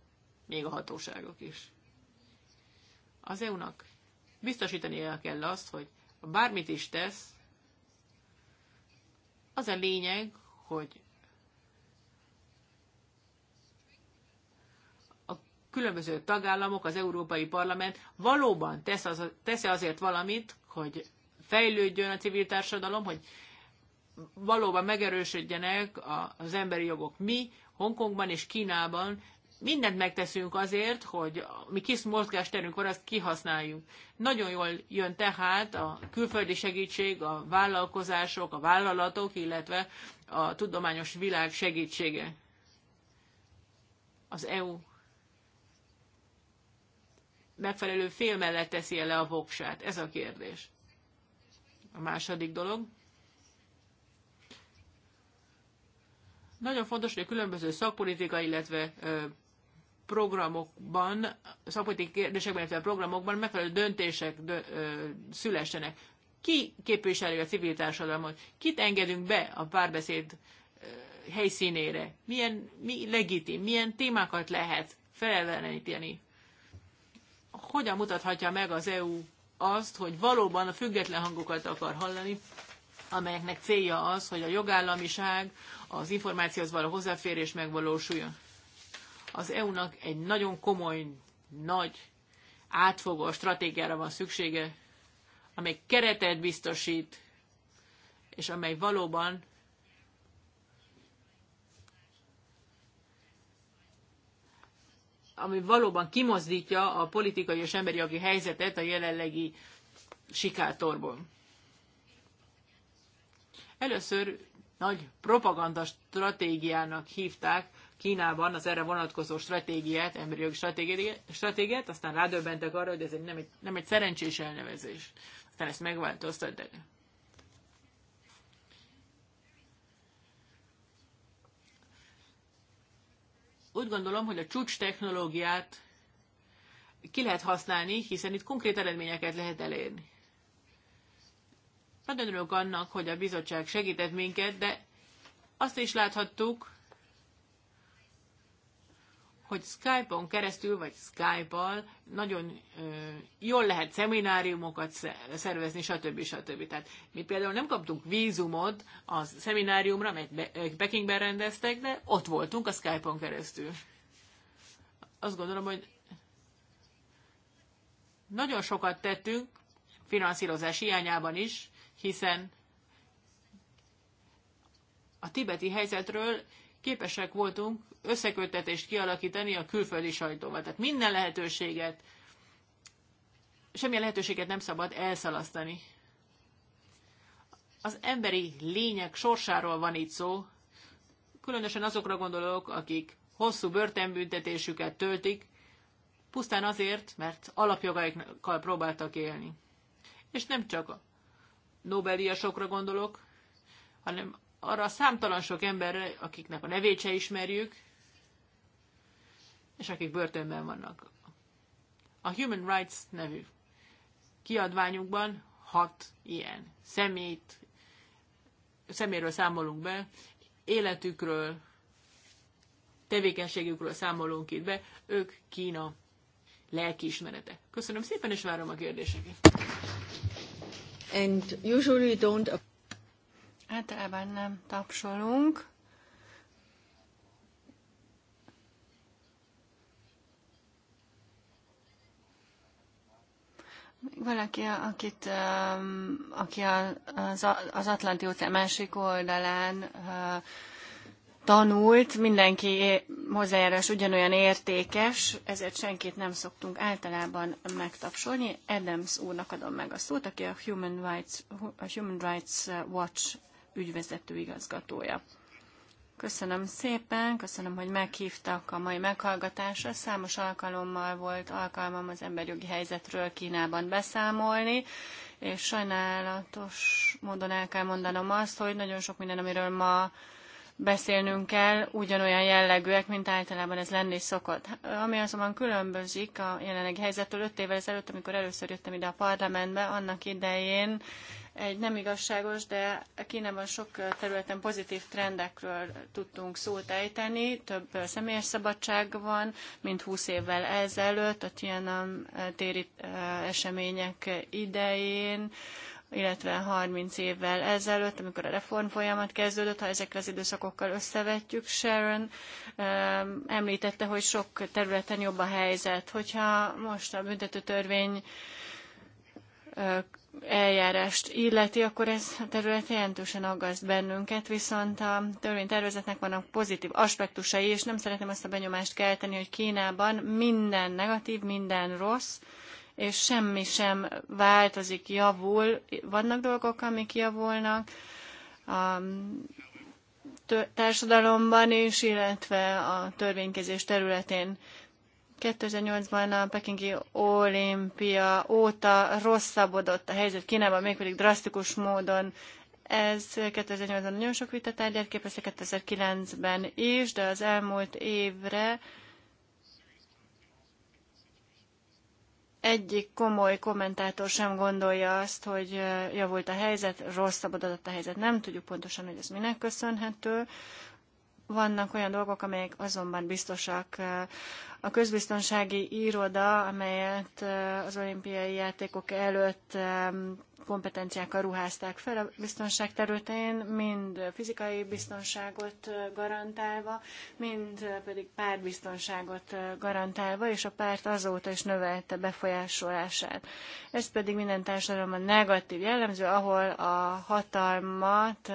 még a hatóságok is. Az EU-nak biztosítania kell azt, hogy bármit is tesz, az a lényeg, hogy a különböző tagállamok, az Európai Parlament valóban tesz, az, tesz azért valamit, hogy fejlődjön a civil társadalom, hogy valóban megerősödjenek az emberi jogok. Mi Hongkongban és Kínában mindent megteszünk azért, hogy mi kis terünk, akkor azt kihasználjuk. Nagyon jól jön tehát a külföldi segítség, a vállalkozások, a vállalatok, illetve a tudományos világ segítsége. Az EU megfelelő fél mellett teszi -e le a voksát? Ez a kérdés. A második dolog. Nagyon fontos, hogy a különböző szakpolitika, illetve programokban, szakpolitikai kérdésekben, illetve programokban megfelelő döntések dö, ö, szülessenek. Ki képviseli a civil társadalmat? Kit engedünk be a párbeszéd helyszínére? Milyen, mi legitim? Milyen témákat lehet felelőtleníteni? Hogyan mutathatja meg az EU azt, hogy valóban a független hangokat akar hallani, amelyeknek célja az, hogy a jogállamiság, az információhoz való hozzáférés megvalósuljon. Az EU-nak egy nagyon komoly, nagy, átfogó stratégiára van szüksége, amely keretet biztosít, és amely valóban ami valóban kimozdítja a politikai és emberi jogi helyzetet a jelenlegi sikátorból. Először nagy propaganda stratégiának hívták Kínában az erre vonatkozó stratégiát, emberi jogi stratégiát, aztán rádöbbentek arra, hogy ez egy, nem, egy, nem egy szerencsés elnevezés. Aztán ezt megváltoztatták. Úgy gondolom, hogy a csúcs technológiát ki lehet használni, hiszen itt konkrét eredményeket lehet elérni. Hát nagyon örülök annak, hogy a bizottság segített minket, de azt is láthattuk, hogy Skype-on keresztül, vagy Skype-al nagyon ö, jól lehet szemináriumokat szervezni, stb. stb. Tehát mi például nem kaptunk vízumot a szemináriumra, amelyet Pekingben rendeztek, de ott voltunk a Skype-on keresztül. Azt gondolom, hogy nagyon sokat tettünk, finanszírozás hiányában is, hiszen a tibeti helyzetről képesek voltunk összeköttetést kialakítani a külföldi sajtóval. Tehát minden lehetőséget, semmilyen lehetőséget nem szabad elszalasztani. Az emberi lények sorsáról van itt szó, különösen azokra gondolok, akik hosszú börtönbüntetésüket töltik, pusztán azért, mert alapjogaikkal próbáltak élni. És nem csak nobel gondolok, hanem arra a számtalan sok emberre, akiknek a nevét se ismerjük, és akik börtönben vannak. A Human Rights nevű kiadványunkban hat ilyen szemét, szeméről számolunk be, életükről, tevékenységükről számolunk itt be, ők Kína lelkiismerete. Köszönöm szépen, és várom a kérdéseket and usually don't Általában nem tapsolunk. Valaki, akit, um, aki az, az Atlanti óceán másik oldalán uh, tanult, mindenki hozzájárás ugyanolyan értékes, ezért senkit nem szoktunk általában megtapsolni. Adams úrnak adom meg a szót, aki a Human Rights, a Human Rights Watch ügyvezető igazgatója. Köszönöm szépen, köszönöm, hogy meghívtak a mai meghallgatásra. Számos alkalommal volt alkalmam az emberjogi helyzetről Kínában beszámolni, és sajnálatos módon el kell mondanom azt, hogy nagyon sok minden, amiről ma beszélnünk kell, ugyanolyan jellegűek, mint általában ez lenni szokott. Ami azonban különbözik a jelenlegi helyzettől, öt évvel ezelőtt, amikor először jöttem ide a parlamentbe, annak idején egy nem igazságos, de Kínában sok területen pozitív trendekről tudtunk szót ejteni. Több személyes szabadság van, mint 20 évvel ezelőtt, a Tiananmen téri eh, események idején illetve 30 évvel ezelőtt, amikor a reform folyamat kezdődött, ha ezekkel az időszakokkal összevetjük, Sharon um, említette, hogy sok területen jobb a helyzet. Hogyha most a törvény eljárást illeti, akkor ez a terület jelentősen aggaszt bennünket, viszont a törvénytervezetnek vannak pozitív aspektusai, és nem szeretném azt a benyomást kelteni, hogy Kínában minden negatív, minden rossz, és semmi sem változik, javul. Vannak dolgok, amik javulnak a társadalomban is, illetve a törvénykezés területén. 2008-ban a Pekingi olimpia óta rosszabbodott a helyzet Kínában, mégpedig drasztikus módon. Ez 2008-ban nagyon sok vita tárgyát képezte, 2009-ben is, de az elmúlt évre egyik komoly kommentátor sem gondolja azt, hogy javult a helyzet, rosszabbodott a helyzet. Nem tudjuk pontosan, hogy ez minek köszönhető. Vannak olyan dolgok, amelyek azonban biztosak. A közbiztonsági iroda, amelyet eh, az olimpiai játékok előtt eh, kompetenciákkal ruházták fel a biztonság területén, mind fizikai biztonságot eh, garantálva, mind pedig párbiztonságot garantálva, és a párt azóta is növelte befolyásolását. Ez pedig minden társadalomban negatív jellemző, ahol a hatalmat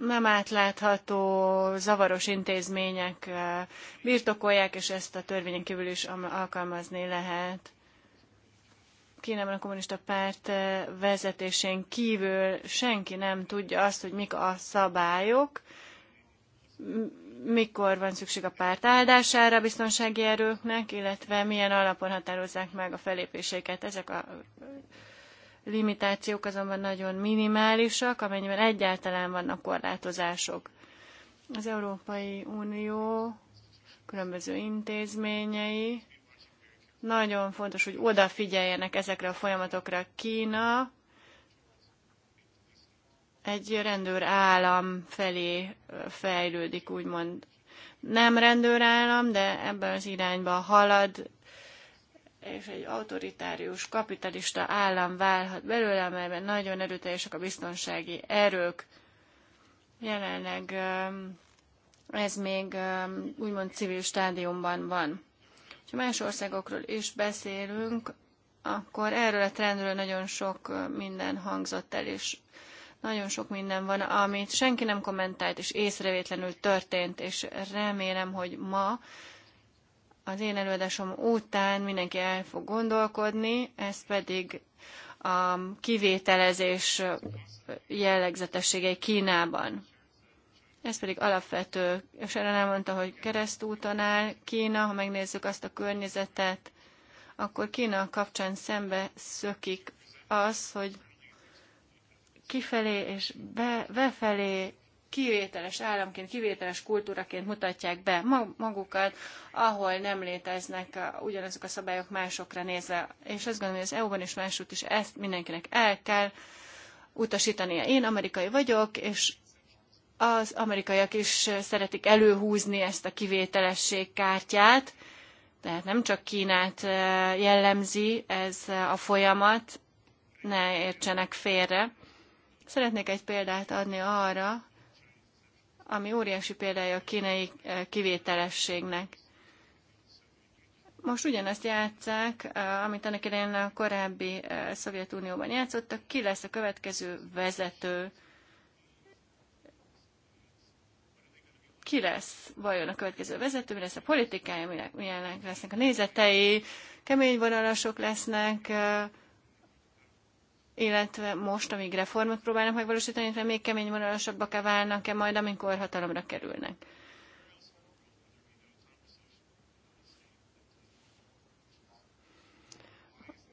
nem átlátható, zavaros intézmények eh, birtokolják, és ezt a törvényen kívül is alkalmazni lehet. Kínában a kommunista párt eh, vezetésén kívül senki nem tudja azt, hogy mik a szabályok, mikor van szükség a párt áldására a biztonsági erőknek, illetve milyen alapon határozzák meg a felépéseiket. Ezek a limitációk azonban nagyon minimálisak, amennyiben egyáltalán vannak korlátozások. Az Európai Unió különböző intézményei nagyon fontos, hogy odafigyeljenek ezekre a folyamatokra. Kína egy rendőr állam felé fejlődik, úgymond. Nem rendőrállam, de ebben az irányba halad és egy autoritárius kapitalista állam válhat belőle, amelyben nagyon erőteljesek a biztonsági erők. Jelenleg ez még úgymond civil stádiumban van. Ha más országokról is beszélünk, akkor erről a trendről nagyon sok minden hangzott el, és nagyon sok minden van, amit senki nem kommentált, és észrevétlenül történt, és remélem, hogy ma az én előadásom után mindenki el fog gondolkodni, ez pedig a kivételezés jellegzetességei Kínában. Ez pedig alapvető. És erre nem mondta, hogy keresztúton áll Kína, ha megnézzük azt a környezetet, akkor Kína kapcsán szembe szökik az, hogy kifelé és be, befelé kivételes államként, kivételes kultúraként mutatják be magukat, ahol nem léteznek ugyanazok a szabályok másokra nézve. És azt gondolom, hogy az EU-ban is másút is ezt mindenkinek el kell utasítania. Én amerikai vagyok, és az amerikaiak is szeretik előhúzni ezt a kivételesség kártyát, tehát nem csak Kínát e, jellemzi ez a folyamat, ne értsenek félre. Szeretnék egy példát adni arra, ami óriási példája a kínai eh, kivételességnek. Most ugyanazt játszák, eh, amit annak idején a korábbi eh, Szovjetunióban játszottak. Ki lesz a következő vezető? Ki lesz vajon a következő vezető? Mi lesz a politikája? Milyenek lesznek a nézetei? Kemény vonalasok lesznek? illetve most, amíg reformot próbálnak megvalósítani, illetve még kemény vonalasabbak-e válnak-e majd, amikor hatalomra kerülnek.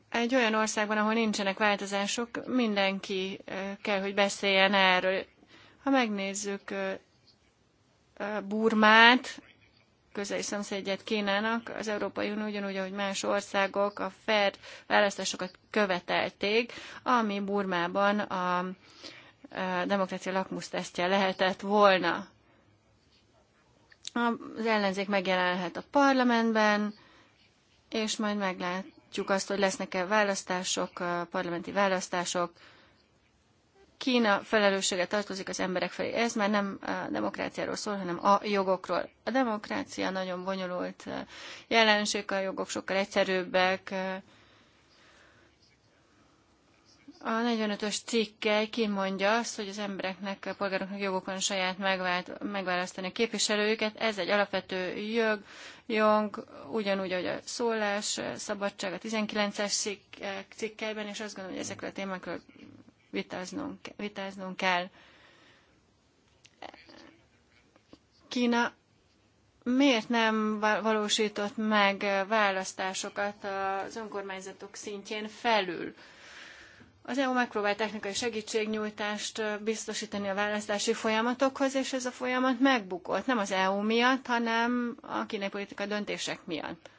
Egy olyan országban, ahol nincsenek változások, mindenki kell, hogy beszéljen erről. Ha megnézzük Burmát, közeli szomszédját Kínának, az Európai Unió ugyanúgy, ahogy más országok a fair választásokat követelték, ami Burmában a, a demokrácia lakmusztesztje lehetett volna. Az ellenzék megjelenhet a parlamentben, és majd meglátjuk azt, hogy lesznek-e választások, parlamenti választások, Kína felelőssége tartozik az emberek felé. Ez már nem a demokráciáról szól, hanem a jogokról. A demokrácia nagyon bonyolult eh, jelenség, a jogok sokkal egyszerűbbek. Eh. A 45-ös cikkely kimondja azt, hogy az embereknek, a polgároknak joguk van saját megvált, megválasztani a képviselőjüket. Ez egy alapvető jog, jog ugyanúgy, ahogy a szólás, eh, szabadság a 19-es cikkelyben, és azt gondolom, hogy ezekről a témákról vitáznunk, vitáznunk kell. Kína miért nem valósított meg választásokat az önkormányzatok szintjén felül? Az EU megpróbál technikai segítségnyújtást biztosítani a választási folyamatokhoz, és ez a folyamat megbukott, nem az EU miatt, hanem a kínai politika döntések miatt.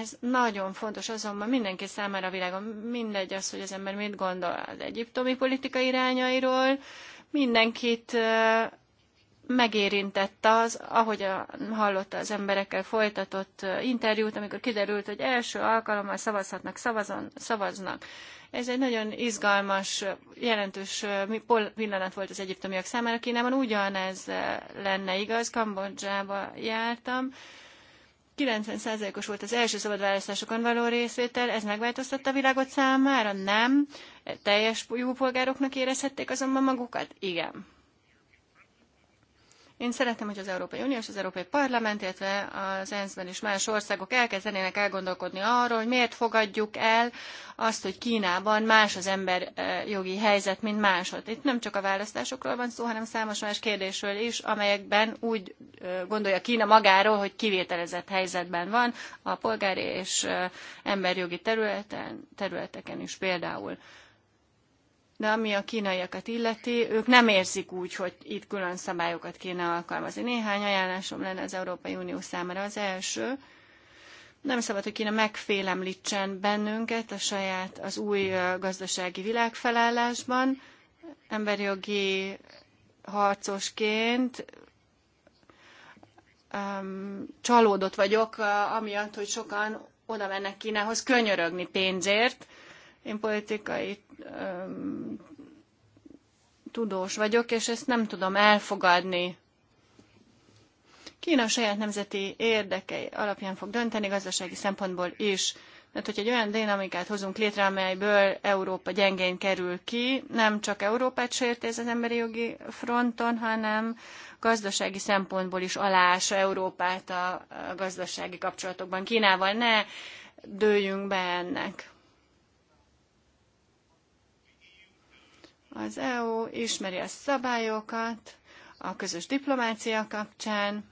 Ez nagyon fontos azonban mindenki számára a világon. Mindegy az, hogy az ember mit gondol az egyiptomi politika irányairól. Mindenkit megérintett az, ahogy hallotta az emberekkel folytatott interjút, amikor kiderült, hogy első alkalommal szavazhatnak, szavazon, szavaznak. Ez egy nagyon izgalmas, jelentős pillanat volt az egyiptomiak számára. Kínában ugyanez lenne igaz, Kambodzsába jártam, 90%-os volt az első szabad választásokon való részvétel, ez megváltoztatta a világot számára? Nem. Teljes jó polgároknak érezhették azonban magukat? Igen. Én szeretném, hogy az Európai Unió és az Európai Parlament, illetve az ENSZ-ben is más országok elkezdenének elgondolkodni arról, hogy miért fogadjuk el azt, hogy Kínában más az ember jogi helyzet, mint máshol. Itt nem csak a választásokról van szó, hanem számos más kérdésről is, amelyekben úgy gondolja Kína magáról, hogy kivételezett helyzetben van a polgári és emberjogi területen, területeken is például de ami a kínaiakat illeti, ők nem érzik úgy, hogy itt külön szabályokat kéne alkalmazni. Néhány ajánlásom lenne az Európai Unió számára. Az első, nem szabad, hogy Kína megfélemlítsen bennünket a saját, az új gazdasági világfelállásban. Emberjogi harcosként um, csalódott vagyok, amiatt, hogy sokan oda mennek Kínához könyörögni pénzért, én politikai tudós vagyok, és ezt nem tudom elfogadni. Kína saját nemzeti érdekei alapján fog dönteni, gazdasági szempontból is. Mert hogyha egy olyan dinamikát hozunk létre, amelyből Európa gyengén kerül ki, nem csak Európát sérti ez az emberi jogi fronton, hanem gazdasági szempontból is alása Európát a gazdasági kapcsolatokban Kínával. Ne dőljünk be ennek. Az EU ismeri a szabályokat a közös diplomácia kapcsán.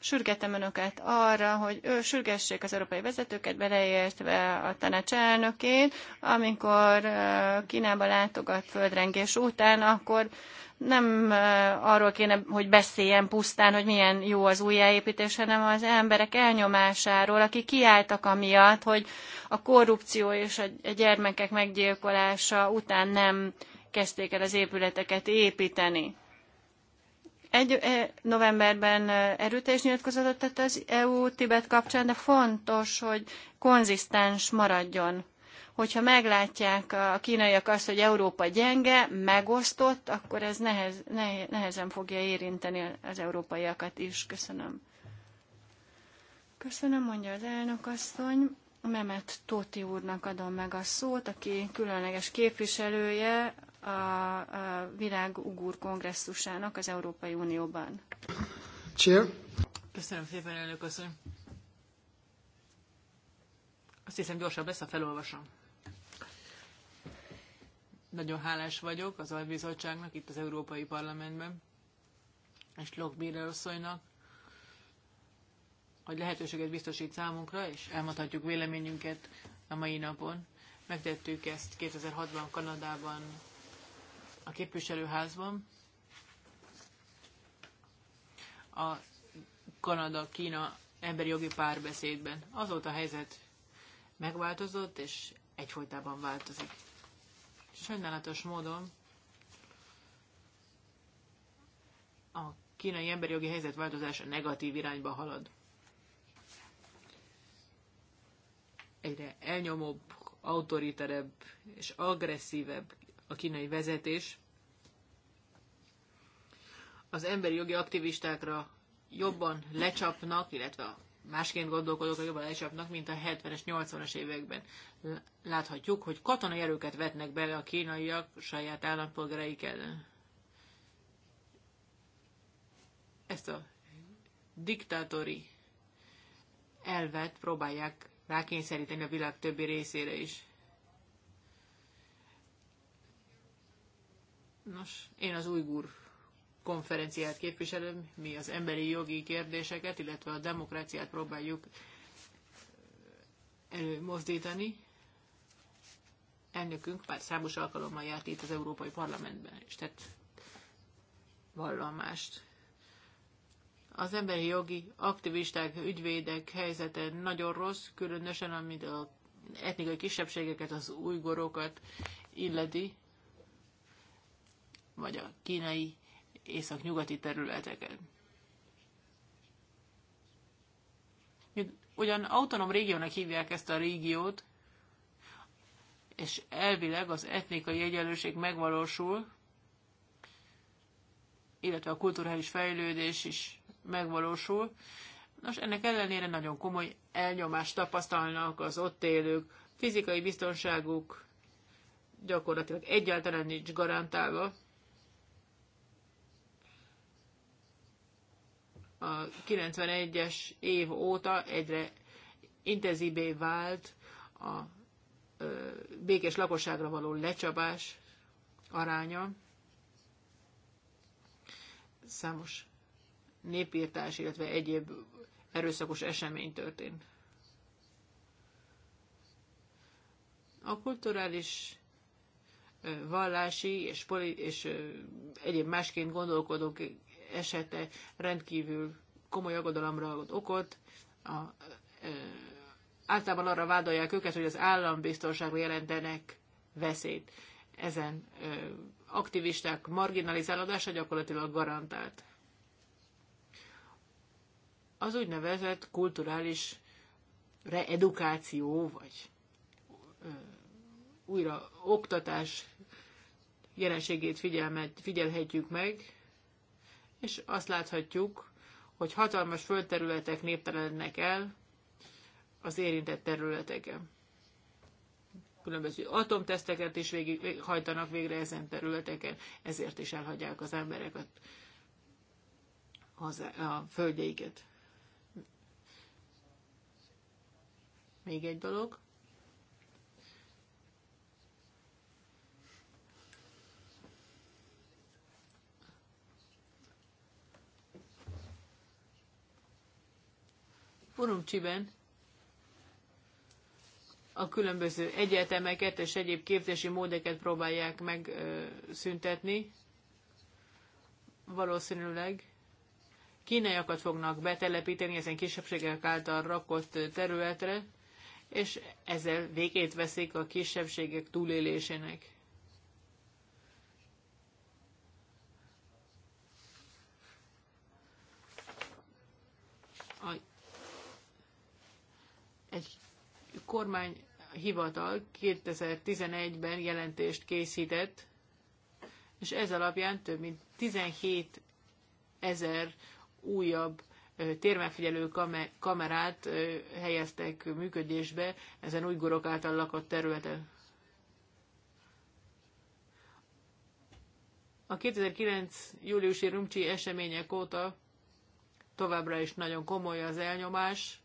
Sürgetem önöket arra, hogy ő sürgessék az európai vezetőket, beleértve a tanács elnökét, amikor Kínába látogat földrengés után, akkor nem arról kéne, hogy beszéljen pusztán, hogy milyen jó az újjáépítés, hanem az emberek elnyomásáról, akik kiálltak amiatt, hogy a korrupció és a gyermekek meggyilkolása után nem kezdték el az épületeket építeni. Egy novemberben erőteljes nyilatkozatot tett az EU-Tibet kapcsán, de fontos, hogy konzisztens maradjon hogyha meglátják a kínaiak azt, hogy Európa gyenge, megosztott, akkor ez nehez, nehezen fogja érinteni az európaiakat is. Köszönöm. Köszönöm, mondja az elnök asszony. Memet Tóti úrnak adom meg a szót, aki különleges képviselője a, a világ ugur kongresszusának az Európai Unióban. Cheer. Köszönöm szépen, elnök asszony. Azt hiszem gyorsabb lesz, a felolvasom. Nagyon hálás vagyok az Alvizottságnak itt az Európai Parlamentben, és Lokbírer asszonynak, hogy lehetőséget biztosít számunkra, és elmondhatjuk véleményünket a mai napon. Megtettük ezt 2006-ban Kanadában, a képviselőházban a Kanada-Kína emberi jogi párbeszédben. Azóta a helyzet megváltozott, és egyfolytában változik. Sajnálatos módon a kínai emberi jogi helyzet változása negatív irányba halad. Egyre elnyomóbb, autoriterebb és agresszívebb a kínai vezetés az emberi jogi aktivistákra jobban lecsapnak, illetve a másként a jobban lecsapnak, mint a 70-es, 80-as években. Láthatjuk, hogy katonai erőket vetnek bele a kínaiak saját állampolgáraik ellen. Ezt a diktátori elvet próbálják rákényszeríteni a világ többi részére is. Nos, én az újgur konferenciát képviselem, mi az emberi jogi kérdéseket, illetve a demokráciát próbáljuk eh, előmozdítani. Elnökünk már számos alkalommal járt itt az Európai Parlamentben, és tett vallomást. Az emberi jogi aktivisták, ügyvédek helyzete nagyon rossz, különösen amit a etnikai kisebbségeket, az újgorokat illeti vagy a kínai észak-nyugati területeken. Ugyan autonóm régiónak hívják ezt a régiót, és elvileg az etnikai egyenlőség megvalósul, illetve a kulturális fejlődés is megvalósul. Nos, ennek ellenére nagyon komoly elnyomást tapasztalnak az ott élők, fizikai biztonságuk gyakorlatilag egyáltalán nincs garantálva. a 91-es év óta egyre intenzívé vált a békés lakosságra való lecsapás aránya. Számos népírtás, illetve egyéb erőszakos esemény történt. A kulturális, vallási és, poli- és egyéb másként gondolkodók esete rendkívül komoly aggodalomra adott okot. A, ö, általában arra vádolják őket, hogy az állambiztonságra jelentenek veszélyt. Ezen ö, aktivisták marginalizálódása gyakorlatilag garantált. Az úgynevezett kulturális reedukáció, vagy ö, újra oktatás jelenségét figyelmet, figyelhetjük meg és azt láthatjuk, hogy hatalmas földterületek néptelenednek el az érintett területeken. Különböző atomteszteket is végig, hajtanak végre ezen területeken, ezért is elhagyják az embereket az a földjeiket. Még egy dolog. Urumcsiben a különböző egyetemeket és egyéb képzési módeket próbálják megszüntetni. Valószínűleg kínaiakat fognak betelepíteni ezen kisebbségek által rakott területre, és ezzel végét veszik a kisebbségek túlélésének. Egy kormányhivatal 2011-ben jelentést készített, és ez alapján több mint 17 ezer újabb térmegfigyelő kamerát helyeztek működésbe ezen ujgurok által lakott területen. A 2009. júliusi rumcsi események óta továbbra is nagyon komoly az elnyomás,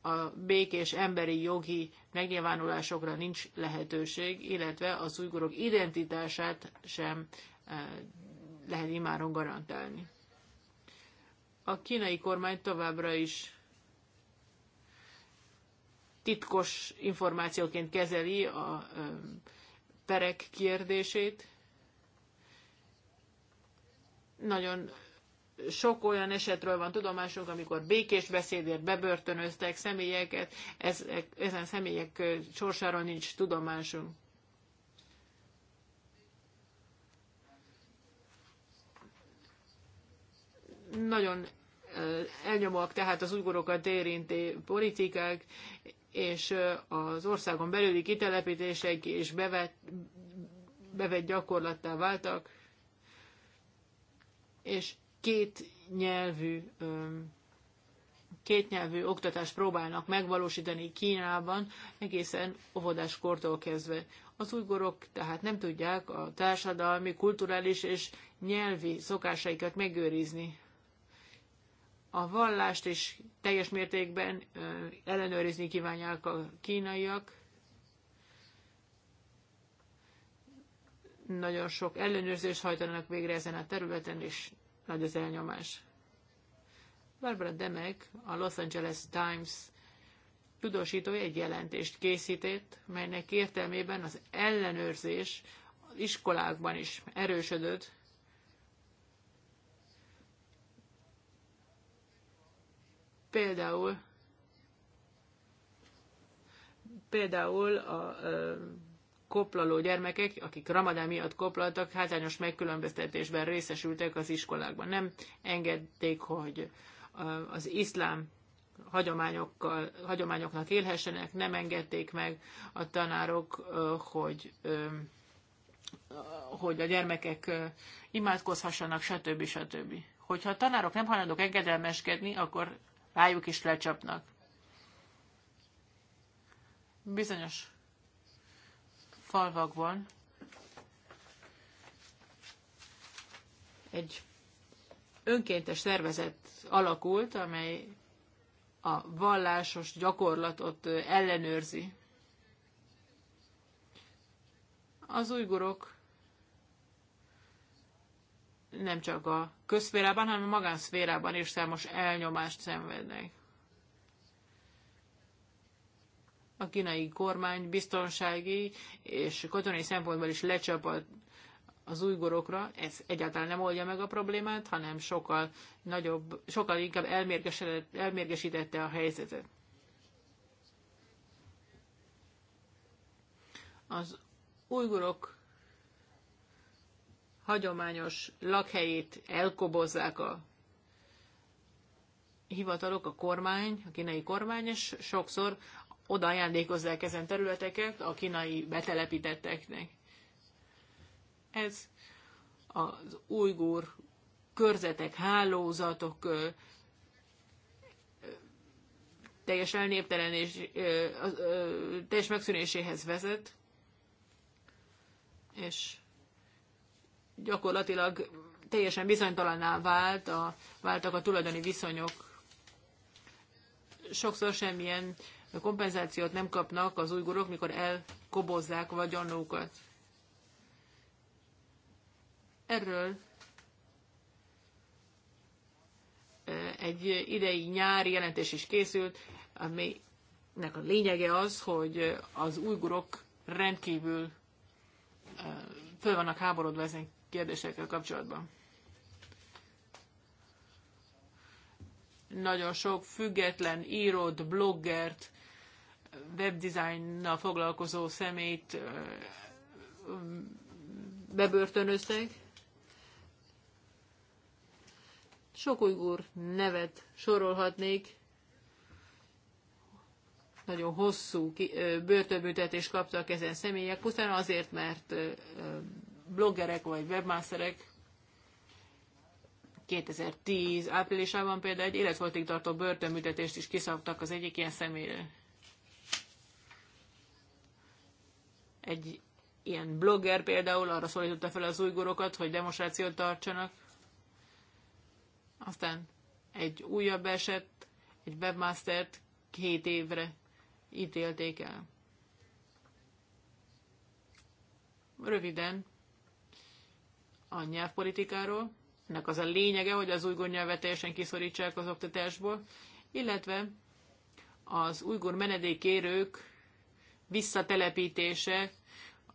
a békés emberi jogi megnyilvánulásokra nincs lehetőség, illetve az ujgurok identitását sem eh, lehet imáron garantálni. A kínai kormány továbbra is titkos információként kezeli a eh, perek kérdését. Nagyon sok olyan esetről van tudomásunk, amikor békés beszédért bebörtönöztek személyeket, ezek, ezen személyek sorsáról nincs tudomásunk. Nagyon elnyomóak tehát az ugorokat érinti politikák, és az országon belüli kitelepítések és bevett, bevett gyakorlattá váltak, és két nyelvű két nyelvű oktatást próbálnak megvalósítani Kínában egészen óvodás kortól kezdve. Az újgorok tehát nem tudják a társadalmi, kulturális és nyelvi szokásaikat megőrizni. A vallást is teljes mértékben ellenőrizni kívánják a kínaiak. Nagyon sok ellenőrzést hajtanak végre ezen a területen, és nagy az elnyomás. Barbara Demek, a Los Angeles Times tudósítója egy jelentést készített, melynek értelmében az ellenőrzés az iskolákban is erősödött, Például, például a koplaló gyermekek, akik ramadán miatt koplaltak, hátrányos megkülönböztetésben részesültek az iskolákban. Nem engedték, hogy az iszlám hagyományokkal, hagyományoknak élhessenek, nem engedték meg a tanárok, hogy hogy a gyermekek imádkozhassanak, stb. stb. Hogyha a tanárok nem hajlandók engedelmeskedni, akkor rájuk is lecsapnak. Bizonyos falvakban egy önkéntes szervezet alakult, amely a vallásos gyakorlatot ellenőrzi. Az ujgurok nem csak a közszférában, hanem a magánszférában is számos elnyomást szenvednek. a kínai kormány biztonsági és katonai szempontból is lecsapat az újgorokra, ez egyáltalán nem oldja meg a problémát, hanem sokkal nagyobb, sokkal inkább elmérgesítette a helyzetet. Az újgorok hagyományos lakhelyét elkobozzák a hivatalok, a kormány, a kínai kormány, és sokszor oda ajándékozzák ezen területeket a kínai betelepítetteknek. Ez az ujgur körzetek, hálózatok teljes elnéptelen és teljes megszűnéséhez vezet, és gyakorlatilag teljesen bizonytalaná vált a, váltak a tulajdoni viszonyok. Sokszor semmilyen kompenzációt nem kapnak az ujgurok, mikor elkobozzák vagyonukat. Erről egy idei nyári jelentés is készült, aminek a lényege az, hogy az ujgurok rendkívül föl vannak háborodva ezen kérdésekkel kapcsolatban. Nagyon sok független írót, bloggert webdesignnal foglalkozó szemét bebörtönöztek. Sok ujgur nevet sorolhatnék. Nagyon hosszú börtönbüntetést kaptak ezen személyek, pusztán azért, mert bloggerek vagy webmasterek 2010 áprilisában például egy életfoltig tartó börtönbüntetést is kiszabtak az egyik ilyen személyre. Egy ilyen blogger például arra szólította fel az újgorokat, hogy demonstrációt tartsanak. Aztán egy újabb eset, egy webmastert két évre ítélték el. Röviden a nyelvpolitikáról. Ennek az a lényege, hogy az újgor nyelvet teljesen kiszorítsák az oktatásból, illetve az újgor menedékérők visszatelepítése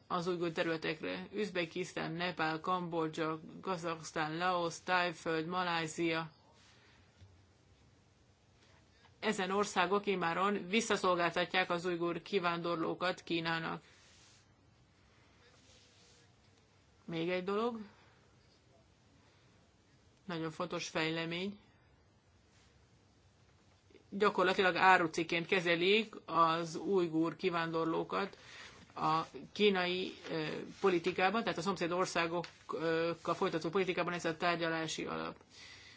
az újgó területekre. Üzbekisztán, Nepál, Kambodzsa, Kazaksztán, Laos, Tájföld, Malázia. Ezen országok imáron visszaszolgáltatják az ujgur kivándorlókat Kínának. Még egy dolog. Nagyon fontos fejlemény. Gyakorlatilag áruciként kezelik az ujgur kivándorlókat a kínai politikában, tehát a szomszéd országokkal folytató politikában ez a tárgyalási alap.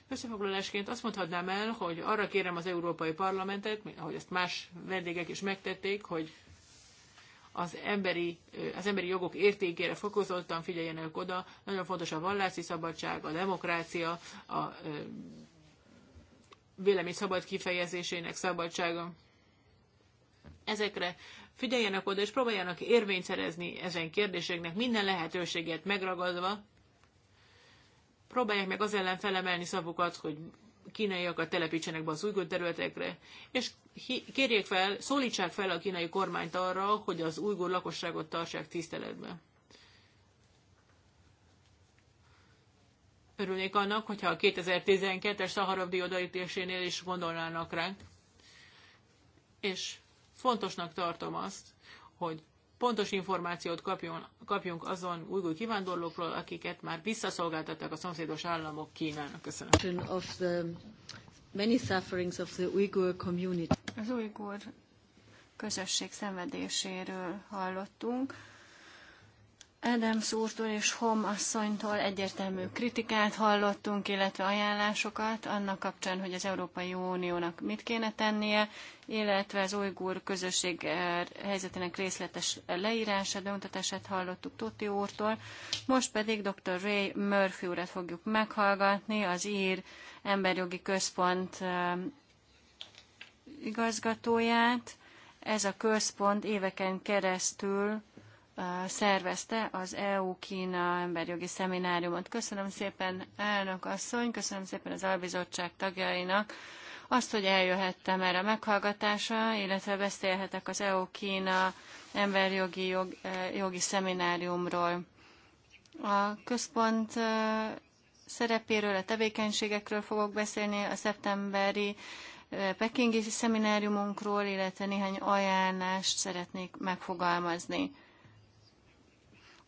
Összefoglalásként azt mondhatnám el, hogy arra kérem az Európai Parlamentet, ahogy ezt más vendégek is megtették, hogy az emberi, az emberi jogok értékére fokozottan figyeljenek oda. Nagyon fontos a vallási szabadság, a demokrácia, a vélemény szabad kifejezésének szabadsága. Ezekre figyeljenek oda, és próbáljanak érvényt szerezni ezen kérdéseknek, minden lehetőséget megragadva. Próbálják meg az ellen felemelni szavukat, hogy kínaiakat telepítsenek be az újgott területekre, és kérjék fel, szólítsák fel a kínai kormányt arra, hogy az újgur lakosságot tartsák tiszteletben. Örülnék annak, hogyha a 2012-es Szaharov diodaítésénél is gondolnának ránk. És Fontosnak tartom azt, hogy pontos információt kapjon, kapjunk azon újgúj kivándorlókról, akiket már visszaszolgáltattak a szomszédos államok Kínának. Köszönöm. Of the many sufferings of the Uyghur community. Az ujgur közösség szenvedéséről hallottunk Adams úrtól és Hom asszonytól egyértelmű kritikát hallottunk, illetve ajánlásokat annak kapcsán, hogy az Európai Uniónak mit kéne tennie, illetve az ujgur közösség eh, helyzetének részletes leírását bemutatását hallottuk Tuti úrtól. Most pedig dr. Ray Murphy urat fogjuk meghallgatni, az Ír Emberjogi Központ eh, igazgatóját. Ez a központ éveken keresztül szervezte az EU-Kína emberjogi szemináriumot. Köszönöm szépen elnök asszony, köszönöm szépen az albizottság tagjainak azt, hogy eljöhettem erre a meghallgatásra, illetve beszélhetek az EU-Kína emberjogi jog, e, jogi szemináriumról. A központ e, szerepéről, a tevékenységekről fogok beszélni, a szeptemberi e, pekingi szemináriumunkról, illetve néhány ajánlást szeretnék megfogalmazni.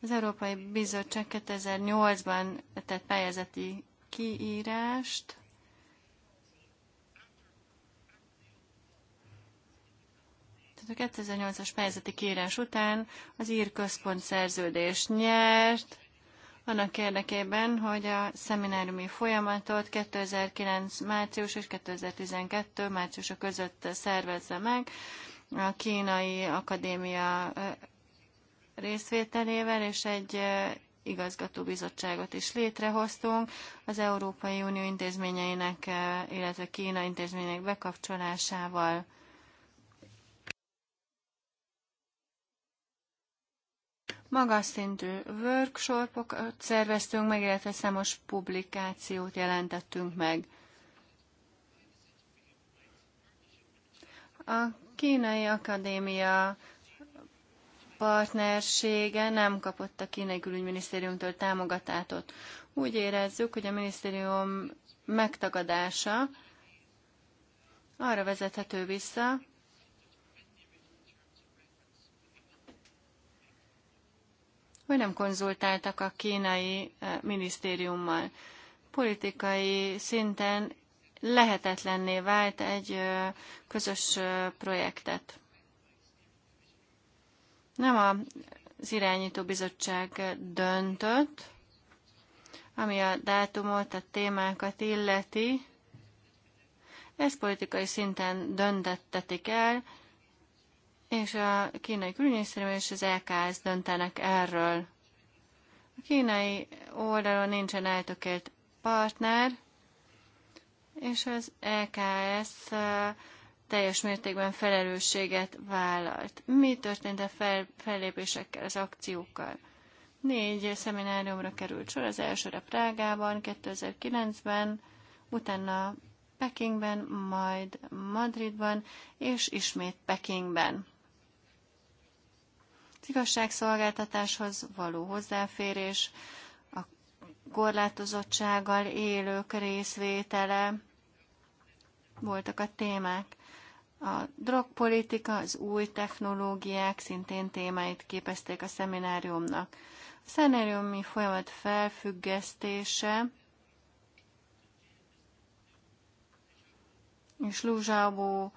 Az Európai Bizottság 2008-ban tett pályázati kiírást, Tehát a 2008-as pályázati kiírás után az ír központ szerződést nyert, annak érdekében, hogy a szemináriumi folyamatot 2009 március és 2012 március között szervezze meg a Kínai Akadémia részvételével, és egy igazgatóbizottságot is létrehoztunk az Európai Unió intézményeinek, illetve Kína intézmények bekapcsolásával. Magas szintű workshopokat szerveztünk meg, illetve számos publikációt jelentettünk meg. A Kínai Akadémia partnersége nem kapott a kínai külügyminisztériumtól támogatást. Úgy érezzük, hogy a minisztérium megtagadása arra vezethető vissza, hogy nem konzultáltak a kínai eh, minisztériummal. Politikai szinten lehetetlenné vált egy eh, közös eh, projektet. Nem az irányító bizottság döntött, ami a dátumot, a témákat illeti. Ezt politikai szinten döntettetik el, és a kínai külügyminisztérium és az LKS döntenek erről. A kínai oldalon nincsen eltökélt partner, és az LKS teljes mértékben felelősséget vállalt. Mi történt a fel, fellépésekkel, az akciókkal? Négy szemináriumra került sor, az elsőre Prágában 2009-ben, utána Pekingben, majd Madridban, és ismét Pekingben. Az igazságszolgáltatáshoz való hozzáférés, a korlátozottsággal élők részvétele voltak a témák. A drogpolitika, az új technológiák szintén témáit képezték a szemináriumnak. A szemináriumi folyamat felfüggesztése és Luzsábó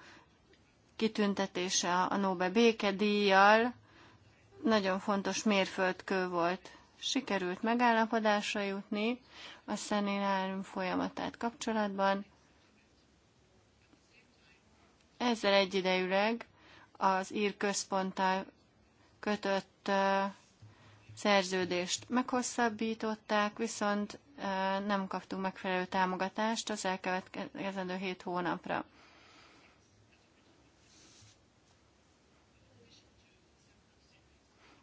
kitüntetése a Nobel békedíjjal nagyon fontos mérföldkő volt. Sikerült megállapodásra jutni a szeminárium folyamatát kapcsolatban, ezzel egyidejűleg az ír központtal kötött szerződést meghosszabbították, viszont nem kaptunk megfelelő támogatást az elkövetkezendő hét hónapra.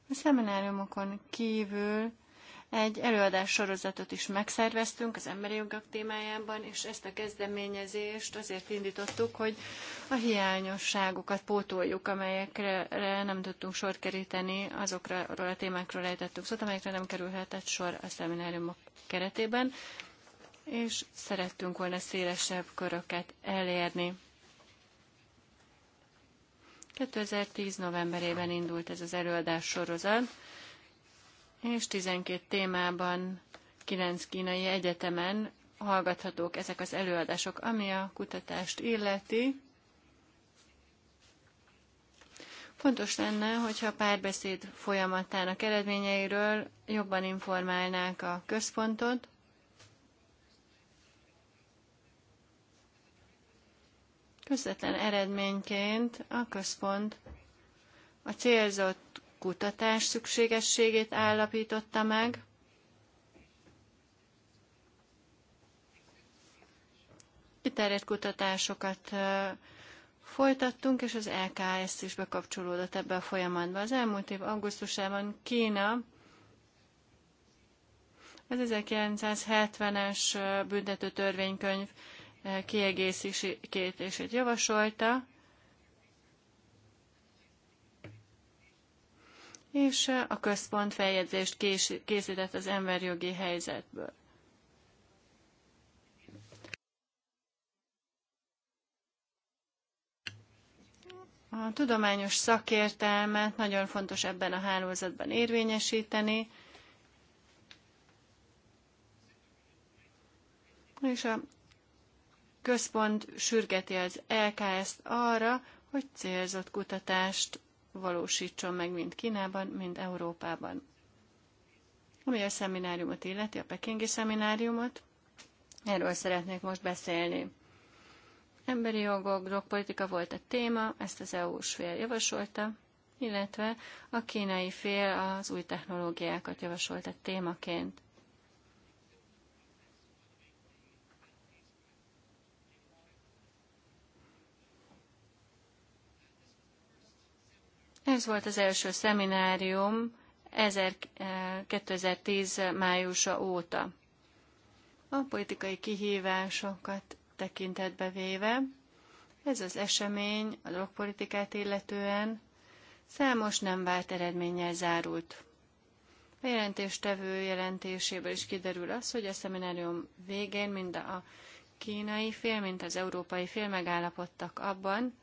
A szemináriumokon kívül egy előadás sorozatot is megszerveztünk az emberi jogok témájában, és ezt a kezdeményezést azért indítottuk, hogy a hiányosságokat pótoljuk, amelyekre nem tudtunk sor keríteni, azokra a témákról ejtettünk szót, amelyekre nem kerülhetett sor a szemináriumok keretében, és szerettünk volna szélesebb köröket elérni. 2010. novemberében indult ez az előadás sorozat, és 12 témában 9 kínai egyetemen hallgathatók ezek az előadások, ami a kutatást illeti. Fontos lenne, hogyha a párbeszéd folyamatának eredményeiről jobban informálnák a központot, Közvetlen eredményként a központ a célzott kutatás szükségességét állapította meg, kiterjedt kutatásokat folytattunk, és az LKS is bekapcsolódott ebbe a folyamatba. Az elmúlt év augusztusában Kína az 1970-es büntető törvénykönyv kiegészítését javasolta, és a központ feljegyzést készített az emberjogi helyzetből. A tudományos szakértelmet nagyon fontos ebben a hálózatban érvényesíteni, és a központ sürgeti az LKS-t arra, hogy célzott kutatást valósítson meg mind Kínában, mind Európában. Ami a szemináriumot illeti, a pekingi szemináriumot, erről szeretnék most beszélni. Emberi jogok, drogpolitika volt a téma, ezt az EU-s fél javasolta, illetve a kínai fél az új technológiákat javasolta témaként. Ez volt az első szeminárium 2010 eh, májusa óta. A politikai kihívásokat tekintetbe véve, ez az esemény a drogpolitikát illetően számos nem várt eredménnyel zárult. A jelentéstevő jelentéséből is kiderül az, hogy a szeminárium végén mind a kínai fél, mint az európai fél megállapodtak abban,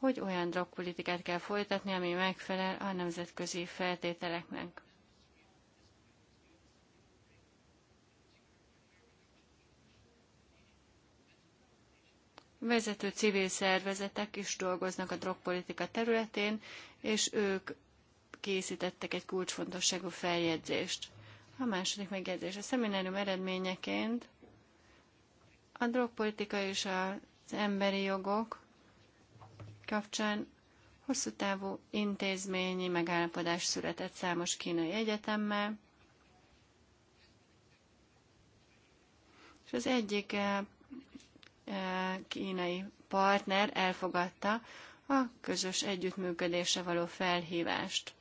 hogy olyan drogpolitikát kell folytatni, ami megfelel a nemzetközi feltételeknek. Vezető civil szervezetek is dolgoznak a drogpolitika területén, és ők készítettek egy kulcsfontosságú feljegyzést. A második megjegyzés a szeminárium eredményeként a drogpolitika és az emberi jogok kapcsán hosszú távú intézményi megállapodás született számos kínai egyetemmel, és az egyik eh, eh, kínai partner elfogadta a közös együttműködésre való felhívást.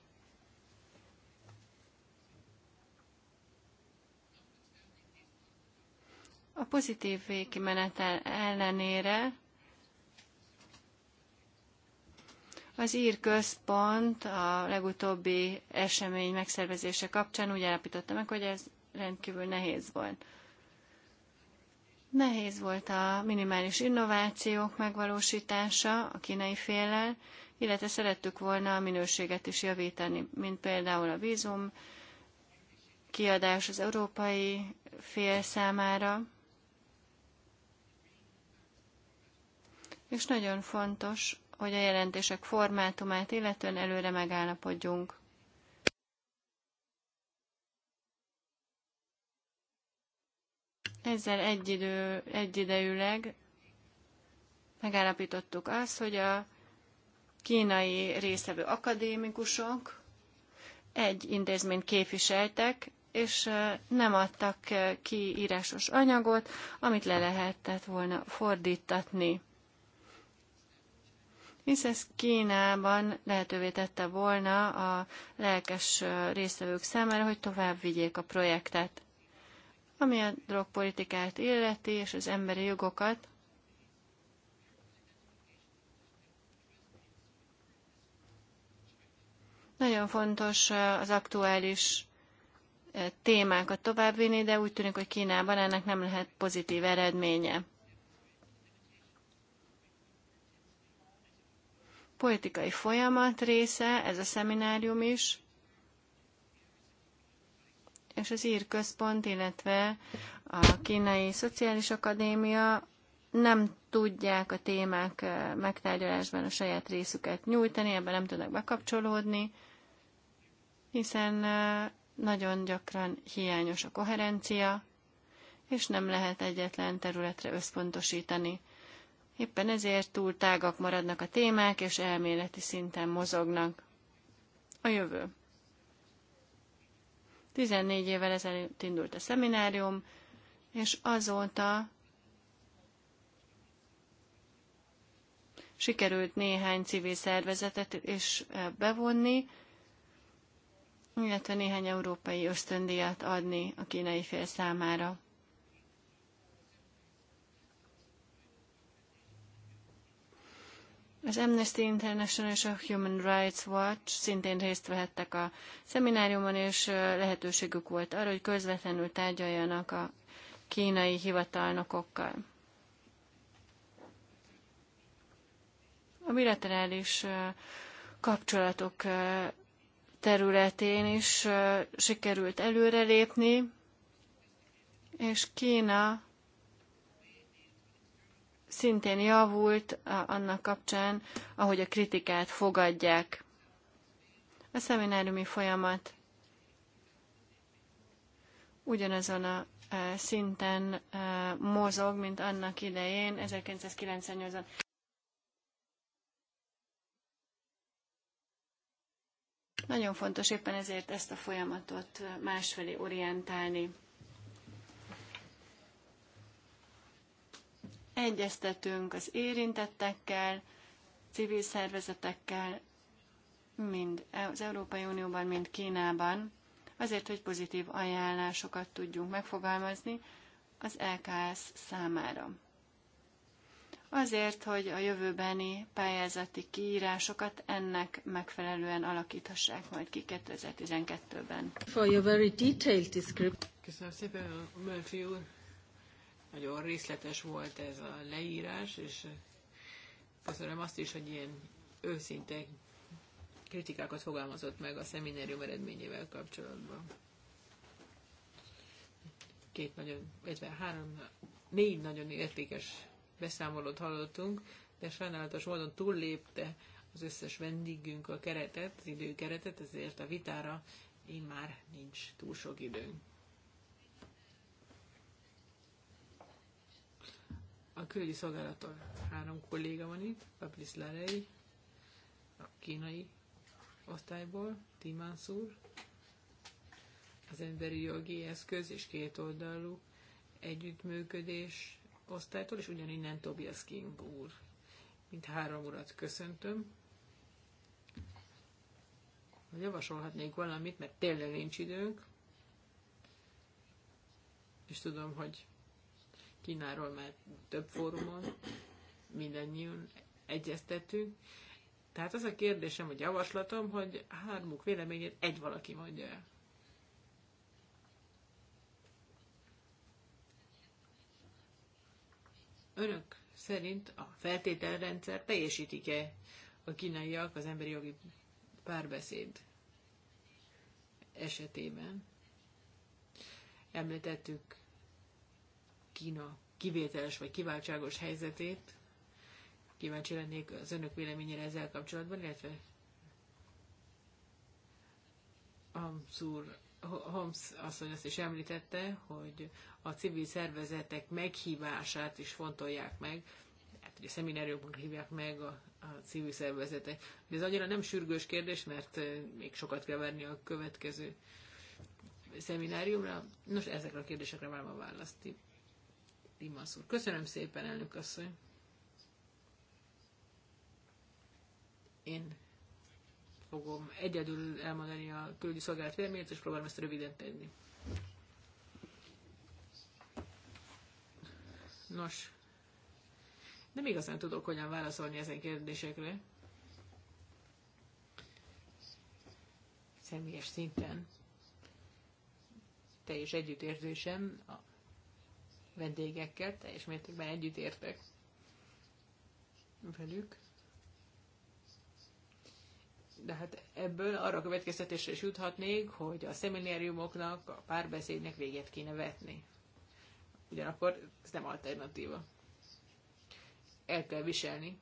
A pozitív végkimenetel ellenére Az ír központ a legutóbbi esemény megszervezése kapcsán úgy állapította meg, hogy ez rendkívül nehéz volt. Nehéz volt a minimális innovációk megvalósítása a kínai féllel, illetve szerettük volna a minőséget is javítani, mint például a vízum kiadás az európai fél számára. És nagyon fontos hogy a jelentések formátumát illetően előre megállapodjunk. Ezzel egyidő, egyidejűleg megállapítottuk azt, hogy a kínai részevő akadémikusok egy intézményt képviseltek, és nem adtak ki írásos anyagot, amit le lehetett volna fordítatni hisz ez Kínában lehetővé tette volna a lelkes résztvevők számára, hogy tovább vigyék a projektet. Ami a drogpolitikát illeti és az emberi jogokat, Nagyon fontos az aktuális témákat továbbvinni, de úgy tűnik, hogy Kínában ennek nem lehet pozitív eredménye. politikai folyamat része, ez a szeminárium is, és az Ír Központ, illetve a Kínai Szociális Akadémia nem tudják a témák megtárgyalásban a saját részüket nyújtani, ebben nem tudnak bekapcsolódni, hiszen nagyon gyakran hiányos a koherencia, és nem lehet egyetlen területre összpontosítani. Éppen ezért túl tágak maradnak a témák, és elméleti szinten mozognak. A jövő. 14 évvel ezelőtt indult a szeminárium, és azóta sikerült néhány civil szervezetet is eh, bevonni, illetve néhány európai ösztöndíjat adni a kínai fél számára. Az Amnesty International és a Human Rights Watch szintén részt vehettek a szemináriumon, és lehetőségük volt arra, hogy közvetlenül tárgyaljanak a kínai hivatalnokokkal. A bilaterális kapcsolatok területén is sikerült előrelépni, és Kína szintén javult annak kapcsán, ahogy a kritikát fogadják. A szemináriumi folyamat ugyanazon a e, szinten e, mozog, mint annak idején 1998-ban. Nagyon fontos éppen ezért ezt a folyamatot másfelé orientálni. egyeztetünk az érintettekkel, civil szervezetekkel, mind az Európai Unióban, mind Kínában, azért, hogy pozitív ajánlásokat tudjunk megfogalmazni az LKS számára. Azért, hogy a jövőbeni pályázati kiírásokat ennek megfelelően alakíthassák majd ki 2012-ben. For your very detailed description. Köszönöm szépen, Murphy úr nagyon részletes volt ez a leírás, és köszönöm azt is, hogy ilyen őszinte kritikákat fogalmazott meg a szeminárium eredményével kapcsolatban. Két nagyon, illetve három, négy nagyon értékes beszámolót hallottunk, de sajnálatos módon túllépte az összes vendégünk a keretet, az időkeretet, ezért a vitára én már nincs túl sok időnk. a külügyi szolgálattól három kolléga van itt, Fabrice Larey, a kínai osztályból, Timánsz az emberi jogi eszköz és két oldalú együttműködés osztálytól, és ugyaninnen Tobias King úr. Mint három urat köszöntöm. javasolhatnék valamit, mert tényleg nincs időnk, és tudom, hogy Kínáról már több fórumon mindannyian egyeztettünk. Tehát az a kérdésem, hogy javaslatom, hogy hármuk véleményét egy valaki mondja el. Önök szerint a feltételrendszer teljesítik-e a kínaiak az emberi jogi párbeszéd esetében? Említettük Kína kivételes vagy kiváltságos helyzetét. Kíváncsi lennék az önök véleményére ezzel kapcsolatban, illetve Holmes úr, Holmes asszony azt is említette, hogy a civil szervezetek meghívását is fontolják meg, hát ugye szemináriókban hívják meg a, a civil szervezetek. De ez annyira nem sürgős kérdés, mert még sokat kell várni a következő szemináriumra. Nos, ezekre a kérdésekre várom a választ. Dimas úr. Köszönöm szépen, elnök asszony. Én fogom egyedül elmondani a külügyi szolgálat véleményét, és próbálom ezt röviden tenni. Nos, nem igazán tudok hogyan válaszolni ezen kérdésekre. Személyes szinten teljes együttérzésem vendégekkel, teljes mértékben együtt értek velük. De hát ebből arra következtetésre is juthatnék, hogy a szemináriumoknak, a párbeszédnek véget kéne vetni. Ugyanakkor ez nem alternatíva. El kell viselni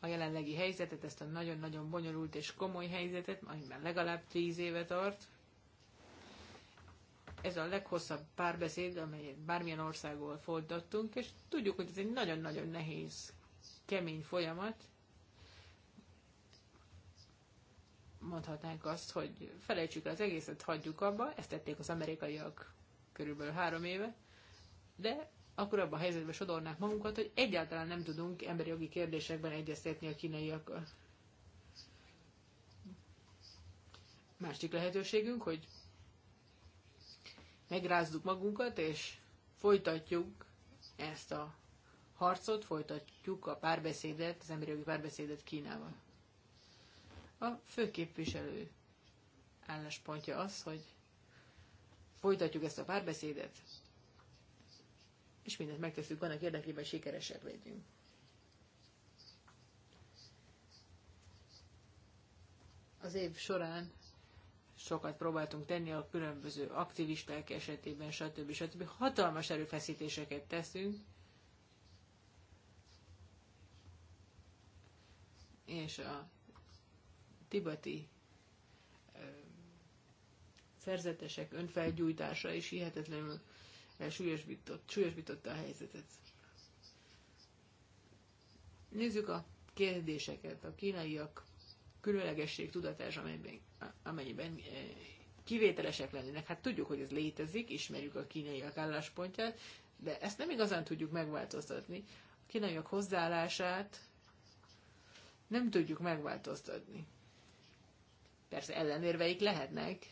a jelenlegi helyzetet, ezt a nagyon-nagyon bonyolult és komoly helyzetet, amiben legalább tíz éve tart, ez a leghosszabb párbeszéd, amelyet bármilyen országból folytattunk, és tudjuk, hogy ez egy nagyon-nagyon nehéz, kemény folyamat. Mondhatnánk azt, hogy felejtsük az egészet, hagyjuk abba, ezt tették az amerikaiak körülbelül három éve, de akkor abban a helyzetben sodornák magunkat, hogy egyáltalán nem tudunk emberi jogi kérdésekben egyeztetni a kínaiakkal. Másik lehetőségünk, hogy megrázzuk magunkat, és folytatjuk ezt a harcot, folytatjuk a párbeszédet, az emberi jogi párbeszédet Kínával. A főképviselő álláspontja az, hogy folytatjuk ezt a párbeszédet, és mindent megteszünk annak érdekében, hogy sikeresek legyünk. Az év során sokat próbáltunk tenni a különböző aktivisták esetében, stb. stb. Hatalmas erőfeszítéseket teszünk, és a tibeti szerzetesek önfelgyújtása is hihetetlenül súlyosbított, súlyosbította a helyzetet. Nézzük a kérdéseket. A kínaiak különlegesség tudatás, amennyiben, amennyiben eh, kivételesek lennének. Hát tudjuk, hogy ez létezik, ismerjük a kínaiak álláspontját, de ezt nem igazán tudjuk megváltoztatni. A kínaiak hozzáállását nem tudjuk megváltoztatni. Persze ellenérveik lehetnek,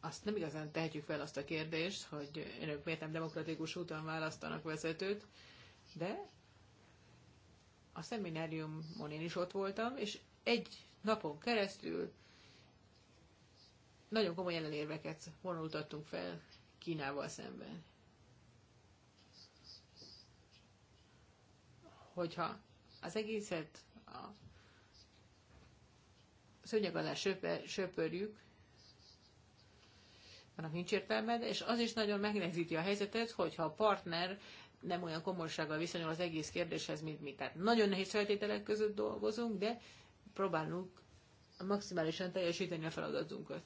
azt nem igazán tehetjük fel azt a kérdést, hogy önök miért nem demokratikus úton választanak vezetőt, de a szemináriumon én is ott voltam, és egy napon keresztül nagyon komoly ellenérveket vonultattunk fel Kínával szemben. Hogyha az egészet a szőnyeg alá söpörjük, annak nincs értelme, és az is nagyon megnehezíti a helyzetet, hogyha a partner nem olyan komolysággal viszonyul az egész kérdéshez, mint mi. Tehát nagyon nehéz feltételek között dolgozunk, de próbálunk maximálisan teljesíteni a feladatunkat.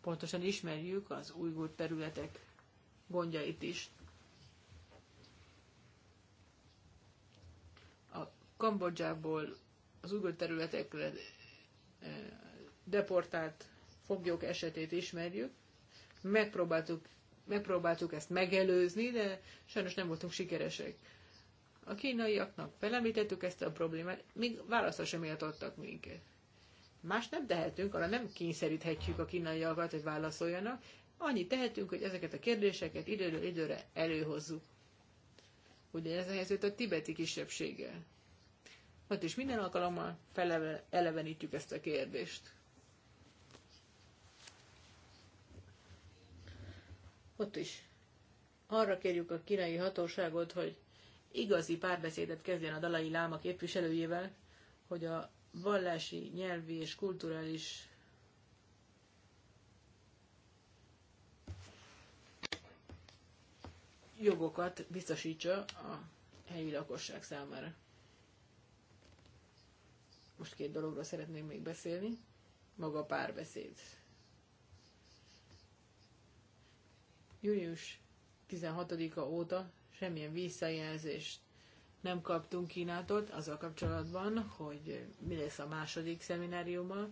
Pontosan ismerjük az újgó területek gondjait is. A Kambodzsából az újgó területekre eh, deportált foglyok esetét ismerjük. Megpróbáltuk, megpróbáltuk ezt megelőzni, de sajnos nem voltunk sikeresek. A kínaiaknak felemlítettük ezt a problémát, még válaszra sem adtak minket. Más nem tehetünk, arra nem kényszeríthetjük a kínaiakat, hogy válaszoljanak. Annyit tehetünk, hogy ezeket a kérdéseket időről időre előhozzuk. Ugyanez a helyzet a tibeti kisebbséggel. Ott is minden alkalommal felelevenítjük ezt a kérdést. Ott is arra kérjük a kínai hatóságot, hogy igazi párbeszédet kezdjen a Dalai Láma képviselőjével, hogy a vallási, nyelvi és kulturális jogokat biztosítsa a helyi lakosság számára. Most két dologról szeretnék még beszélni. Maga párbeszéd Július 16-a óta semmilyen visszajelzést nem kaptunk Kínától azzal kapcsolatban, hogy mi lesz a második szemináriummal.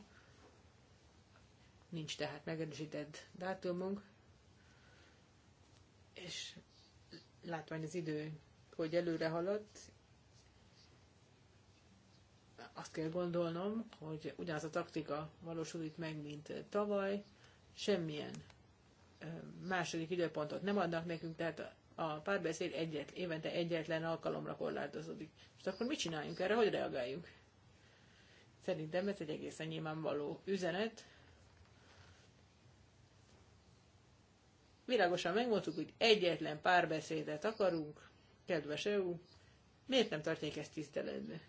Nincs tehát megerősített dátumunk, és látvány az idő, hogy előre haladt, azt kell gondolnom, hogy ugyanaz a taktika valósul itt meg, mint tavaly, semmilyen második időpontot nem adnak nekünk, tehát a párbeszéd egyet, évente egyetlen alkalomra korlátozódik. Most akkor mit csináljunk erre, hogy reagáljunk? Szerintem ez egy egészen nyilvánvaló üzenet. Világosan megmondtuk, hogy egyetlen párbeszédet akarunk, kedves EU, miért nem tartják ezt tiszteletbe?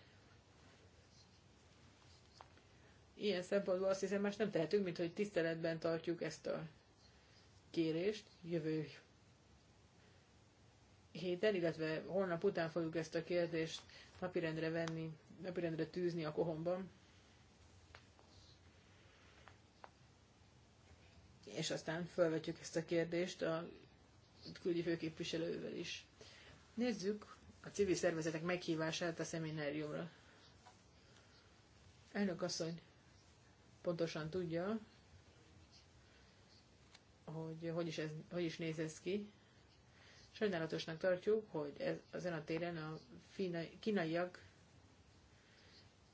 Ilyen szempontból azt hiszem, más nem tehetünk, mint hogy tiszteletben tartjuk ezt a kérést jövő héten, illetve holnap után fogjuk ezt a kérdést napirendre venni, napirendre tűzni a kohomban. És aztán felvetjük ezt a kérdést a külügyi főképviselővel is. Nézzük a civil szervezetek meghívását a szemináriumra. Elnök asszony pontosan tudja, hogy hogy is, ez, hogy is néz ez ki. Sajnálatosnak tartjuk, hogy ez, ezen a téren a finai, kínaiak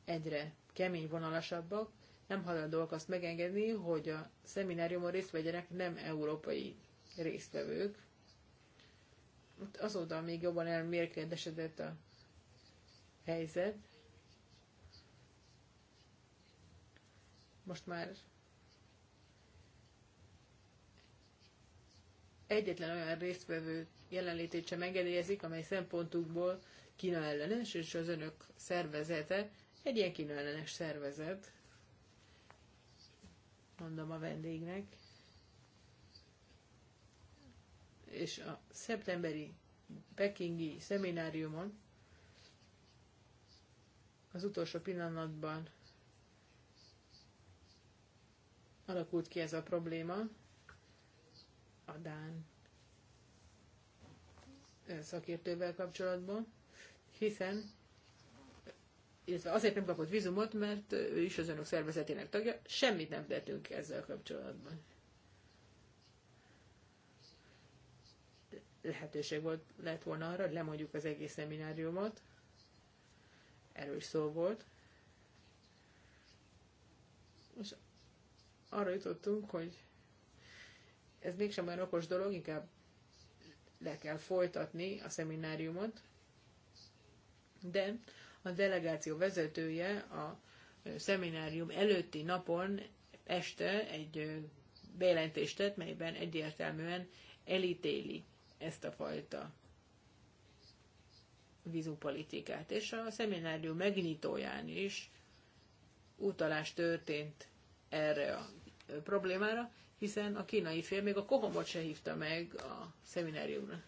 egyre kemény vonalasabbak, nem hajlandóak azt megengedni, hogy a szemináriumon részt vegyenek nem európai résztvevők. Azóta még jobban elmérkedesedett a helyzet. Most már egyetlen olyan résztvevő jelenlétét sem engedélyezik, amely szempontukból Kína ellenes, és az önök szervezete egy ilyen Kína ellenes szervezet, mondom a vendégnek. És a szeptemberi pekingi szemináriumon az utolsó pillanatban alakult ki ez a probléma, a Dán szakértővel kapcsolatban, hiszen illetve azért nem kapott vízumot, mert ő is az önök szervezetének tagja, semmit nem tettünk ezzel kapcsolatban. Lehetőség volt, lett volna arra, hogy lemondjuk az egész szemináriumot. Erről is szó volt. És arra jutottunk, hogy ez mégsem olyan okos dolog, inkább le kell folytatni a szemináriumot, de a delegáció vezetője a szeminárium előtti napon este egy bejelentést tett, melyben egyértelműen elítéli ezt a fajta vízumpolitikát. És a szeminárium megnyitóján is utalás történt erre a problémára, hiszen a kínai fél még a kohomot se hívta meg a szemináriumra.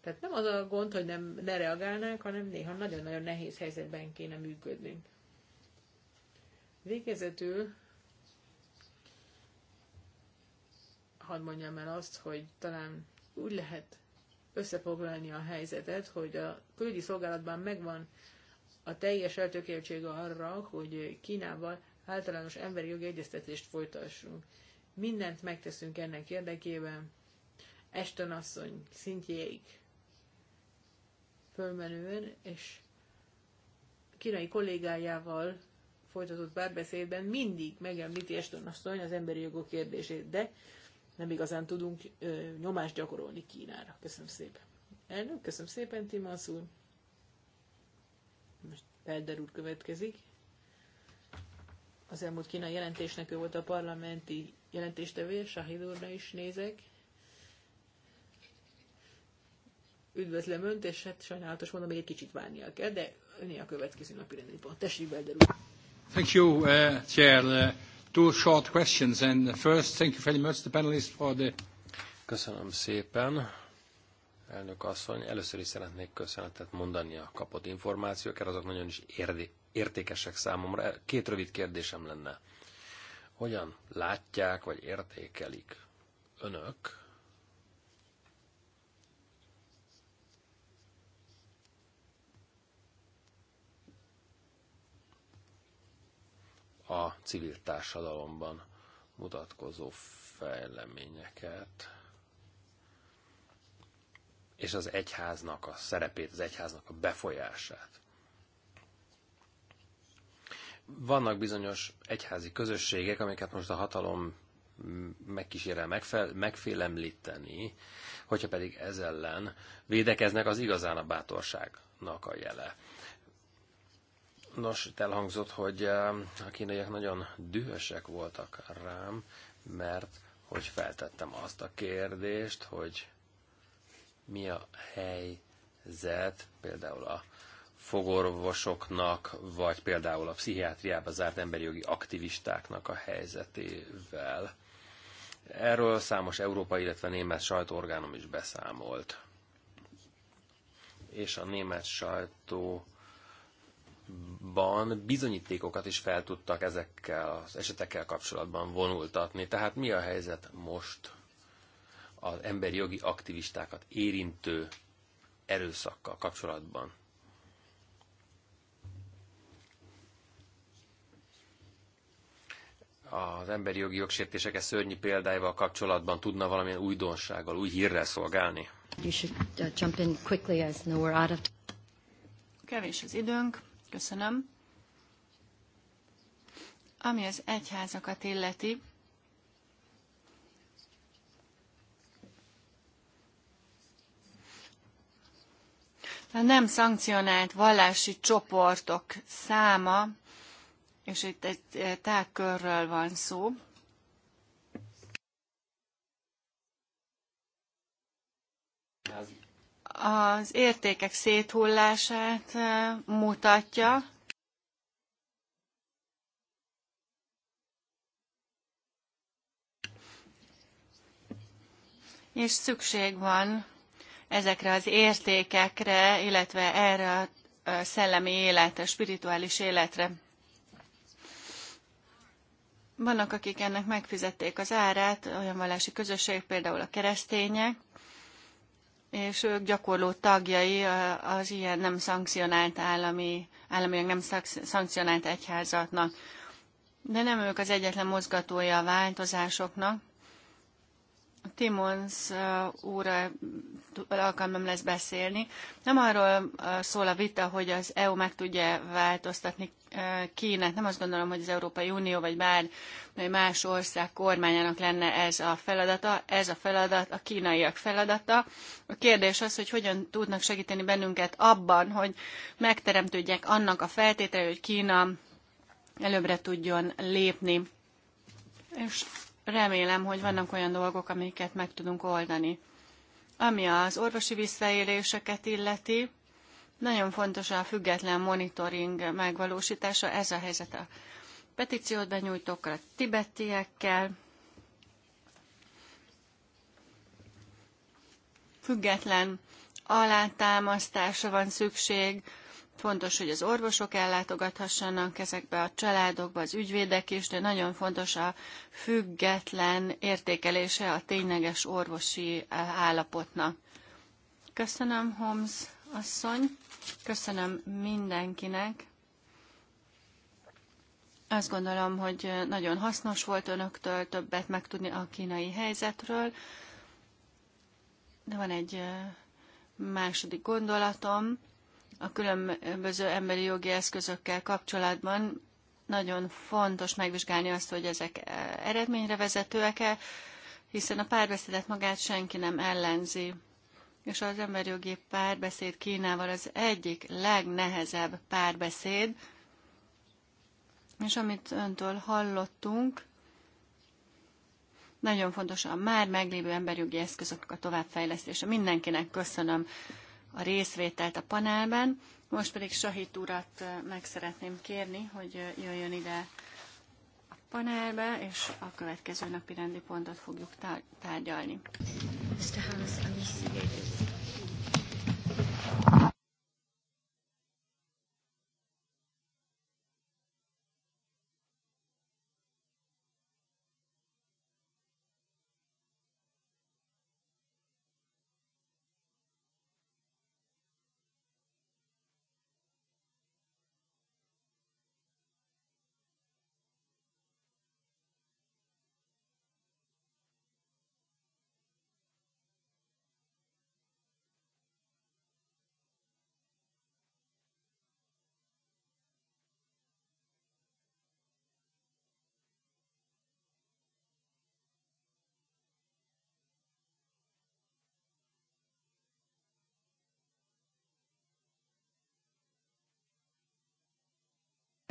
Tehát nem az a gond, hogy nem, ne reagálnánk, hanem néha nagyon-nagyon nehéz helyzetben kéne működnünk. Végezetül hadd mondjam el azt, hogy talán úgy lehet összefoglalni a helyzetet, hogy a külügyi szolgálatban megvan a teljes eltökéltsége arra, hogy Kínával általános emberi jogi egyeztetést folytassunk. Mindent megteszünk ennek érdekében. Esten asszony szintjéig fölmenően, és kínai kollégájával folytatott párbeszédben mindig megemlíti Eston asszony az emberi jogok kérdését, de nem igazán tudunk ö, nyomást gyakorolni Kínára. Köszönöm szépen. Elnök, köszönöm szépen, Timasz úr. Most Pelder úr következik az elmúlt kínai jelentésnek ő volt a parlamenti jelentéstevője, Sahid úrra is nézek. Üdvözlöm Önt, és hát sajnálatos mondom, hogy egy kicsit várnia kell, de Öné a következő napi rendi pont. Tessék, Belder úr! Thank you, uh, Chair. Uh, two short questions, and first, thank you very much the panelists for the... Köszönöm szépen, elnök asszony. Először is szeretnék köszönetet mondani a kapott információkért, azok nagyon is érdi, értékesek számomra. Két rövid kérdésem lenne. Hogyan látják vagy értékelik önök a civil társadalomban mutatkozó fejleményeket, és az egyháznak a szerepét, az egyháznak a befolyását. Vannak bizonyos egyházi közösségek, amiket most a hatalom megkísérel megfel, megfélemlíteni, hogyha pedig ez ellen védekeznek, az igazán a bátorságnak a jele. Nos, itt elhangzott, hogy a kínaiak nagyon dühösek voltak rám, mert hogy feltettem azt a kérdést, hogy mi a helyzet például a fogorvosoknak, vagy például a pszichiátriába zárt emberi jogi aktivistáknak a helyzetével. Erről számos európai, illetve német sajtóorgánom is beszámolt. És a német sajtó ban bizonyítékokat is fel tudtak ezekkel az esetekkel kapcsolatban vonultatni. Tehát mi a helyzet most az emberi jogi aktivistákat érintő erőszakkal kapcsolatban? az emberi jogi jogsértések szörnyű példáival kapcsolatban tudna valamilyen újdonsággal, új hírrel szolgálni? You should uh, jump in quickly, as we're out of... Kevés az időnk, köszönöm. Ami az egyházakat illeti, a nem szankcionált vallási csoportok száma és itt egy eh, tágkörről van szó. Az értékek széthullását eh, mutatja. És szükség van ezekre az értékekre, illetve erre a eh, szellemi életre, spirituális életre. Vannak, akik ennek megfizették az árát, olyan vallási közösség, például a keresztények, és ők gyakorló tagjai az ilyen nem szankcionált állami, államilag nem szankcionált egyházatnak. De nem ők az egyetlen mozgatója a változásoknak, Timons uh, úrral uh, alkalmam lesz beszélni. Nem arról uh, szól a vita, hogy az EU meg tudja változtatni Kínát. Nem azt gondolom, hogy az Európai Unió vagy bár más ország kormányának lenne ez a feladata. Ez a feladat a kínaiak feladata. A kérdés az, hogy hogyan tudnak segíteni bennünket abban, hogy megteremtődjek annak a feltétele, hogy Kína előbbre tudjon lépni. És remélem, hogy vannak olyan dolgok, amiket meg tudunk oldani. Ami az orvosi visszaéléseket illeti, nagyon fontos a független monitoring megvalósítása, ez a helyzet a petíciót benyújtókkal, a tibetiekkel, független alátámasztásra van szükség Fontos, hogy az orvosok ellátogathassanak ezekbe a családokba, az ügyvédek is, de nagyon fontos a független értékelése a tényleges orvosi eh, állapotnak. Köszönöm, Holmes asszony, köszönöm mindenkinek. Azt gondolom, hogy nagyon hasznos volt önöktől többet megtudni a kínai helyzetről. De van egy eh, második gondolatom a különböző emberi jogi eszközökkel kapcsolatban nagyon fontos megvizsgálni azt, hogy ezek e, eredményre vezetőek-e, hiszen a párbeszédet magát senki nem ellenzi. És az emberi jogi párbeszéd Kínával az egyik legnehezebb párbeszéd, és amit öntől hallottunk, nagyon fontos a már meglévő emberi jogi eszközök a továbbfejlesztése. Mindenkinek köszönöm a részvételt a panelben. Most pedig Sahit urat meg szeretném kérni, hogy jöjjön ide a panelbe, és a következő napi rendi pontot fogjuk tárgyalni. Mr. House,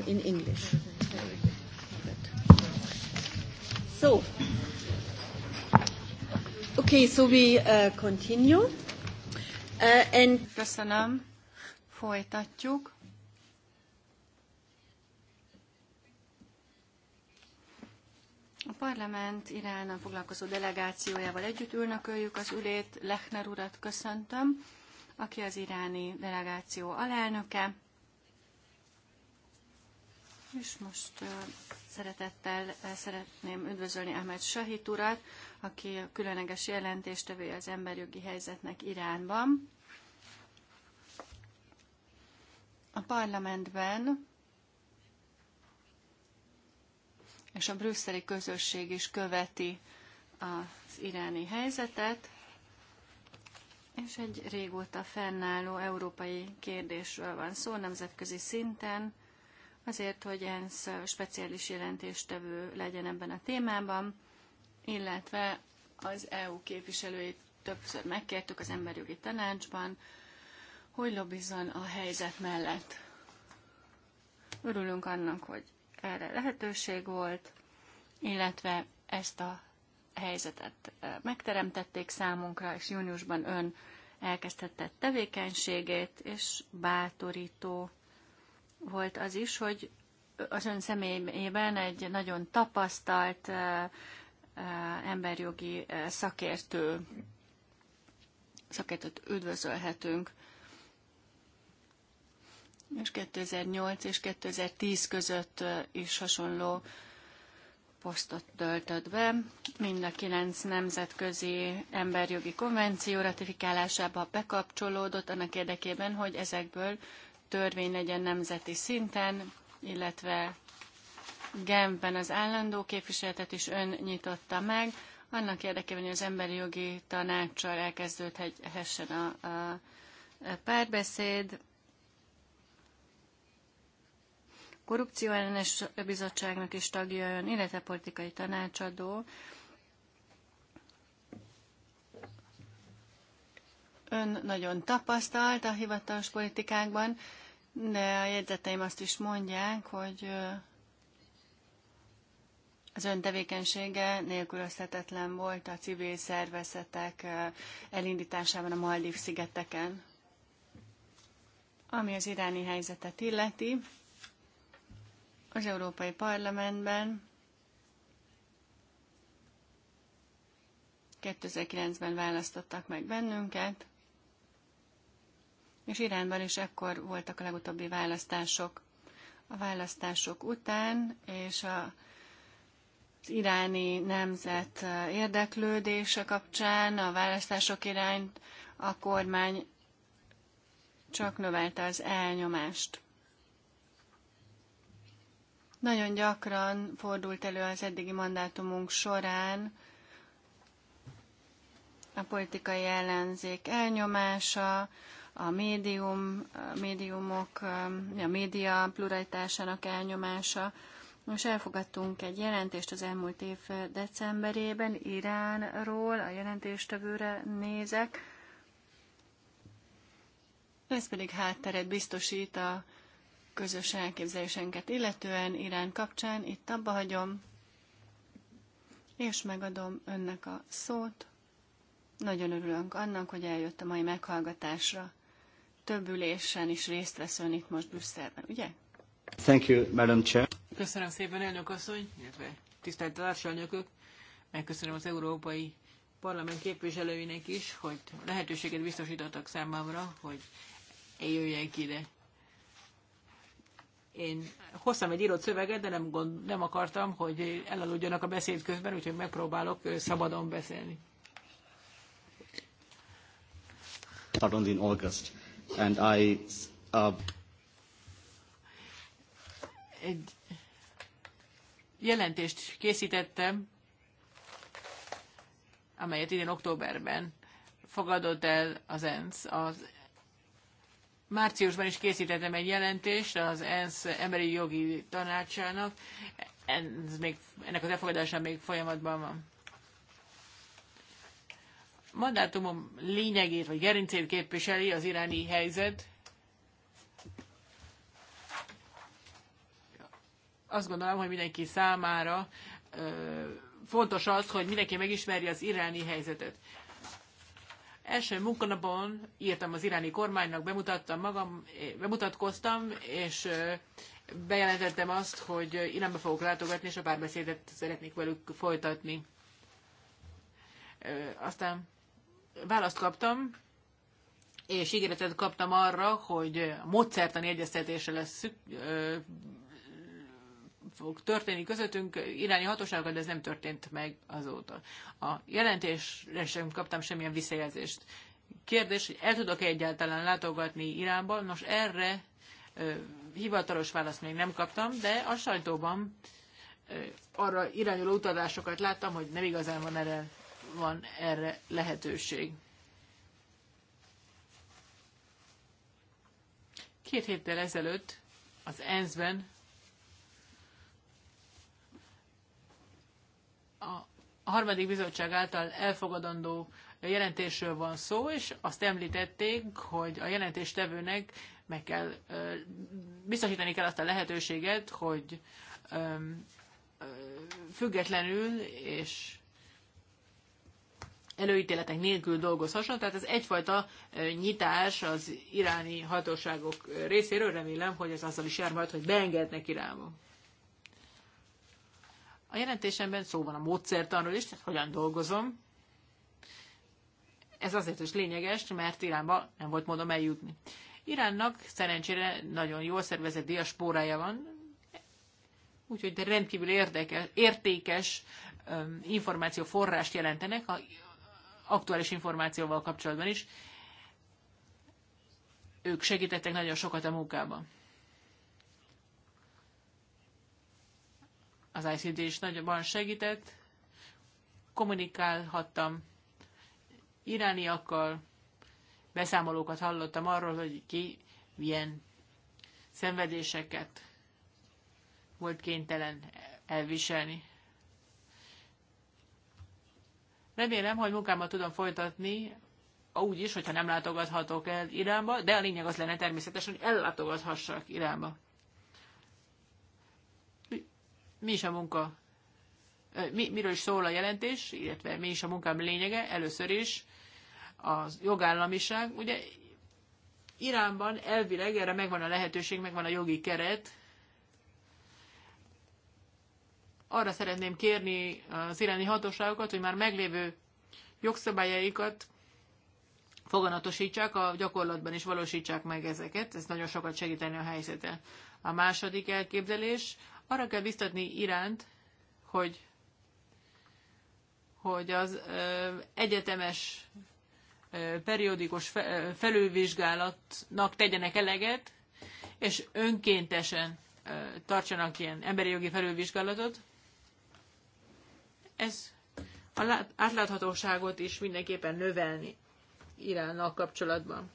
in English. So, okay, so we uh, continue. Uh, and Köszönöm. Folytatjuk. A parlament Iránnal foglalkozó delegációjával együtt ülnököljük az ülét. Lechner urat köszöntöm, aki az iráni delegáció alelnöke. És most uh, szeretettel uh, szeretném üdvözölni Ahmed Sahit urat, aki a különleges jelentéstevője az emberjogi helyzetnek Iránban. A parlamentben és a brüsszeli közösség is követi az iráni helyzetet, és egy régóta fennálló európai kérdésről van szó nemzetközi szinten azért, hogy ENSZ speciális jelentéstevő legyen ebben a témában, illetve az EU képviselőit többször megkértük az emberjogi tanácsban, hogy lobbizzon a helyzet mellett. Örülünk annak, hogy erre lehetőség volt, illetve ezt a helyzetet e, megteremtették számunkra, és júniusban ön elkezdhetett tevékenységét, és bátorító volt az is, hogy az ön személyében egy nagyon tapasztalt emberjogi szakértő, szakértőt üdvözölhetünk. És 2008 és 2010 között is hasonló posztot töltött be. Mind a kilenc nemzetközi emberjogi konvenció ratifikálásába bekapcsolódott annak érdekében, hogy ezekből törvény legyen nemzeti szinten, illetve Genfben az állandó képviseletet is ön nyitotta meg, annak érdekében, hogy az emberi jogi tanácssal elkezdődhessen a, a párbeszéd. Korrupció ellenes bizottságnak is tagja ön, illetve politikai tanácsadó. Ön nagyon tapasztalt a hivatalos politikákban de a jegyzeteim azt is mondják, hogy az ön tevékenysége nélkülözhetetlen volt a civil szervezetek elindításában a Maldív szigeteken. Ami az iráni helyzetet illeti, az Európai Parlamentben 2009-ben választottak meg bennünket, és Iránban is ekkor voltak a legutóbbi választások. A választások után, és a, az iráni nemzet érdeklődése kapcsán a választások irányt a kormány csak növelte az elnyomást. Nagyon gyakran fordult elő az eddigi mandátumunk során a politikai ellenzék elnyomása, a médium, a médiumok, a média pluralitásának elnyomása. Most elfogadtunk egy jelentést az elmúlt év decemberében Iránról, a jelentéstevőre nézek. Ez pedig hátteret biztosít a közös elképzelésenket, illetően Irán kapcsán itt abba hagyom, és megadom önnek a szót. Nagyon örülünk annak, hogy eljött a mai meghallgatásra több ülésen is részt vesz ön itt most Brüsszelben, ugye? Thank you, Madam Chair. Köszönöm szépen, elnök asszony, illetve tisztelt társadalmiakok. Megköszönöm az Európai Parlament képviselőinek is, hogy lehetőséget biztosítottak számomra, hogy eljöjjek ide. Én hoztam egy írott szöveget, de nem, gond, nem akartam, hogy elaludjanak a beszéd közben, úgyhogy megpróbálok szabadon beszélni. Pardon, in August and I uh, egy jelentést készítettem, amelyet idén októberben fogadott el az ENSZ. Az márciusban is készítettem egy jelentést az ENSZ emberi jogi tanácsának. Ez még, ennek az elfogadása még folyamatban van mandátumom lényegét vagy gerincét képviseli az iráni helyzet. Azt gondolom, hogy mindenki számára fontos az, hogy mindenki megismerje az iráni helyzetet. Első munkanapon írtam az iráni kormánynak, bemutattam magam, eh, bemutatkoztam, és bejelentettem azt, hogy Iránba fogok látogatni, és a párbeszédet szeretnék velük folytatni. Aztán választ kaptam, és ígéretet kaptam arra, hogy módszertani egyeztetésre lesz ö, fog történni közöttünk Irányi hatóságokat, de ez nem történt meg azóta. A jelentésre sem kaptam semmilyen visszajelzést. Kérdés, hogy el tudok-e egyáltalán látogatni Iránba? Nos, erre ö, hivatalos választ még nem kaptam, de a sajtóban ö, arra irányuló utalásokat láttam, hogy nem igazán van erre van erre lehetőség. Két héttel ezelőtt az ENSZ-ben a harmadik bizottság által elfogadandó jelentésről van szó, és azt említették, hogy a jelentéstevőnek meg kell, biztosítani kell azt a lehetőséget, hogy függetlenül és előítéletek nélkül dolgozhasson, tehát ez egyfajta nyitás az iráni hatóságok részéről, remélem, hogy ez azzal is jár majd, hogy beengednek Iránba. A jelentésemben szó van a módszertanról is, tehát hogyan dolgozom. Ez azért is lényeges, mert Iránba nem volt módom eljutni. Iránnak szerencsére nagyon jól szervezett diaspórája van, úgyhogy rendkívül érdekes, értékes információforrást jelentenek, aktuális információval kapcsolatban is. Ők segítettek nagyon sokat a munkában. Az ICD is nagyban segített, kommunikálhattam irániakkal, beszámolókat hallottam arról, hogy ki milyen szenvedéseket volt kénytelen elviselni. Remélem, hogy munkámat tudom folytatni, úgy is, hogyha nem látogathatok el Iránba, de a lényeg az lenne természetesen, hogy ellátogathassak Iránba. Mi, mi is a munka? Mi, miről is szól a jelentés, illetve mi is a munkám lényege? Először is az jogállamiság. Ugye Iránban elvileg erre megvan a lehetőség, megvan a jogi keret, arra szeretném kérni az iráni hatóságokat, hogy már meglévő jogszabályaikat foganatosítsák, a gyakorlatban is valósítsák meg ezeket, ez nagyon sokat segíteni a helyzeten. A második elképzelés, arra kell biztatni iránt, hogy, hogy az ö, egyetemes ö, periódikus fe, ö, felülvizsgálatnak tegyenek eleget, és önkéntesen ö, tartsanak ilyen emberi jogi felülvizsgálatot, ez a átláthatóságot is mindenképpen növelni Iránnal kapcsolatban.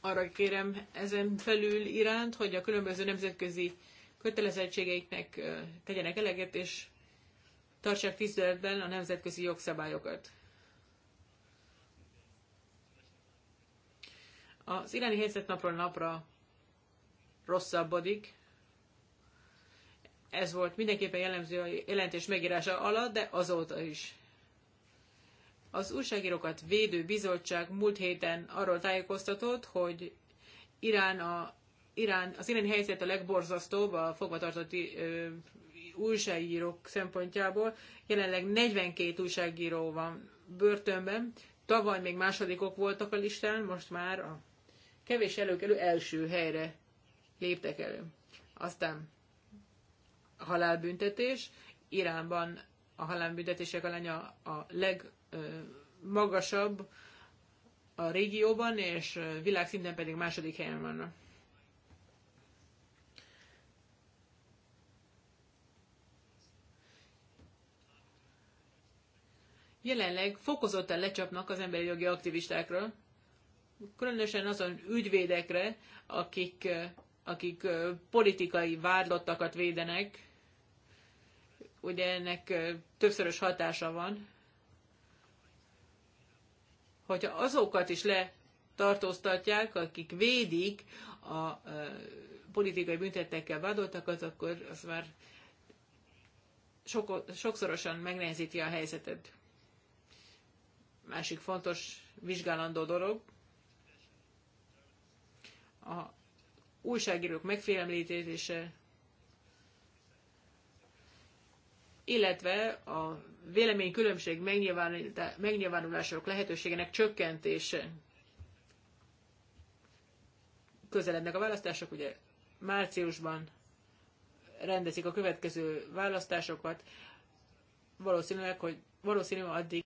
Arra kérem ezen felül Iránt, hogy a különböző nemzetközi kötelezettségeiknek tegyenek eleget, és tartsák tiszteletben a nemzetközi jogszabályokat. Az iráni helyzet napról napra rosszabbodik, ez volt mindenképpen jellemző a jelentés megírása alatt, de azóta is. Az újságírókat védő bizottság múlt héten arról tájékoztatott, hogy Irán a Irán, az iráni helyzet a legborzasztóbb a fogvatartotti ö, újságírók szempontjából. Jelenleg 42 újságíró van börtönben. Tavaly még másodikok voltak a listán, most már a kevés előkelő első helyre léptek elő. Aztán halálbüntetés. Iránban a halálbüntetések aránya a legmagasabb a régióban, és világszinten pedig második helyen vannak. jelenleg fokozottan lecsapnak az emberi jogi aktivistákra, különösen azon ügyvédekre, akik, akik politikai vádlottakat védenek, ugye ennek többszörös hatása van, hogyha azokat is letartóztatják, akik védik a politikai büntetekkel vádoltakat, akkor az már sokszorosan megnehezíti a helyzetet. Másik fontos vizsgálandó dolog, a újságírók megfélemlítése, illetve a véleménykülönbség megnyilvánulások lehetőségének csökkentése. Közelednek a választások, ugye márciusban rendezik a következő választásokat, valószínűleg, hogy valószínűleg addig